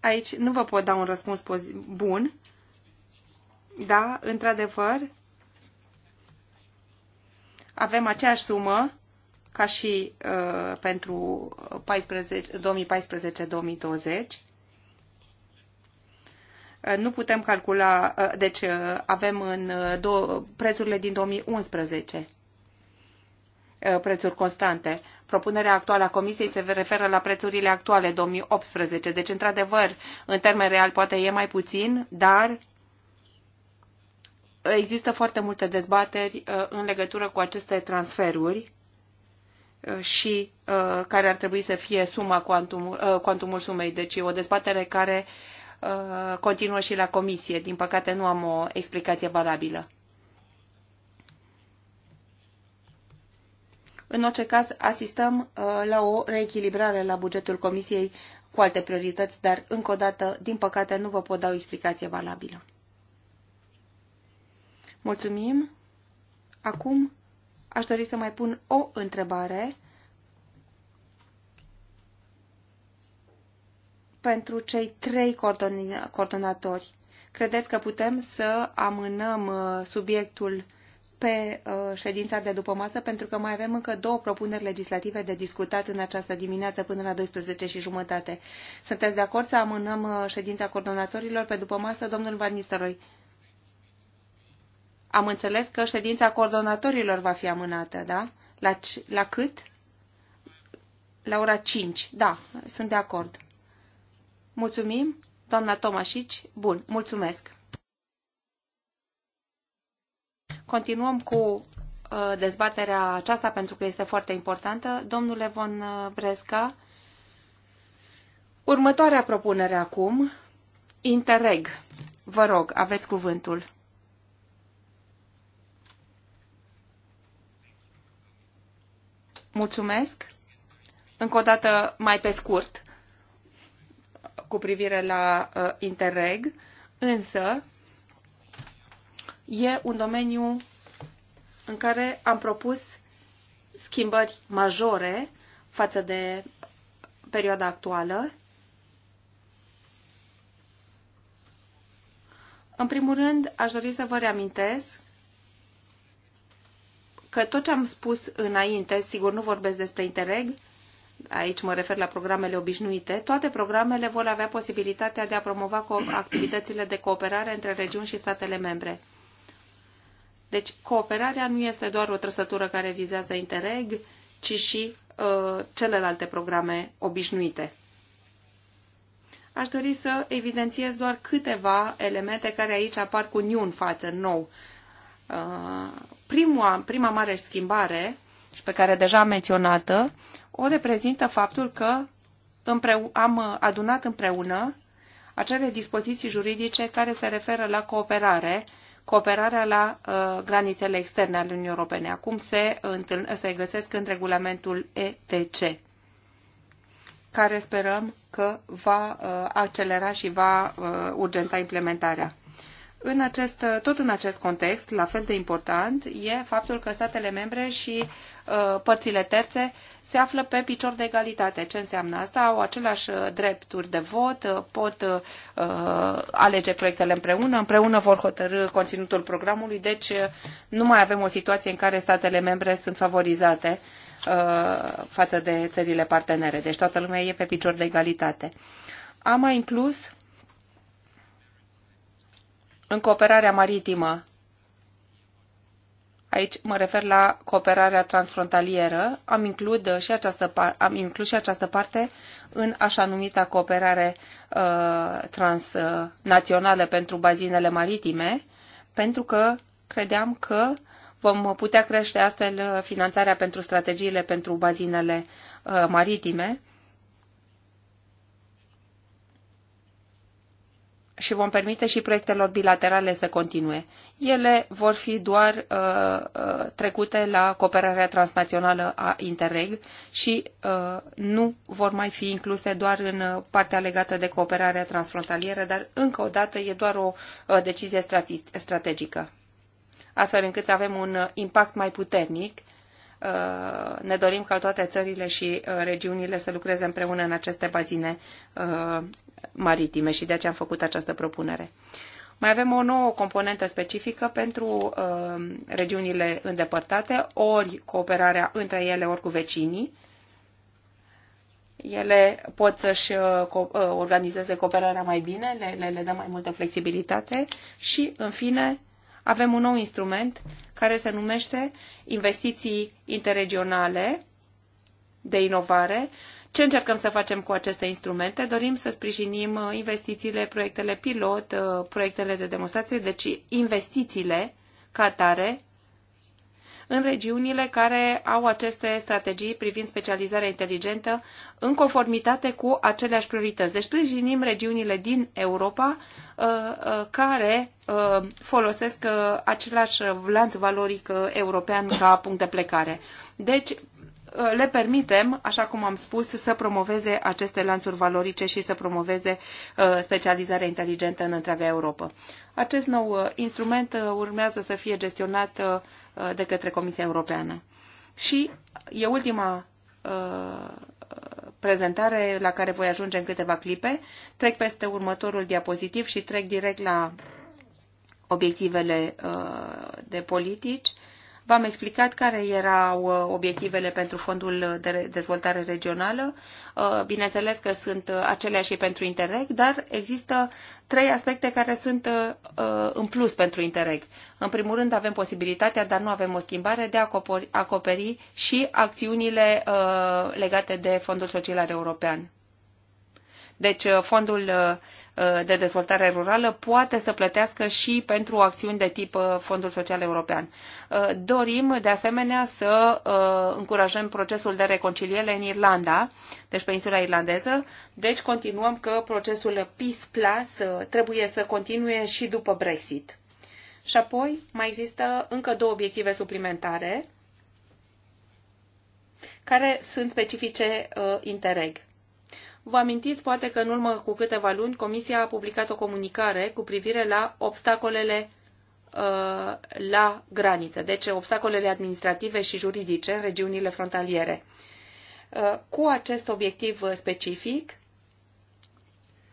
Aici nu vă pot da un răspuns bun, da, într-adevăr, avem aceeași sumă ca și uh, pentru 2014-2020. Uh, nu putem calcula, uh, deci uh, avem în uh, două, prețurile din 2011 uh, prețuri constante. Propunerea actuală a Comisiei se referă la prețurile actuale 2018, deci într-adevăr, în termen real poate e mai puțin, dar există foarte multe dezbateri în legătură cu aceste transferuri Uh, și uh, care ar trebui să fie suma uh, cuantumul sumei. Deci e o dezbatere care uh, continuă și la comisie. Din păcate nu am o explicație valabilă. În orice caz, asistăm uh, la o reechilibrare la bugetul comisiei cu alte priorități, dar încă o dată, din păcate, nu vă pot da o explicație valabilă. Mulțumim. Acum Aș dori să mai pun o întrebare pentru cei trei coordonatori. Credeți că putem să amânăm uh, subiectul pe uh, ședința de după masă, pentru că mai avem încă două propuneri legislative de discutat în această dimineață până la 12 și jumătate. Sunteți de acord să amânăm uh, ședința coordonatorilor pe după masă, domnul Van Nistelrooy? Am înțeles că ședința coordonatorilor va fi amânată, da? La, la cât? La ora 5. Da, sunt de acord. Mulțumim, doamna Tomașici. Bun, mulțumesc. Continuăm cu uh, dezbaterea aceasta pentru că este foarte importantă. Domnule Von uh, Bresca, următoarea propunere acum, Interreg. Vă rog, aveți cuvântul. Mulțumesc. Încă o dată, mai pe scurt, cu privire la uh, Interreg, însă e un domeniu în care am propus schimbări majore față de perioada actuală. În primul rând, aș dori să vă reamintesc că tot ce am spus înainte, sigur nu vorbesc despre Interreg, aici mă refer la programele obișnuite, toate programele vor avea posibilitatea de a promova activitățile de cooperare între regiuni și statele membre. Deci cooperarea nu este doar o trăsătură care vizează Interreg, ci și uh, celelalte programe obișnuite. Aș dori să evidențiez doar câteva elemente care aici apar cu niun față, nou. Uh, prima, prima mare schimbare, și pe care deja am menționată, o reprezintă faptul că am adunat împreună acele dispoziții juridice care se referă la cooperare, cooperarea la uh, granițele externe ale Uniunii Europene. Acum se, întâln, se găsesc în regulamentul ETC, care sperăm că va uh, accelera și va uh, urgenta implementarea. În acest, tot în acest context, la fel de important, e faptul că statele membre și uh, părțile terțe se află pe picior de egalitate. Ce înseamnă asta? Au aceleași uh, drepturi de vot, uh, pot uh, alege proiectele împreună, împreună vor hotărâ conținutul programului, deci uh, nu mai avem o situație în care statele membre sunt favorizate uh, față de țările partenere. Deci toată lumea e pe picior de egalitate. Am mai inclus în cooperarea maritimă. Aici mă refer la cooperarea transfrontalieră. Am, includ și această par, am inclus și această parte în așa numita cooperare uh, transnațională pentru bazinele maritime, pentru că credeam că vom putea crește astfel uh, finanțarea pentru strategiile pentru bazinele uh, maritime și vom permite și proiectelor bilaterale să continue. Ele vor fi doar uh, uh, trecute la cooperarea transnațională a Interreg și uh, nu vor mai fi incluse doar în uh, partea legată de cooperarea transfrontalieră, dar încă o dată e doar o uh, decizie strategică, astfel încât să avem un uh, impact mai puternic uh, Uh, ne dorim ca toate țările și uh, regiunile să lucreze împreună în aceste bazine uh, maritime și de aceea am făcut această propunere. Mai avem o nouă componentă specifică pentru regiunile îndepărtate, ori cooperarea între ele, ori cu vecinii. Ele pot să-și organizeze cooperarea mai bine, le, le, le dă mai multă flexibilitate și, în fine, avem un nou instrument care se numește investiții interregionale de inovare. Ce încercăm să facem cu aceste instrumente? Dorim să sprijinim uh, investițiile, proiectele pilot, uh, proiectele de demonstrație, deci investițiile ca atare în regiunile care au aceste strategii privind specializarea inteligentă în conformitate cu aceleași priorități. Deci sprijinim regiunile din Europa uh, uh, care uh, folosesc același lanț valoric european ca punct de plecare. Deci Uh, le permitem, așa cum am spus, să promoveze aceste lanțuri valorice și să promoveze uh, specializarea inteligentă în întreaga Europa. Acest nou uh, instrument urmează să fie gestionat de către Comisia Europeană. Și e ultima prezentare la care voi ajunge în câteva clipe. Trec peste următorul diapozitiv și trec direct la obiectivele de politici. V-am explicat care erau uh, obiectivele pentru Fondul de Dezvoltare Regională. Uh, bineînțeles că sunt uh, aceleași și pentru Interreg, dar există trei aspecte care sunt în plus pentru Interreg. În primul rând avem posibilitatea, dar nu avem o schimbare, de a acoperi și acțiunile legate de Fondul Social European. Deci uh, fondul uh, uh, de dezvoltare rurală poate să plătească și pentru acțiuni de tip fondul social european. Dorim de asemenea să încurajăm procesul de reconciliere în Irlanda, deci pe insula irlandeză. Deci continuăm că procesul Peace Plus trebuie să continue și după Brexit. Și apoi mai există încă două obiective suplimentare care sunt specifice uh, Interreg. Vă amintiți poate că în urmă cu câteva luni Comisia a publicat o comunicare cu privire la obstacolele uh, la graniță, deci obstacolele administrative și juridice în regiunile frontaliere. Uh, cu acest obiectiv specific,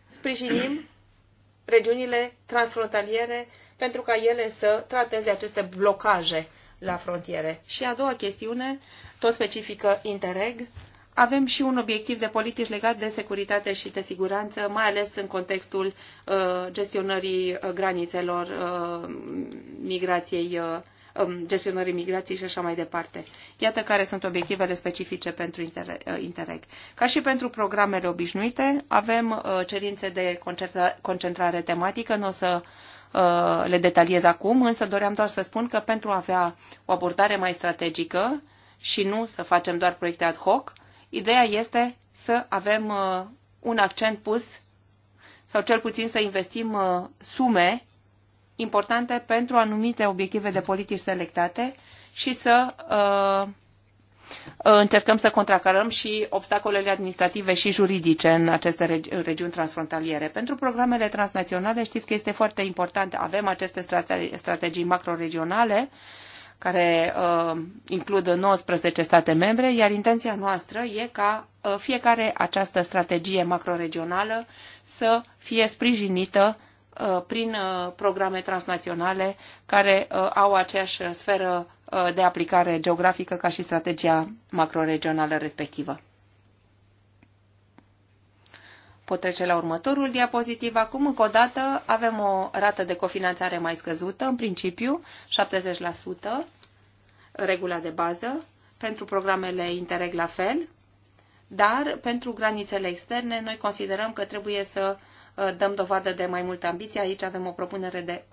sprijinim [CLEARS THROAT] regiunile transfrontaliere pentru ca ele să trateze aceste blocaje la frontiere. Și a doua chestiune, tot specifică Interreg, avem și un obiectiv de politici legat de securitate și de siguranță, mai ales în contextul uh, gestionării uh, granițelor, uh, migrației, uh, um, gestionării migrației și așa mai departe. Iată care sunt obiectivele specifice pentru uh, Interreg. Ca și pentru programele obișnuite, avem uh, cerințe de concentrare tematică, nu o să le detaliez acum, însă doream doar să spun că pentru a avea o abordare mai strategică și nu să facem doar proiecte ad hoc, Ideea este să avem uh, un accent pus sau cel puțin să investim uh, sume importante pentru anumite obiective de politici selectate și să uh, încercăm să contracarăm și obstacolele administrative și juridice în aceste regi regiuni transfrontaliere. Pentru programele transnaționale știți că este foarte important. Avem aceste strate strategii macroregionale uh, care uh, includ 19 state membre, iar intenția noastră e ca uh, fiecare această strategie macroregională să fie sprijinită uh, prin uh, programe transnaționale care uh, au aceeași sferă uh, de aplicare geografică ca și strategia macroregională respectivă. Pot trece la următorul diapozitiv. Acum, încă o dată, avem o rată de cofinanțare mai scăzută, în principiu, 70%, regula de bază, pentru programele Interreg la fel, dar pentru granițele externe noi considerăm că trebuie să uh, dăm dovadă de mai multă ambiție. Aici avem o propunere de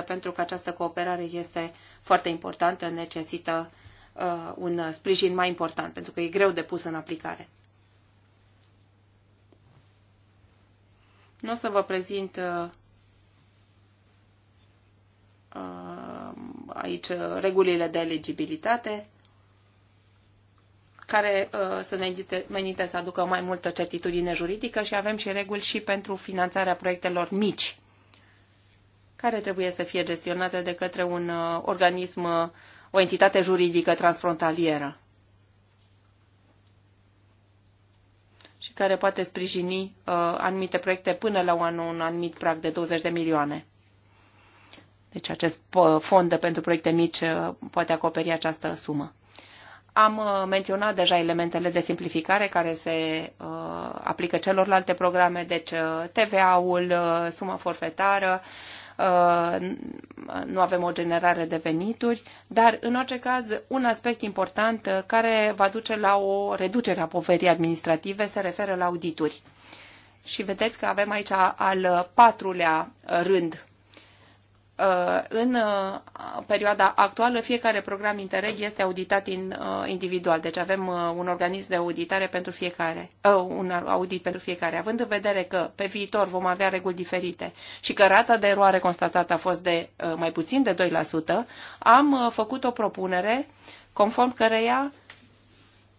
85% pentru că această cooperare este foarte importantă, necesită uh, un sprijin mai important pentru că e greu de pus în aplicare. Nu o să vă prezint uh, uh, aici uh, regulile de eligibilitate care sunt menite, menite să aducă mai multă certitudine juridică și avem și reguli și pentru finanțarea proiectelor mici care trebuie să fie gestionate de către un organism, o entitate juridică transfrontalieră. și care poate sprijini uh, anumite proiecte până la un, un anumit prag de 20 de milioane. Deci acest uh, fond pentru proiecte mici uh, poate acoperi această sumă. Am uh, menționat deja elementele de simplificare care se uh, aplică celorlalte programe, deci TVA-ul, suma forfetară, Uh, nu avem o generare de venituri, dar în orice caz un aspect important uh, care va duce la o reducere a poverii administrative se referă la audituri. Și vedeți că avem aici al uh, patrulea rând Uh, în uh, perioada actuală fiecare program Interreg este auditat uh, individual, deci avem un organism de auditare pentru fiecare, un audit pentru fiecare, având în vedere că pe viitor vom avea reguli diferite și că rata de eroare constatată a fost de mai puțin de 2%, am făcut o propunere conform căreia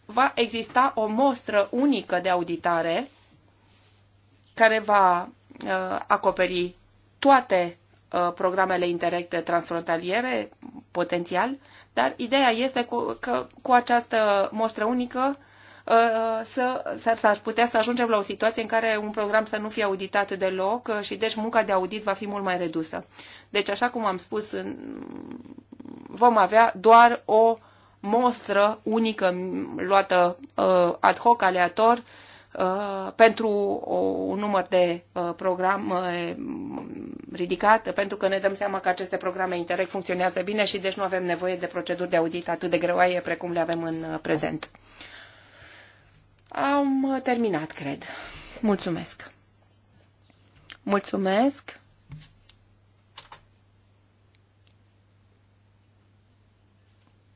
va exista o mostră unică de auditare care va acoperi toate Uh, programele interecte transfrontaliere, potențial, dar ideea este cu, că cu această mostră unică uh, să, s-ar putea să ajungem la o situație în care un program să nu fie auditat deloc uh, și deci munca de audit va fi mult mai redusă. Deci, așa cum am spus, vom avea doar o mostră unică luată ad hoc, aleator, Uh, pentru o, un număr de uh, programe uh, ridicat, pentru că ne dăm seama că aceste programe Interreg funcționează bine și deci nu avem nevoie de proceduri de audit atât de greoaie precum le avem în prezent. Am terminat, cred. Mulțumesc. Mulțumesc.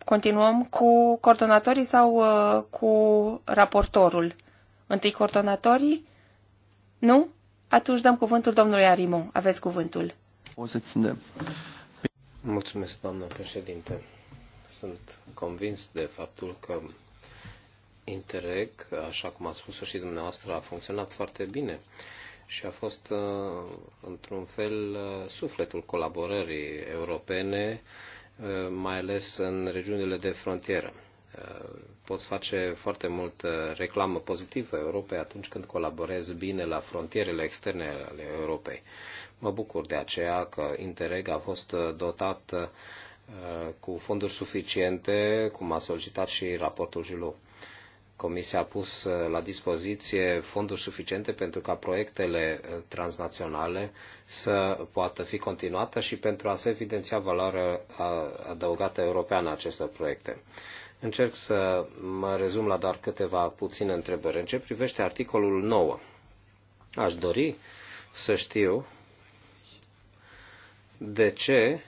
Continuăm cu coordonatorii sau cu raportorul? Întâi coordonatorii? Nu? Atunci dăm cuvântul domnului Arimon. Aveți cuvântul. O să Mulțumesc, doamnă președinte. Sunt convins de faptul că Interreg, așa cum ați spus și dumneavoastră, a funcționat foarte bine și a fost, uh, într-un fel, uh, sufletul colaborării europene, uh, mai ales în regiunile de frontieră poți face foarte mult uh, reclamă pozitivă Europei atunci când colaborezi bine la frontierele externe ale Europei. Mă bucur de aceea că Interreg a fost uh, dotat uh, cu fonduri suficiente, cum a solicitat și raportul Julu. Comisia a pus la dispoziție fonduri suficiente pentru ca proiectele transnaționale să poată fi continuate și pentru a se evidenția valoarea adăugată europeană a acestor proiecte. Încerc să mă rezum la doar câteva puține întrebări. În ce privește articolul 9, aș dori să știu de ce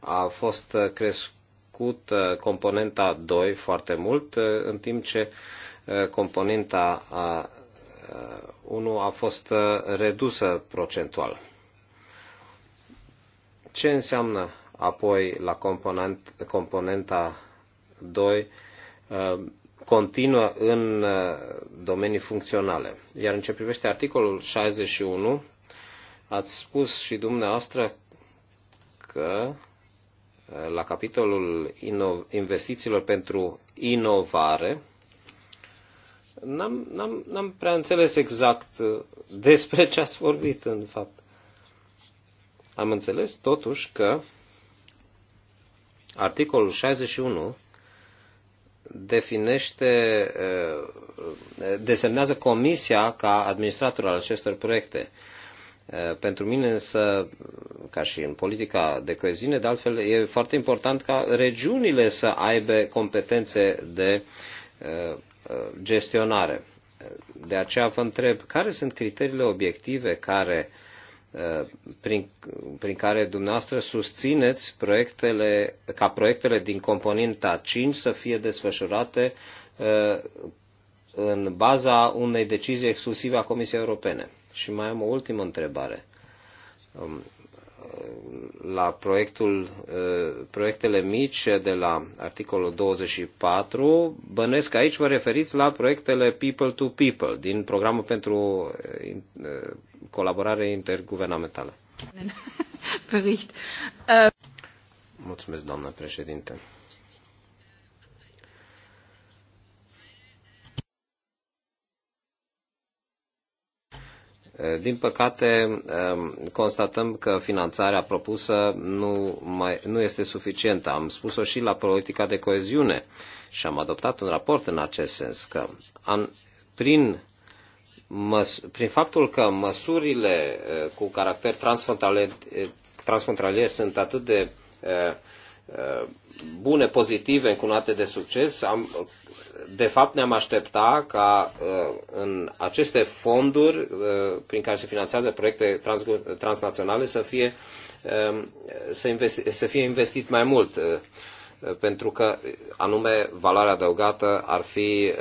a fost crescut uh, componenta 2 foarte mult, uh, în timp ce uh, componenta 1 a fost redusă procentual. Ce înseamnă apoi la component, componenta 2 uh, continuă în uh, domenii funcționale. Iar în ce privește articolul 61, ați spus și dumneavoastră că uh, la capitolul investițiilor pentru inovare, n-am, n-am, n-am prea înțeles exact despre ce ați vorbit, în fapt. Am înțeles totuși că articolul 61 definește, eh, desemnează comisia ca administrator al acestor proiecte. Eh, pentru mine însă, ca și în politica de coeziune, de altfel, e foarte important ca regiunile să aibă competențe de eh, gestionare. De aceea vă întreb, care sunt criteriile obiective care prin, prin care dumneavoastră susțineți proiectele, ca proiectele din componenta 5 să fie desfășurate uh, în baza unei decizii exclusive a Comisiei Europene. Și mai am o ultimă întrebare. Um, la proiectul, uh, proiectele mici de la articolul 24, bănesc aici vă referiți la proiectele People to People din programul pentru uh, colaborare interguvernamentală. [LAUGHS] Bericht. Ehm. Mulțumesc, doamnă președinte. Ehm, din păcate, ehm, constatăm că finanțarea propusă nu, mai, nu este suficientă. Am spus-o și la politica de coeziune și am adoptat un raport în acest sens, că an, prin măs- prin faptul că măsurile cu caracter transfrontalier, transfrontalier sunt atât de bune, pozitive, încunate de succes, am, de fapt ne-am aștepta ca în aceste fonduri prin care se finanțează proiecte trans, transnaționale să fie, să, investi, să fie investit mai mult pentru că anume valoarea adăugată ar fi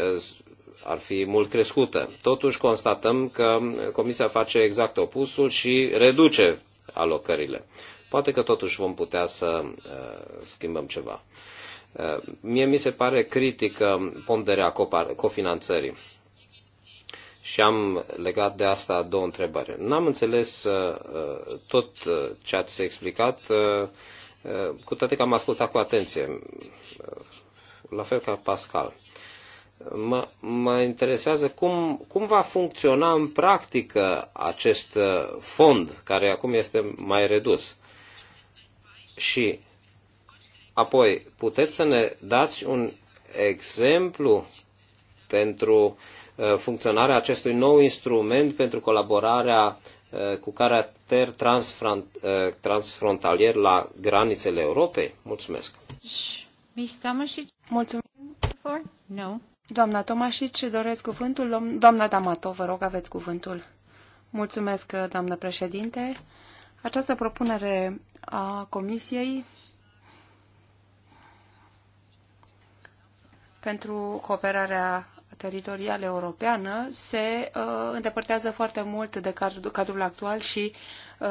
ar fi mult crescută. Totuși constatăm că Comisia face exact opusul și reduce alocările. Poate că totuși vom putea să uh, schimbăm ceva. Uh, mie mi se pare critică ponderea cofinanțării. Și am legat de asta două întrebări. N-am înțeles uh, tot ce ați explicat, cu toate că am ascultat cu atenție, la fel ca Pascal mă, mă interesează cum, cum va funcționa în practică acest uh, fond, care acum este mai redus. Și apoi, puteți să ne dați un exemplu pentru uh, funcționarea acestui nou instrument pentru colaborarea uh, cu caracter transfrontalier la granițele Europei? Mulțumesc! Mulțumim! Doamna Tomașici, doresc cuvântul. Doamna Damato, vă rog, aveți cuvântul. Mulțumesc, doamnă președinte. Această propunere a Comisiei pentru cooperarea teritorială europeană se uh, îndepărtează foarte mult de cadrul, cadrul actual și uh,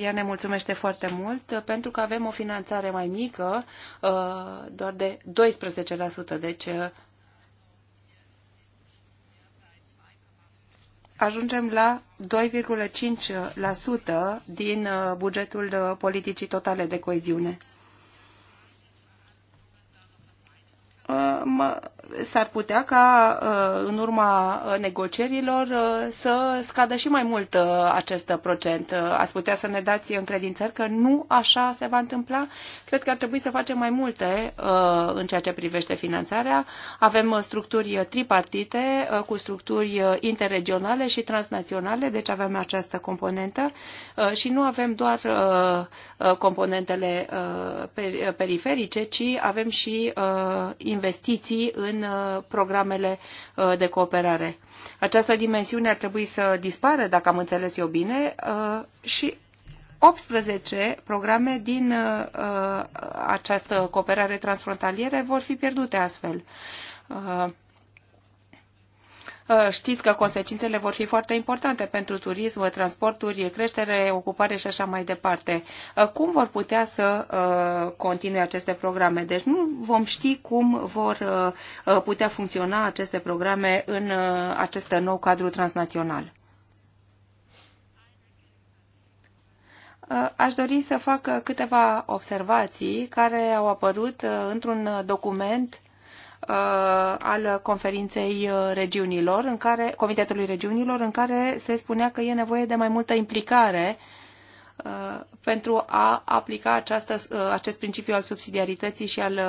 ea ne mulțumește foarte mult pentru că avem o finanțare mai mică, uh, doar de 12%, deci uh, ajungem la 2,5% din uh, bugetul uh, politicii totale de coeziune. Uh, s-ar putea ca uh, în urma uh, negocierilor să scadă și mai mult acest procent. Ați putea să ne dați încredințări că nu așa se va întâmpla? Cred că ar trebui să facem mai multe în ceea ce privește finanțarea. Avem structuri tripartite cu structuri interregionale și transnaționale, deci avem această componentă și nu avem doar componentele periferice, ci avem și investiții în uh, programele uh, de cooperare. Această dimensiune ar trebui să dispară, dacă am înțeles eu bine, uh, și 18 programe din această cooperare transfrontalieră vor fi pierdute astfel. Uh, știți că consecințele vor fi foarte importante pentru turism, transporturi, creștere, ocupare și așa mai departe. Uh, cum vor putea să uh, continue aceste programe? Deci nu vom ști cum vor putea funcționa aceste programe în acest nou cadru transnațional. Aș dori să fac câteva observații care au apărut într-un document Uh, al conferinței uh, regiunilor, în care, Comitetului Regiunilor, în care se spunea că e nevoie de mai multă implicare uh, pentru a aplica această, acest principiu al subsidiarității și al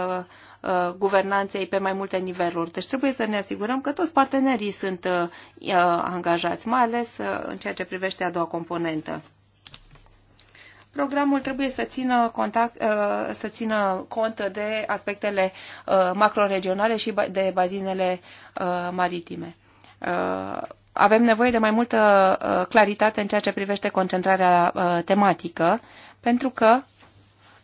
guvernanței pe mai multe niveluri. Deci trebuie să ne asigurăm că toți partenerii sunt angajați, mai ales în ceea ce privește a doua componentă programul trebuie să țină, contact, uh, să țină cont de aspectele uh, macroregionale și de bazinele uh, maritime. Avem nevoie de mai multă claritate în ceea ce privește concentrarea tematică, pentru că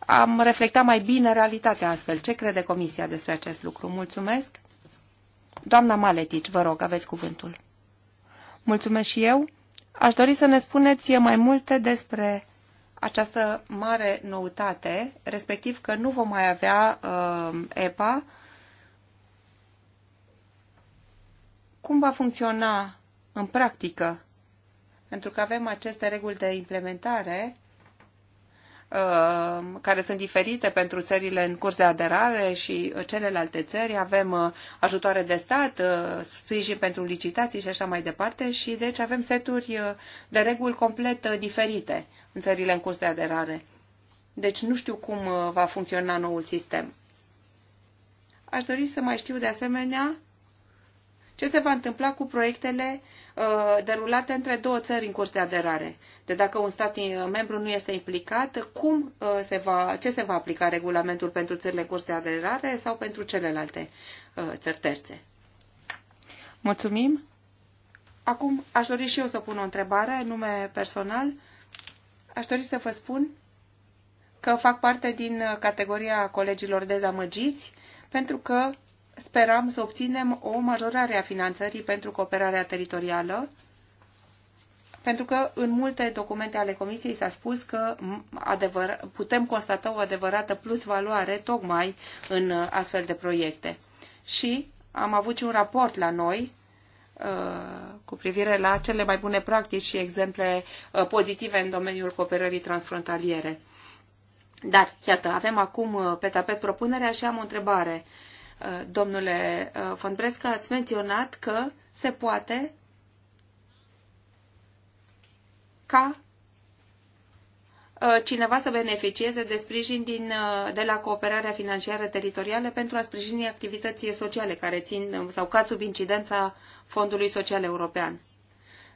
am reflectat mai bine realitatea astfel. Ce crede Comisia despre acest lucru? Mulțumesc. Doamna Maletici, vă rog, aveți cuvântul. Mulțumesc și eu. Aș dori să ne spuneți mai multe despre această mare noutate, respectiv că nu vom mai avea uh, EPA. Cum va funcționa în practică? Pentru că avem aceste reguli de implementare uh, care sunt diferite pentru țările în curs de aderare și uh, celelalte țări. Avem uh, ajutoare de stat, uh, sprijin pentru licitații și așa mai departe și deci avem seturi uh, de reguli complet uh, diferite în țările în curs de aderare. Deci nu știu cum uh, va funcționa noul sistem. Aș dori să mai știu de asemenea ce se va întâmpla cu proiectele uh, derulate între două țări în curs de aderare. De dacă un stat uh, membru nu este implicat, cum uh, se va, ce se va aplica regulamentul pentru țările în curs de aderare sau pentru celelalte uh, țări terțe? Mulțumim! Acum aș dori și eu să pun o întrebare, nume personal. Aș dori să vă spun că fac parte din categoria colegilor dezamăgiți, pentru că speram să obținem o majorare a finanțării pentru cooperarea teritorială, pentru că în multe documente ale Comisiei s-a spus că adevăr, putem constata o adevărată plus valoare tocmai în uh, astfel de proiecte. Și am avut și un raport la noi Uh, cu privire la cele mai bune practici și exemple uh, pozitive în domeniul cooperării transfrontaliere. Dar, iată, avem acum uh, pe tapet propunerea și am o întrebare. Domnule von Bresca, ați menționat că se poate ca Uh, cineva să beneficieze de sprijin din, uh, de la cooperarea financiară teritorială pentru a sprijini activității sociale care țin uh, sau cad sub incidența Fondului Social European.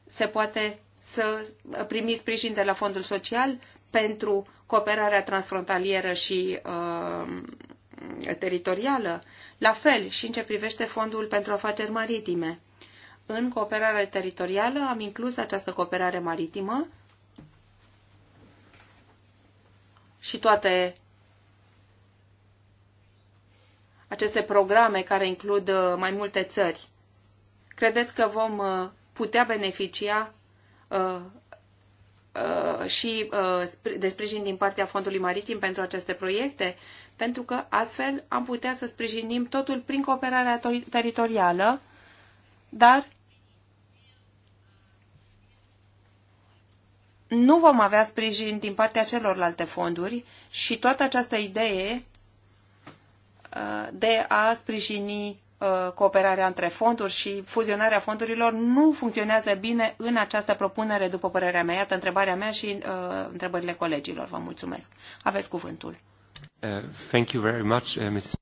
Se poate să primi sprijin de la Fondul Social pentru cooperarea transfrontalieră și uh, teritorială, la fel și în ce privește Fondul pentru Afaceri Maritime. În cooperarea teritorială am inclus această cooperare maritimă și toate aceste programe care includ uh, mai multe țări, credeți că vom uh, putea beneficia uh, și de sprijin din partea Fondului Maritim pentru aceste proiecte, pentru că astfel am putea să sprijinim totul prin cooperarea teritorială, dar nu vom avea sprijin din partea celorlalte fonduri și toată această idee uh, de a sprijini uh, cooperarea între fonduri și fuzionarea fondurilor nu funcționează bine în această propunere, după părerea mea. Iată întrebarea mea și uh, întrebările colegilor. Vă mulțumesc. Aveți cuvântul. Uh, thank you very much, uh, Mrs.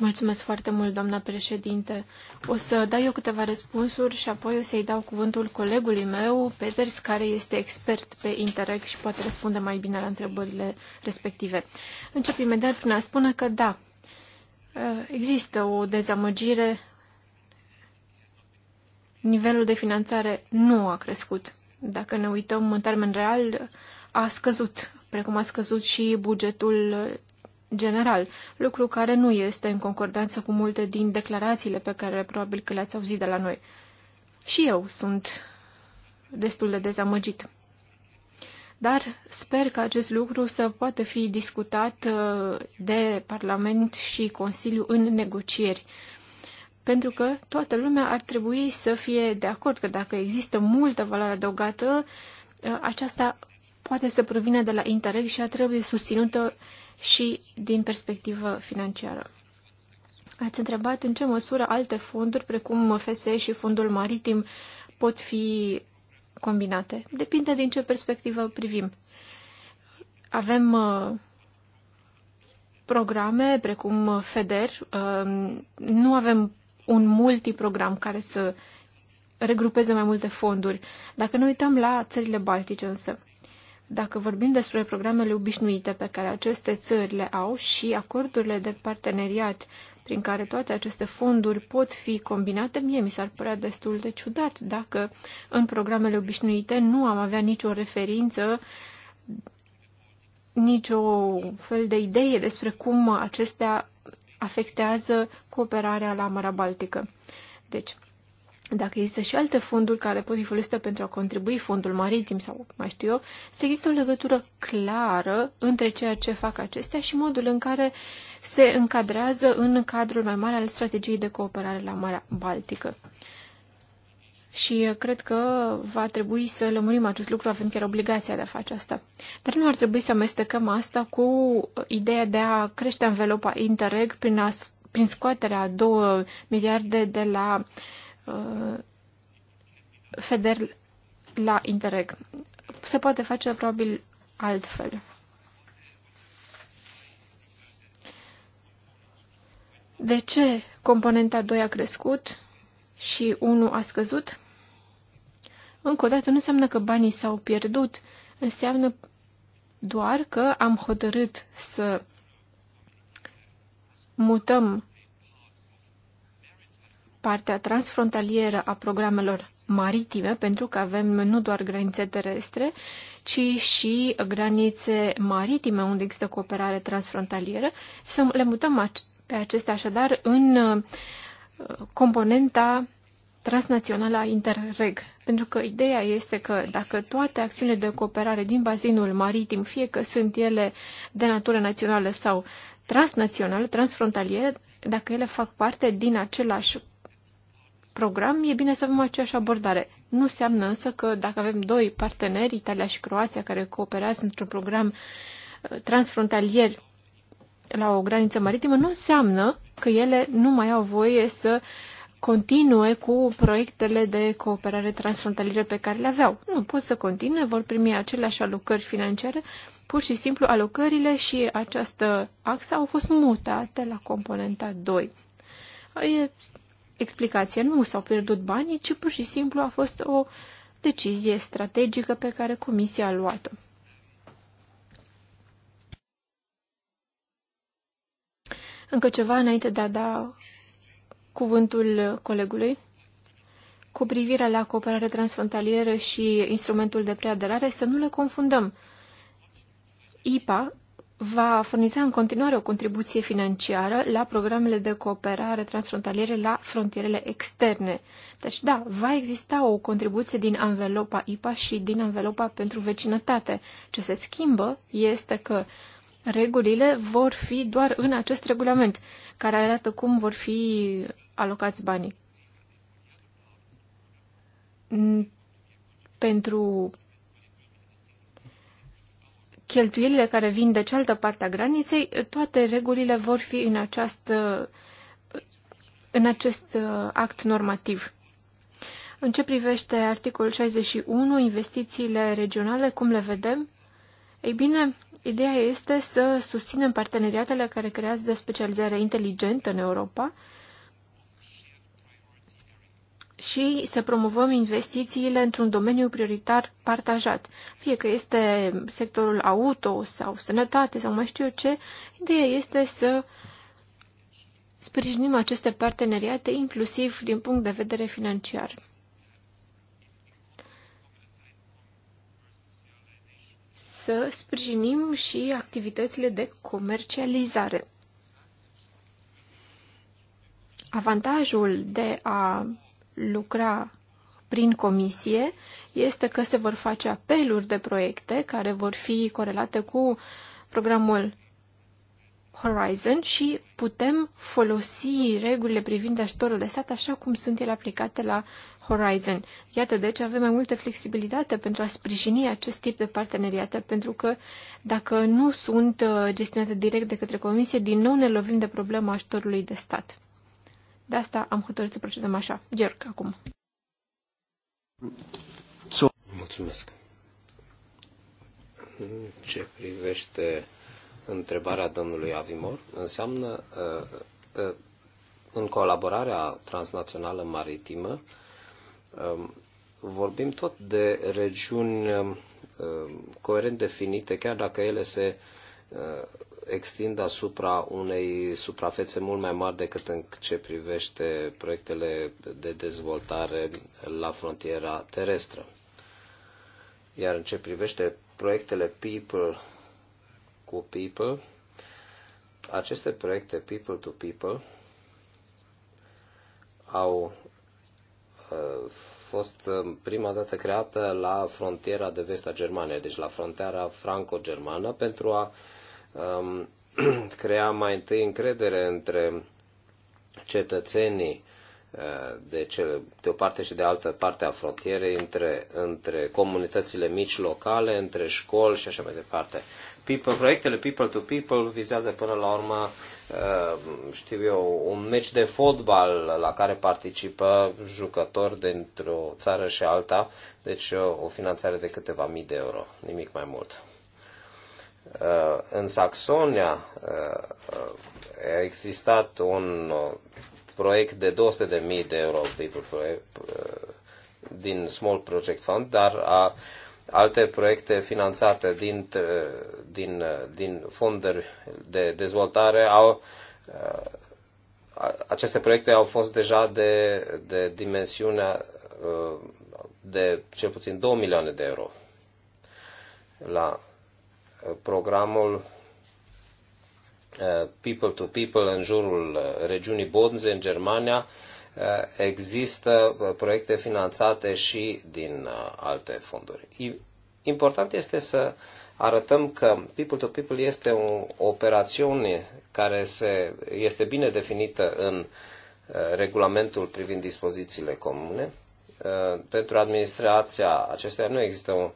Mulțumesc foarte mult, doamna președinte. O să dau eu câteva răspunsuri și apoi o să-i dau cuvântul colegului meu, Peters, care este expert pe Interreg și poate răspunde mai bine la întrebările respective. Încep imediat prin a spune că da, există o dezamăgire. Nivelul de finanțare nu a crescut. Dacă ne uităm în termen real, a scăzut, precum a scăzut și bugetul general, lucru care nu este în concordanță cu multe din declarațiile pe care probabil că le-ați auzit de la noi. Și eu sunt destul de dezamăgit. Dar sper că acest lucru să poată fi discutat uh, de Parlament și Consiliu în negocieri. Pentru că toată lumea ar trebui să fie de acord că dacă există multă valoare adăugată, uh, aceasta poate să provină de la Interreg și ar trebui susținută și din perspectivă financiară. Ați întrebat în ce măsură alte fonduri, precum FSE și fondul maritim, pot fi combinate. Depinde din ce perspectivă privim. Avem uh, programe precum FEDER, um, nu avem un multiprogram care să regrupeze mai multe fonduri. Dacă ne uităm la țările baltice însă, dacă vorbim despre programele obișnuite pe care aceste țări le au și acordurile de parteneriat prin care toate aceste fonduri pot fi combinate, mie mi s-ar părea destul de ciudat dacă în programele obișnuite nu am avea nicio referință, nicio fel de idee despre cum acestea afectează cooperarea la Marea Baltică. Deci, dacă există și alte fonduri care pot fi folosite pentru a contribui, fondul maritim sau mai știu eu, să există o legătură clară între ceea ce fac acestea și modul în care se încadrează în cadrul mai mare al strategiei de cooperare la Marea Baltică. Și cred că va trebui să lămurim acest lucru, având chiar obligația de a face asta. Dar nu ar trebui să amestecăm asta cu ideea de a crește învelopa Interreg prin, a, prin scoaterea 2 miliarde de la uh, Uh, FEDER la Interreg. Se poate face probabil altfel. De ce componenta 2 a crescut și 1 a scăzut? Încă o dată nu înseamnă că banii s-au pierdut, înseamnă doar că am hotărât să mutăm partea transfrontalieră a programelor maritime, pentru că avem nu doar granițe terestre, ci și granițe maritime unde există cooperare transfrontalieră, să le mutăm pe acestea așadar în uh, componenta transnațională a Interreg. Pentru că ideea este că dacă toate acțiunile de cooperare din bazinul maritim, fie că sunt ele de natură națională sau transnațională, transfrontaliere, dacă ele fac parte din același program, e bine să avem aceeași abordare. Nu înseamnă însă că dacă avem doi parteneri, Italia și Croația, care cooperează într-un program uh, transfrontalier la o graniță maritimă, nu înseamnă că ele nu mai au voie să continue cu proiectele de cooperare transfrontalieră pe care le aveau. Nu pot să continue, vor primi aceleași alocări financiare, pur și simplu alocările și această axă au fost mutate la componenta 2. E explicație. Nu s-au pierdut banii, ci pur și simplu a fost o decizie strategică pe care Comisia a luat-o. Încă ceva înainte de a da cuvântul colegului. Cu privire la cooperare transfrontalieră și instrumentul de preaderare, să nu le confundăm. IPA va furniza în continuare o contribuție financiară la programele de cooperare transfrontaliere la frontierele externe. Deci, da, va exista o contribuție din anvelopa IPA și din anvelopa pentru vecinătate. Ce se schimbă este că regulile vor fi doar în acest regulament, care arată cum vor fi alocați banii. Pentru cheltuielile care vin de cealaltă parte a graniței, toate regulile vor fi în, această, în acest uh, act normativ. În ce privește articolul 61, investițiile regionale, cum le vedem? Ei bine, ideea este să susținem parteneriatele care creează de specializare inteligentă în Europa, și să promovăm investițiile într-un domeniu prioritar partajat, fie că este sectorul auto sau sănătate sau mai știu eu ce, ideea este să sprijinim aceste parteneriate inclusiv din punct de vedere financiar. Să sprijinim și activitățile de comercializare. Avantajul de a lucra prin comisie este că se vor face apeluri de proiecte care vor fi corelate cu programul Horizon și putem folosi regulile privind ajutorul de stat așa cum sunt ele aplicate la Horizon. Iată, deci avem mai multă flexibilitate pentru a sprijini acest tip de parteneriate, pentru că dacă nu sunt uh, gestionate direct de către Comisie, din nou ne lovim de problema ajutorului de stat. De asta am hotărât să procedăm așa. Gheorg, acum. Mulțumesc. ce privește întrebarea domnului Avimor, înseamnă uh, uh, în colaborarea transnațională maritimă um, vorbim tot de regiuni um, uh, coerent definite, chiar dacă ele se extind asupra unei suprafețe mult mai mari decât în ce privește proiectele de dezvoltare la frontiera terestră. Iar în ce privește proiectele People cu People, aceste proiecte People to People au uh, fost uh, prima dată creată la frontiera de vest a Germaniei, deci la frontiera franco-germană, pentru a uh, um, [CLEARS THROAT] crea mai întâi încredere între cetățenii uh, de, cele, de o parte și de altă parte a frontierei, între, între comunitățile mici locale, între școli și așa mai departe. People, proiectele People to People vizează până la urmă, uh, știu eu, un meci de fotbal la care participă jucători dintr-o țară și alta, deci uh, o finanțare de câteva mii de euro, nimic mai mult. Uh, în Saxonia uh, uh, a existat un proiect de 200.000 de euro din Small Project Fund, dar a, alte proiecte finanțate din, din, din fonduri de dezvoltare au aceste proiecte au fost deja de, de dimensiunea de cel puțin 2 milioane de euro la Uh, programul uh, People to People în jurul uh, regiunii Bodensee în Germania, există proiecte finanțate și din alte fonduri. Important este să arătăm că People to People este o operațiune care se, este bine definită în regulamentul privind dispozițiile comune. Pentru administrația acesteia nu există un,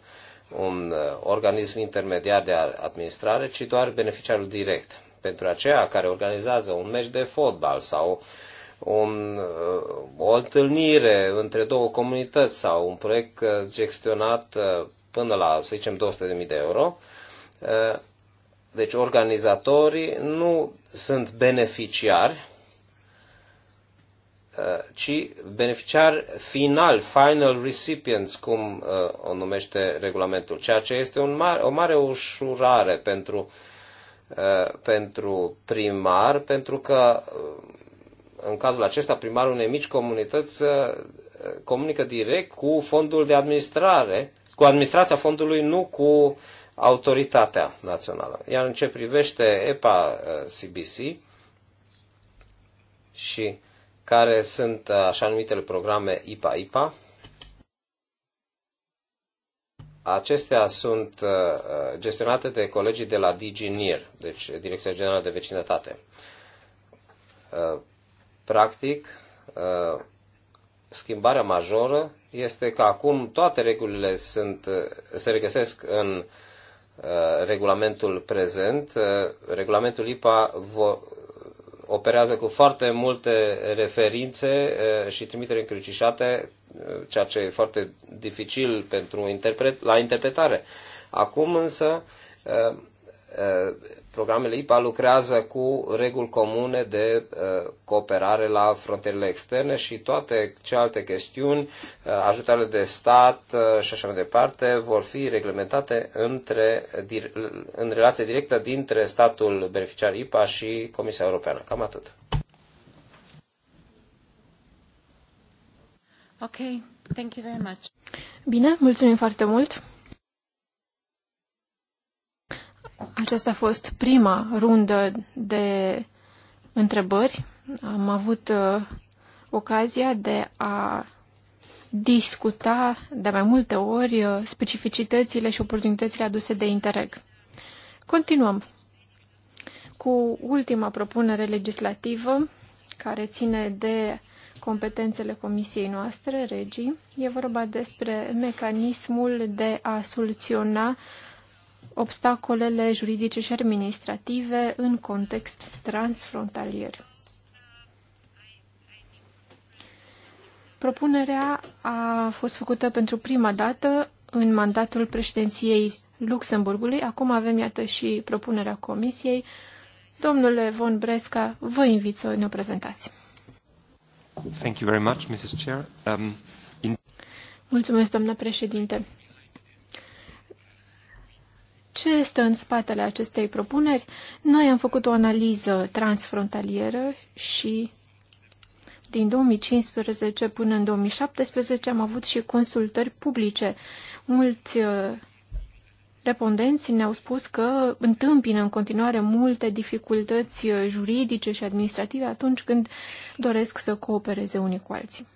un uh, organism intermediar de administrare, ci doar beneficiarul direct. Pentru aceea care organizează un meci de fotbal sau un, uh, o întâlnire între două comunități sau un proiect uh, gestionat până la, să zicem, 200.000 de euro, deci organizatorii nu sunt beneficiari, Uh, ci beneficiar final, final recipients, cum uh, o numește regulamentul, ceea ce este un mare, o mare ușurare pentru, uh, pentru primar, pentru că în cazul acesta primarul unei mici comunități comunică direct cu fondul de administrare, cu administrația fondului, nu cu autoritatea națională. Iar în ce privește EPA CBC și care sunt uh, așa numitele programe IPA-IPA. Acestea sunt uh, uh, gestionate de colegii de la DGNIR, deci Direcția Generală de Vecinătate. Practic, schimbarea majoră este că acum toate regulile sunt, se regăsesc în regulamentul prezent. Regulamentul IPA operează cu foarte multe referințe și trimitere încrucișate, ceea ce e foarte dificil pentru interpret, la interpretare. Acum însă programele IPA lucrează cu reguli comune de uh, cooperare la frontierele externe și toate celelalte chestiuni, uh, ajutoarele de stat uh, și așa mai departe, vor fi reglementate între, în relație directă dintre statul beneficiar IPA și Comisia Europeană. Cam atât. Ok, thank you very much. Bine, mulțumim foarte mult. Aceasta a fost prima rundă de întrebări. Am avut uh, ocazia de a discuta de mai multe ori uh, specificitățile și oportunitățile aduse de Interreg. Continuăm cu ultima propunere legislativă care ține de competențele comisiei noastre, regii. E vorba despre mecanismul de a soluționa obstacolele juridice și administrative în context transfrontalier. Propunerea a fost făcută pentru prima dată în mandatul președinției Luxemburgului. Acum avem, iată, și propunerea Comisiei. Domnule Von Bresca, vă invit să ne prezentați. Thank you very much, Mrs. Chair. Um, in... Mulțumesc, doamnă președinte. Ce este în spatele acestei propuneri? Noi am făcut o analiză transfrontalieră și din 2015 până în 2017 am avut și consultări publice. Mulți uh, Respondenții ne-au spus că întâmpină în continuare multe dificultăți uh, juridice și administrative atunci când doresc să coopereze unii cu alții.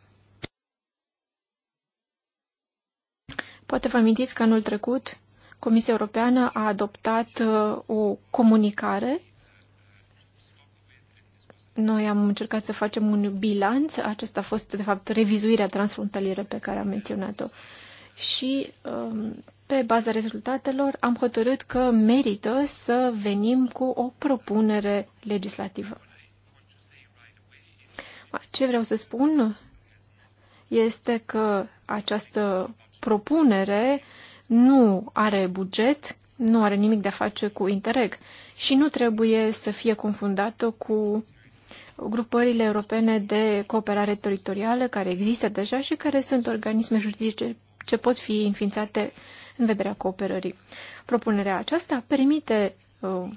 Poate vă amintiți că anul trecut Comisia Europeană a adoptat uh, o comunicare. Noi am încercat să facem un bilanț. Acesta a fost, de fapt, revizuirea transfrontalieră pe care am menționat-o. Și um, pe baza rezultatelor am hotărât că merită să venim cu o propunere legislativă. Ce vreau să spun este că această propunere uh, nu are buget, nu are nimic de a face cu Interreg și nu trebuie să fie confundată cu grupările europene de cooperare teritorială care există deja și care sunt organisme juridice ce pot fi înființate în vederea cooperării. Propunerea aceasta permite uh,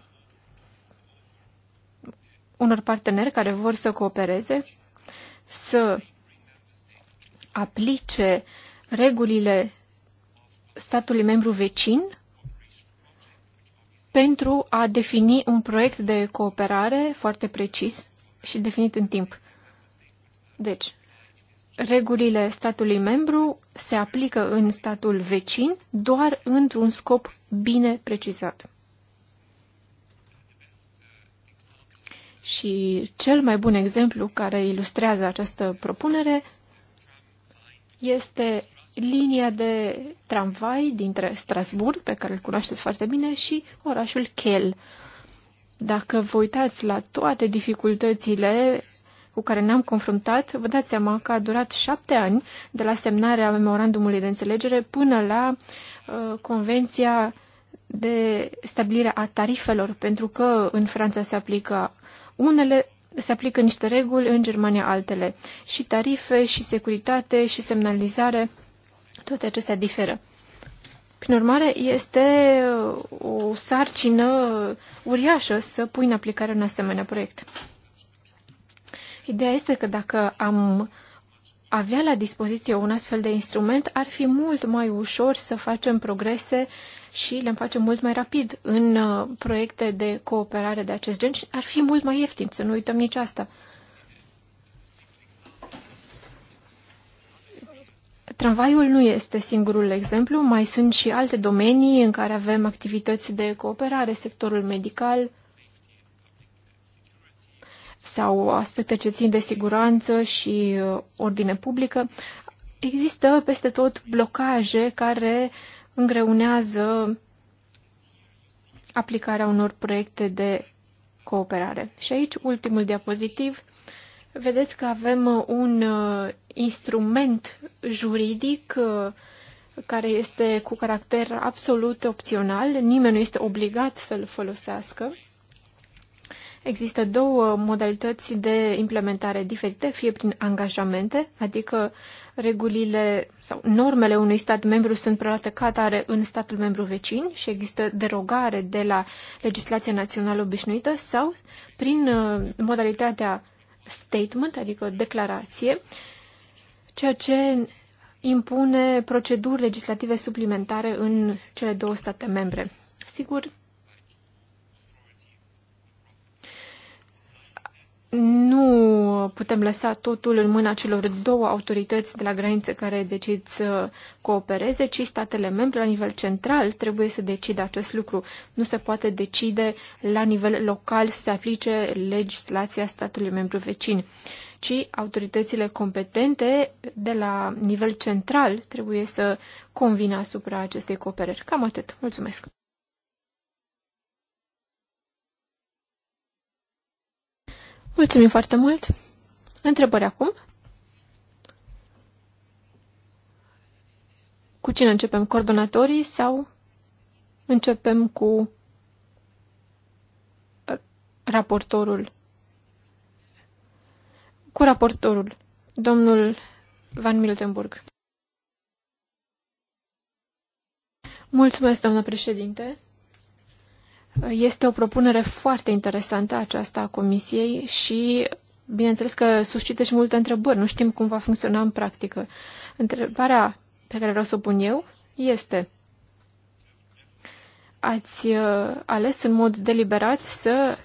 unor parteneri care vor să coopereze să aplice regulile statului membru vecin pentru a defini un proiect de cooperare foarte precis și definit în timp. Deci, regulile statului membru se aplică în statul vecin doar într-un scop bine precizat. Și cel mai bun exemplu care ilustrează această propunere este linia de tramvai dintre Strasburg, pe care îl cunoașteți foarte bine, și orașul Kiel. Dacă vă uitați la toate dificultățile cu care ne-am confruntat, vă dați seama că a durat șapte ani de la semnarea memorandumului de înțelegere până la uh, convenția de stabilire a tarifelor, pentru că în Franța se aplică unele se aplică niște reguli, în Germania altele. Și tarife, și securitate, și semnalizare toate acestea diferă. Prin urmare, este uh, o sarcină uriașă să pui în aplicare un asemenea proiect. Ideea este că dacă am avea la dispoziție un astfel de instrument, ar fi mult mai ușor să facem progrese și le facem mult mai rapid în uh, proiecte de cooperare de acest gen și ar fi mult mai ieftin, să nu uităm nici asta. Tramvaiul nu este singurul exemplu, mai sunt și alte domenii în care avem activități de cooperare, sectorul medical sau aspecte ce țin de siguranță și uh, ordine publică. Există peste tot blocaje care îngreunează aplicarea unor proiecte de cooperare. Și aici ultimul diapozitiv Vedeți că avem uh, un uh, instrument juridic uh, care este cu caracter absolut opțional, nimeni nu este obligat să-l folosească. Există două modalități de implementare diferite, fie prin angajamente, adică regulile sau normele unui stat membru sunt preluate ca atare în statul membru vecin și există derogare de la legislația națională obișnuită sau prin modalitatea statement, adică o declarație, ceea ce impune proceduri legislative suplimentare în cele două state membre. Sigur, nu putem lăsa totul în mâna celor două autorități de la graniță care decid să coopereze, ci statele membre la nivel central trebuie să decidă acest lucru. Nu se poate decide la nivel local să se aplice legislația statului membru vecin, ci autoritățile competente de la nivel central trebuie să convină asupra acestei cooperări. Cam atât. Mulțumesc! Mulțumim foarte mult. Întrebări acum? Cu cine începem? Coordonatorii sau începem cu raportorul? Cu raportorul, domnul Van Miltenburg. Mulțumesc, doamnă președinte. Este o propunere foarte interesantă aceasta a Comisiei și bineînțeles că suscită și multe întrebări. Nu știm cum va funcționa în practică. Întrebarea pe care vreau să o pun eu este ați uh, ales în mod deliberat să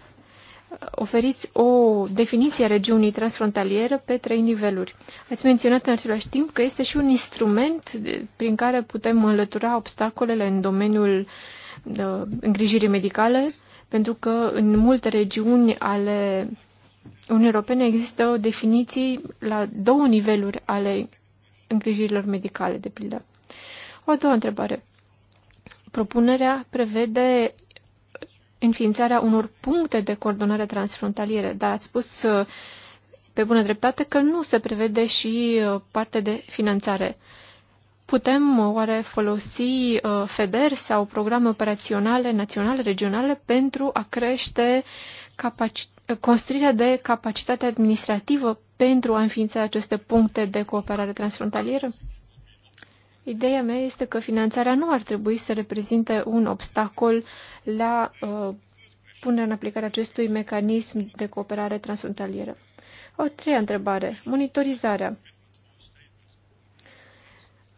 oferiți o definiție a regiunii transfrontaliere pe trei niveluri. Ați menționat în același timp că este și un instrument prin care putem înlătura obstacolele în domeniul uh, Uh, îngrijire medicale, pentru că în multe regiuni ale Uniunii Europene există definiții la două niveluri ale îngrijirilor medicale, de pildă. O a doua întrebare. Propunerea prevede înființarea unor puncte de coordonare transfrontaliere, dar ați spus uh, pe bună dreptate că nu se prevede și uh, parte de finanțare. Putem uh, oare folosi uh, FEDER sau programe operaționale naționale, regionale pentru a crește construirea de capacitate administrativă pentru a înființa aceste puncte de cooperare transfrontalieră? Ideea mea este că finanțarea nu ar trebui să reprezinte un obstacol la uh, punerea în aplicare acestui mecanism de cooperare transfrontalieră. O treia întrebare. Monitorizarea.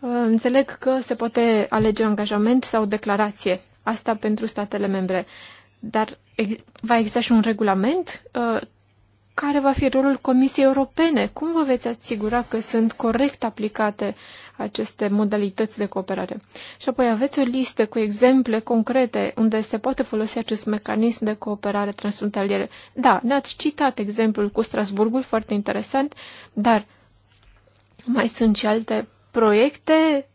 Uh, înțeleg că se poate alege angajament sau declarație, asta pentru statele membre, dar va exista și un regulament? Uh, care va fi rolul Comisiei Europene? Cum vă veți asigura că sunt corect aplicate aceste modalități de cooperare? Și apoi aveți o listă cu exemple concrete unde se poate folosi acest mecanism de cooperare transfrontaliere. Da, ne-ați citat exemplul cu Strasburgul, foarte interesant, dar mai sunt și alte proiecte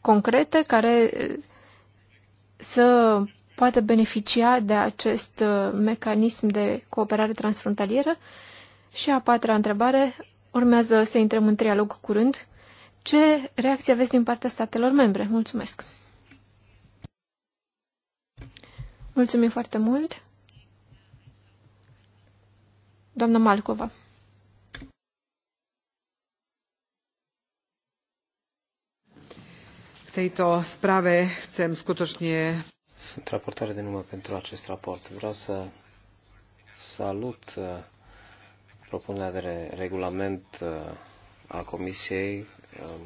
concrete care eh, să poată beneficia de acest eh, mecanism de cooperare transfrontalieră? Și a patra întrebare, urmează să intrăm în trialog curând. Ce reacție aveți din partea statelor membre? Mulțumesc! Mulțumim foarte mult! Doamna Malcova. tejto správe chcem skutočne... Sunt raportare de număr pentru acest raport. Vreau să salut uh, propunerea de regulament uh, a Comisiei um,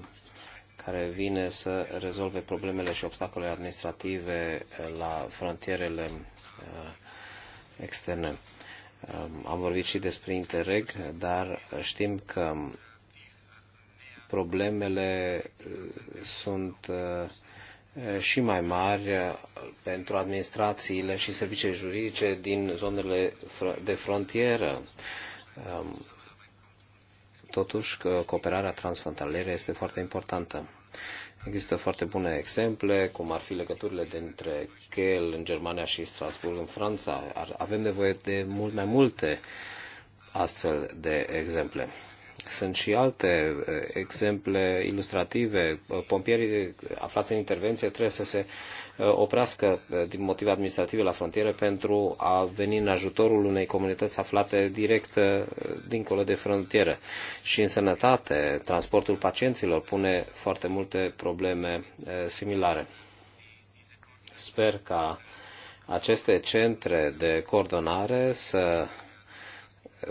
care vine să rezolve problemele și obstacolele administrative uh, la frontierele externe. Um, am vorbit și despre Interreg, dar știm că um, problemele uh, sunt uh, și mai mari uh, pentru administrațiile și serviciile juridice din zonele de frontieră. Um, totuși, cooperarea transfrontalieră este foarte importantă. Există foarte bune exemple, cum ar fi legăturile dintre Kiel în Germania și Strasbourg în Franța. Avem nevoie de mult mai multe astfel de exemple. Sunt și alte eh, exemple ilustrative. Eh, pompierii aflați în intervenție trebuie să se eh, oprească din motive administrative la frontieră pentru a veni în ajutorul unei comunități aflate direct dincolo de frontieră. Și în sănătate, transportul pacienților pune foarte multe probleme similare. Sper ca aceste centre de coordonare să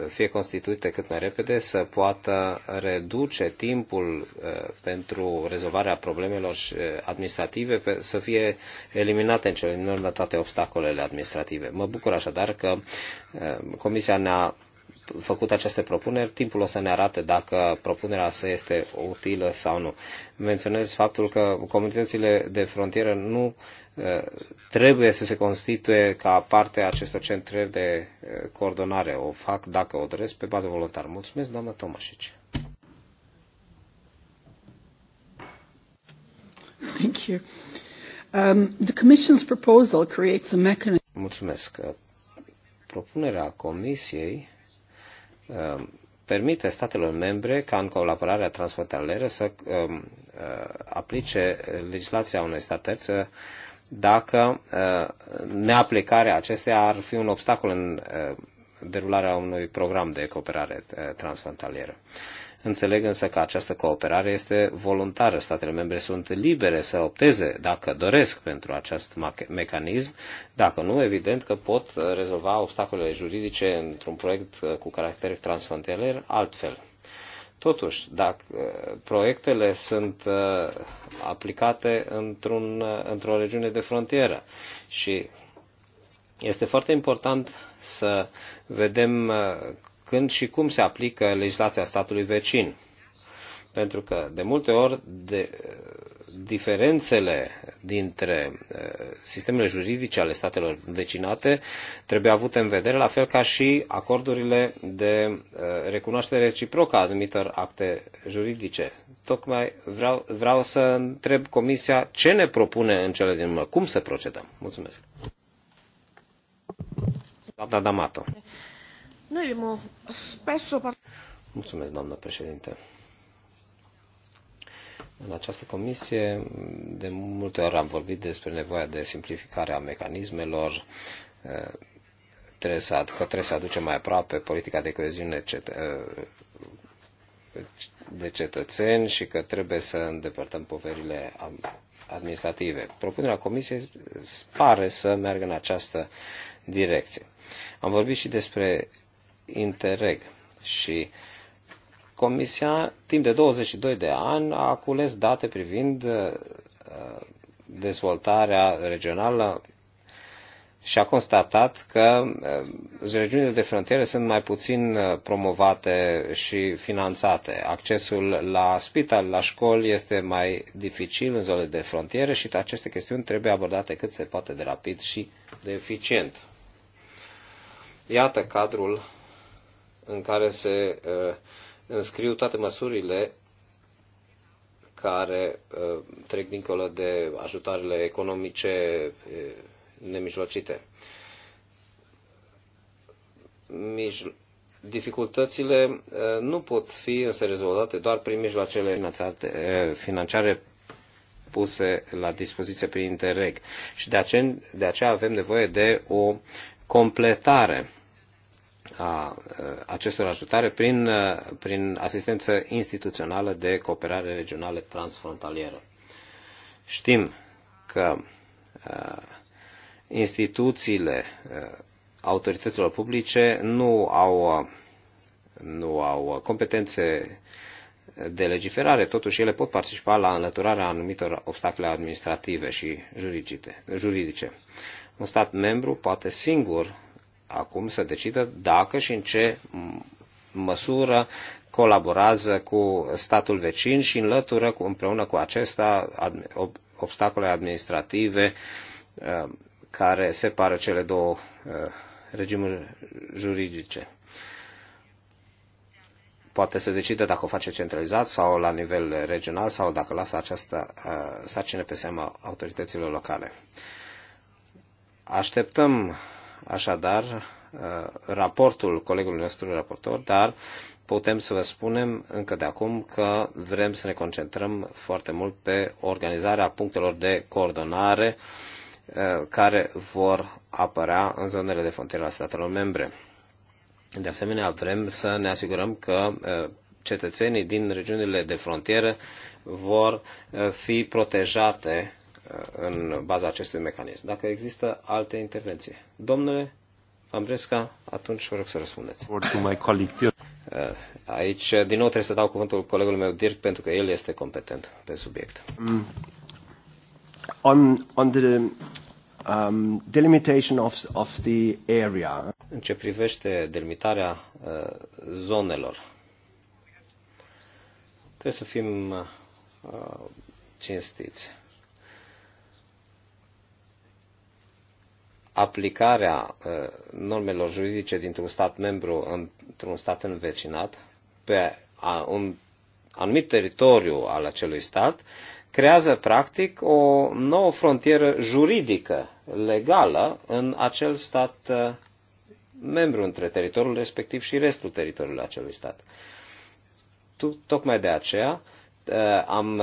fie constituite cât mai repede, să poată reduce timpul uh, pentru rezolvarea problemelor uh, administrative, să fie eliminate în cele din urmă toate obstacolele administrative. Mă bucur așadar că uh, Comisia ne-a făcut aceste propuneri, timpul o să ne arate dacă propunerea să este utilă sau nu. Menționez faptul că comunitățile de frontieră nu trebuie să se constituie ca parte a acestor centre de eh, coordonare. O fac, dacă o doresc, pe bază voluntară. Mulțumesc, doamna Tomașici. Thank you. Um, the Commission's proposal creates a mechanism. Mulțumesc. Uh, propunerea Comisiei um, permite statelor membre ca în colaborarea transfrontalieră să um, uh, aplice legislația unei stat terță uh, dacă uh, neaplicarea acesteia ar fi un obstacol în uh, derularea unui program de cooperare uh, transfrontalieră. Înțeleg însă că această cooperare este voluntară. Statele membre sunt libere să opteze dacă doresc pentru acest mecanism. Dacă nu, evident că pot rezolva obstacolele juridice într-un proiect cu caracter transfrontalier altfel. Totuși, dacă uh, proiectele sunt uh, aplicate într-un, uh, într-o regiune de frontieră și este foarte important să vedem când și cum se aplică legislația statului vecin. Pentru că, de multe ori, de, diferențele dintre eh, sistemele juridice ale statelor vecinate trebuie avute în vedere, la fel ca și acordurile de eh, recunoaștere reciprocă a anumitor acte juridice. Tocmai vreau, vreau să întreb Comisia ce ne propune în cele din urmă, cum să procedăm. Mulțumesc. Doamna D'Amato. Mulțumesc, doamnă președinte. În această comisie de multe ori am vorbit despre nevoia de simplificare a mecanismelor, eh, trebuie să, că trebuie să aducem mai aproape politica de coeziune eh, de cetățeni și că trebuie să îndepărtăm poverile administrative. Propunerea comisiei pare să meargă în această direcție. Am vorbit și despre Interreg și uh, Comisia, timp de 22 de ani, a cules date privind uh, dezvoltarea regională și a constatat că uh, regiunile de frontieră sunt mai puțin uh, promovate și finanțate. Accesul la spital, la școli este mai dificil în zonele de frontieră și aceste chestiuni trebuie abordate cât se poate de rapid și de eficient. Iată cadrul în care se înscriu toate măsurile care uh, trec dincolo de ajutoarele economice uh, nemijlocite. dificultățile uh, nu pot fi însă rezolvate doar prin mijloacele financiare puse la dispoziție prin Interreg. Și de aceea, de aceea avem nevoie de o completare a acestor ajutare prin, prin asistență instituțională de cooperare regională transfrontalieră. Știm că instituțiile autorităților publice nu au, nu au competențe de legiferare, totuși ele pot participa la înlăturarea anumitor obstacole administrative și juridice. Un stat membru poate singur acum să decidă dacă și în ce măsură colaborează cu statul vecin și înlătură cu, împreună cu acesta obstacole administrative uh, care separă cele două uh, regimuri juridice. Poate să decide dacă o face centralizat sau la nivel regional sau dacă lasă această uh, sarcină pe seama autorităților locale. Așteptăm așadar uh, raportul colegului nostru raportor, dar putem să vă spunem încă de acum că vrem să ne concentrăm foarte mult pe organizarea punctelor de coordonare uh, care vor apărea în zonele de frontieră a statelor membre. De asemenea, vrem să ne asigurăm că uh, cetățenii din regiunile de frontieră vor fi protejate în baza acestui mecanism. Dacă există alte intervenții. Domnule Ambresca, atunci vă rog să răspundeți. Uh, aici, din nou, trebuie să dau cuvântul colegului meu, Dirk, pentru că el este competent pe subiect. Um, on, on the um, delimitation of, of the area. În ce privește delimitarea uh, zonelor, trebuie să fim uh, cinstiți. aplicarea uh, normelor juridice dintr-un stat membru într-un stat învecinat pe un anumit teritoriu al acelui stat, creează practic o nouă frontieră juridică, legală, în acel stat uh, membru între teritoriul respectiv și restul teritoriului acelui stat. Tu, tocmai de aceea uh, am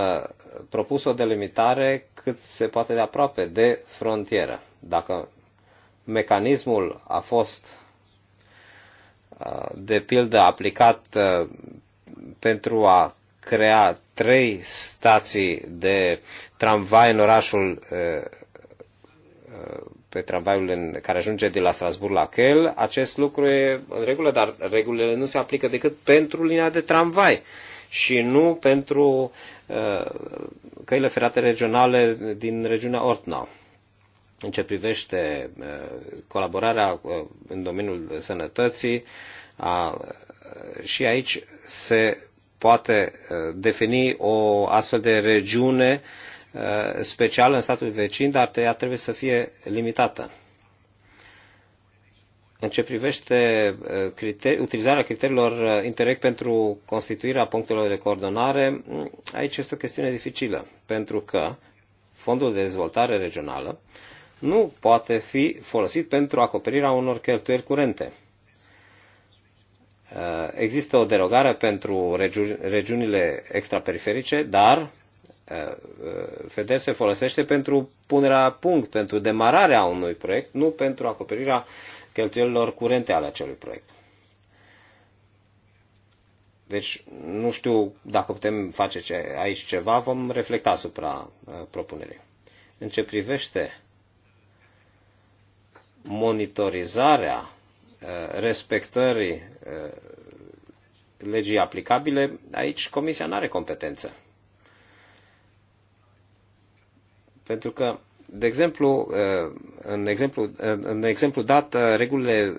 propus o delimitare cât se poate de aproape de frontieră. Dacă mecanismul a fost uh, de pildă aplicat uh, pentru a crea trei stații de tramvai în orașul uh, pe tramvaiul în, care ajunge de la Strasburg la Kiel, acest lucru e în regulă, dar regulile nu se aplică decât pentru linia de tramvai și nu pentru uh, căile ferate regionale din regiunea Ortnau în ce privește uh, colaborarea uh, în domeniul sănătății, a, uh, și aici se poate defini o astfel de regiune specială în statul vecin, dar ea trebuie să fie limitată. În ce privește criteri, utilizarea criteriilor Interreg pentru constituirea punctelor de coordonare, mm, aici este o chestiune dificilă, pentru că Fondul de Dezvoltare Regională uh, nu poate fi folosit pentru acoperirea unor cheltuieli curente. Uh, există o derogare pentru regiunile extraperiferice, dar uh, uh, FEDER se folosește pentru punerea punct, pentru demararea unui proiect, nu pentru acoperirea cheltuielilor curente ale acelui proiect. Deci nu știu dacă putem face aici ceva, vom reflecta asupra propunerii. În ce privește monitorizarea uh, respectării uh, legii aplicabile, aici Comisia nu are competență. Pentru că, de exemplu, uh, în exemplu, în exemplu dat, regulile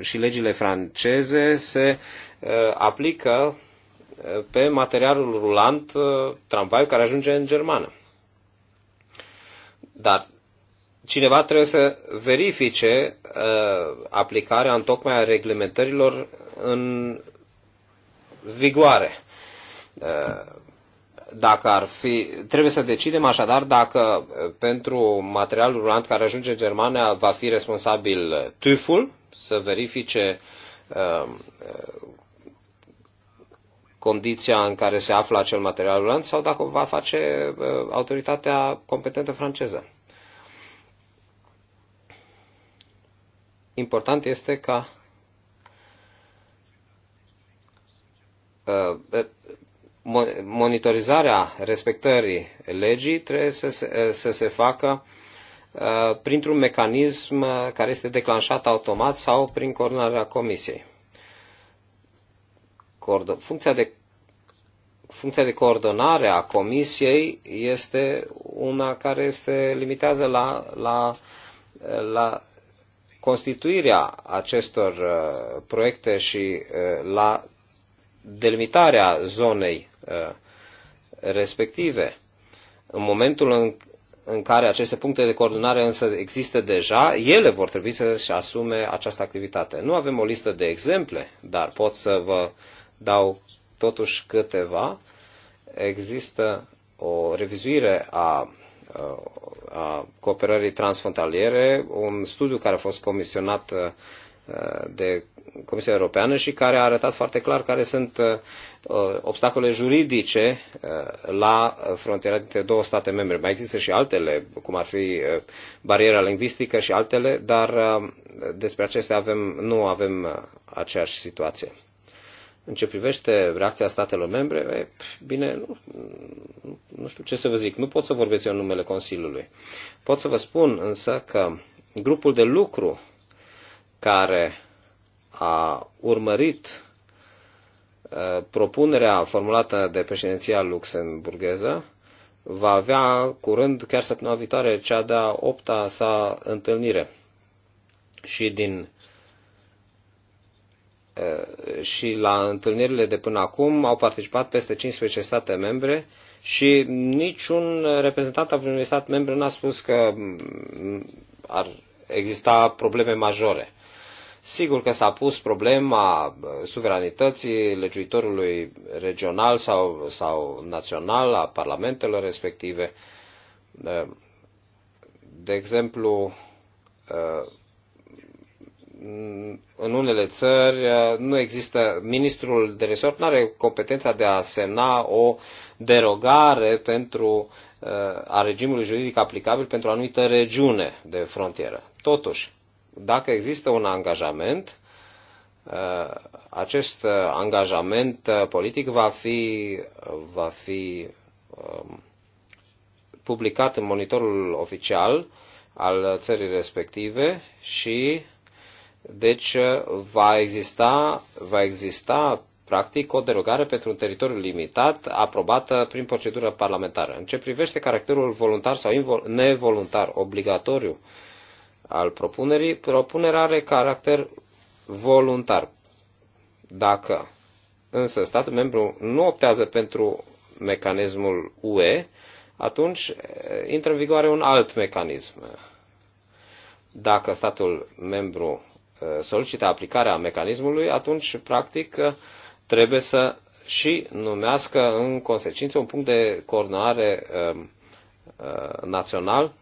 și legile franceze se aplică pe materialul rulant tramvaiul care ajunge în germană. Dar cineva trebuie să verifice uh, aplicarea în tocmai a reglementărilor în vigoare. Uh, dacă ar fi, trebuie să decidem așadar dacă uh, pentru materialul rulant care ajunge în Germania va fi responsabil TÜV-ul să verifice uh, condiția în care se află acel material rulant sau dacă o va face uh, autoritatea competentă franceză. important este ca uh, monitorizarea respectării legii trebuie să se, uh, să se facă uh, printr-un mecanism care este declanșat automat sau prin coordonarea comisiei. Funcția de, funcția de coordonare a comisiei este una care se limitează la, la, la constituirea acestor uh, proiecte și uh, la delimitarea zonei uh, respective. În momentul în, în care aceste puncte de coordonare însă există deja, ele vor trebui să-și asume această activitate. Nu avem o listă de exemple, dar pot să vă dau totuși câteva. Există o revizuire a a cooperării transfrontaliere, un studiu care a fost comisionat uh, de Comisia Europeană și care a arătat foarte clar care sunt uh, obstacole juridice uh, la frontiera dintre două state membre. Mai există și altele, cum ar fi bariera lingvistică și altele, dar despre acestea avem, nu avem aceeași situație. În ce privește reacția statelor membre, e, bine, nu, nu știu ce să vă zic, nu pot să vorbesc eu în numele Consiliului. Pot să vă spun însă că grupul de lucru care a urmărit uh, propunerea formulată de președinția luxemburgheză va avea curând, chiar săptămâna viitoare, cea de-a opta sa întâlnire. Și din Eh, și la întâlnirile de până acum au participat peste 15 state membre și niciun reprezentant al unui stat membru n-a spus că mm, ar exista probleme majore. Sigur că s-a pus problema eh, suveranității legiuitorului regional sau, sau național a parlamentelor respective. Eh, de exemplu, în unele țări eh, nu există, ministrul de resort nu are competența de a semna o derogare pentru eh, a regimului juridic aplicabil pentru o anumită regiune de frontieră. Totuși, dacă există un angajament, eh, acest angajament politic va fi, va fi publicat în monitorul oficial al țării respective și deci uh, va exista, va exista practic o derogare pentru un teritoriu limitat aprobată prin procedură parlamentară. În ce privește caracterul voluntar sau nevoluntar obligatoriu al propunerii, propunerea are caracter voluntar. Dacă însă statul membru nu optează pentru mecanismul UE, atunci uh, intră în vigoare un alt mecanism. Dacă statul membru Uh, solicită aplicarea mecanismului, atunci, practic, uh, trebuie să și numească în consecință un punct de coordonare um, uh, național,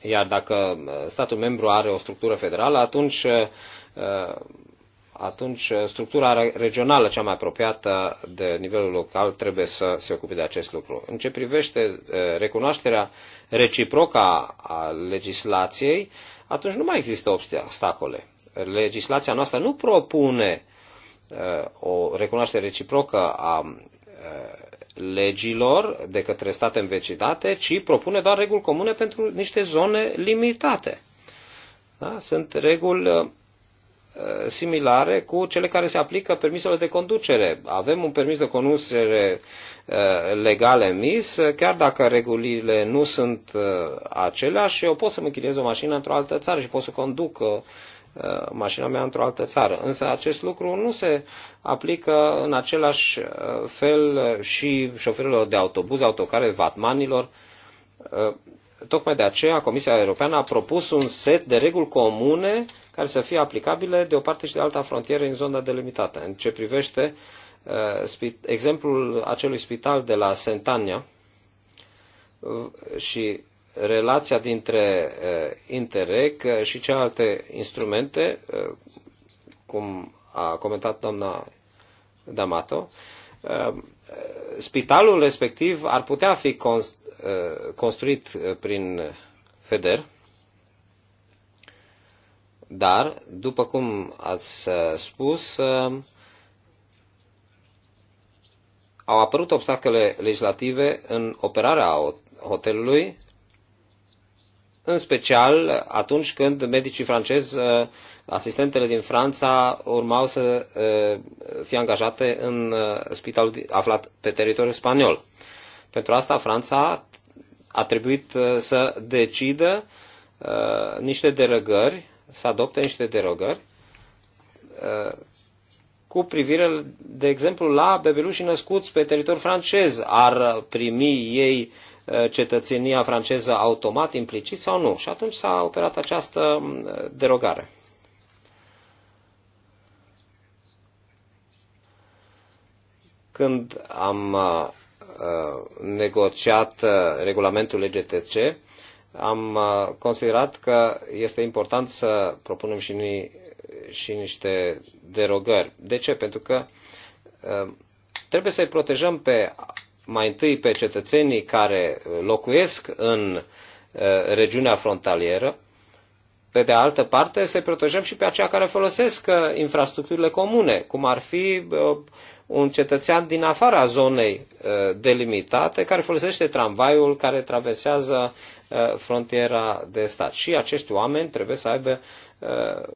iar dacă statul membru are o structură federală, atunci, atunci structura regională cea mai apropiată de nivelul local trebuie să se ocupe de acest lucru. În ce privește recunoașterea reciprocă a legislației, atunci nu mai există obstacole legislația noastră nu propune uh, o recunoaștere reciprocă a uh, legilor de către state învecinate, ci propune doar reguli comune pentru niște zone limitate. Da? Sunt reguli uh, similare cu cele care se aplică permiselor de conducere. Avem un permis de conducere legal emis, chiar dacă regulile nu sunt aceleași, eu pot să-mi închiriez o mașină într-o altă țară și pot să conduc Uh, mașina mea într-o altă țară. Însă acest lucru nu se aplică în același uh, fel și șoferilor de autobuz, autocare, vatmanilor. Uh, tocmai de aceea Comisia Europeană a propus un set de reguli comune care să fie aplicabile de o parte și de alta frontieră în zona delimitată. În ce privește exemplul acelui spital de la Sentania și relația dintre eh, Interreg eh, și celelalte instrumente, eh, cum a comentat doamna D'Amato, spitalul respectiv ar putea fi construit prin FEDER, dar, după cum ați spus, au apărut obstacole legislative în operarea hotelului în special atunci când medicii francezi, uh, asistentele din Franța, urmau să uh, fie angajate în uh, spitalul aflat pe teritoriul spaniol. Pentru asta Franța a trebuit să decidă niște derogări, să adopte niște derogări cu privire, de exemplu, la bebelușii născuți pe teritoriul francez. Ar primi ei uh, Uh, cetățenia franceză automat, implicit sau nu. Și atunci s-a operat această uh, derogare. Când am uh, negociat regulamentul LGTC, am considerat că este important să propunem și, ni, și niște derogări. De ce? Pentru că trebuie să-i protejăm pe mai întâi pe cetățenii care uh, locuiesc în uh, regiunea frontalieră, pe de altă parte, să protejăm și pe aceia care folosesc uh, infrastructurile comune, cum ar fi un cetățean din afara zonei delimitate care folosește tramvaiul care traversează frontiera de stat. Și acești oameni trebuie să aibă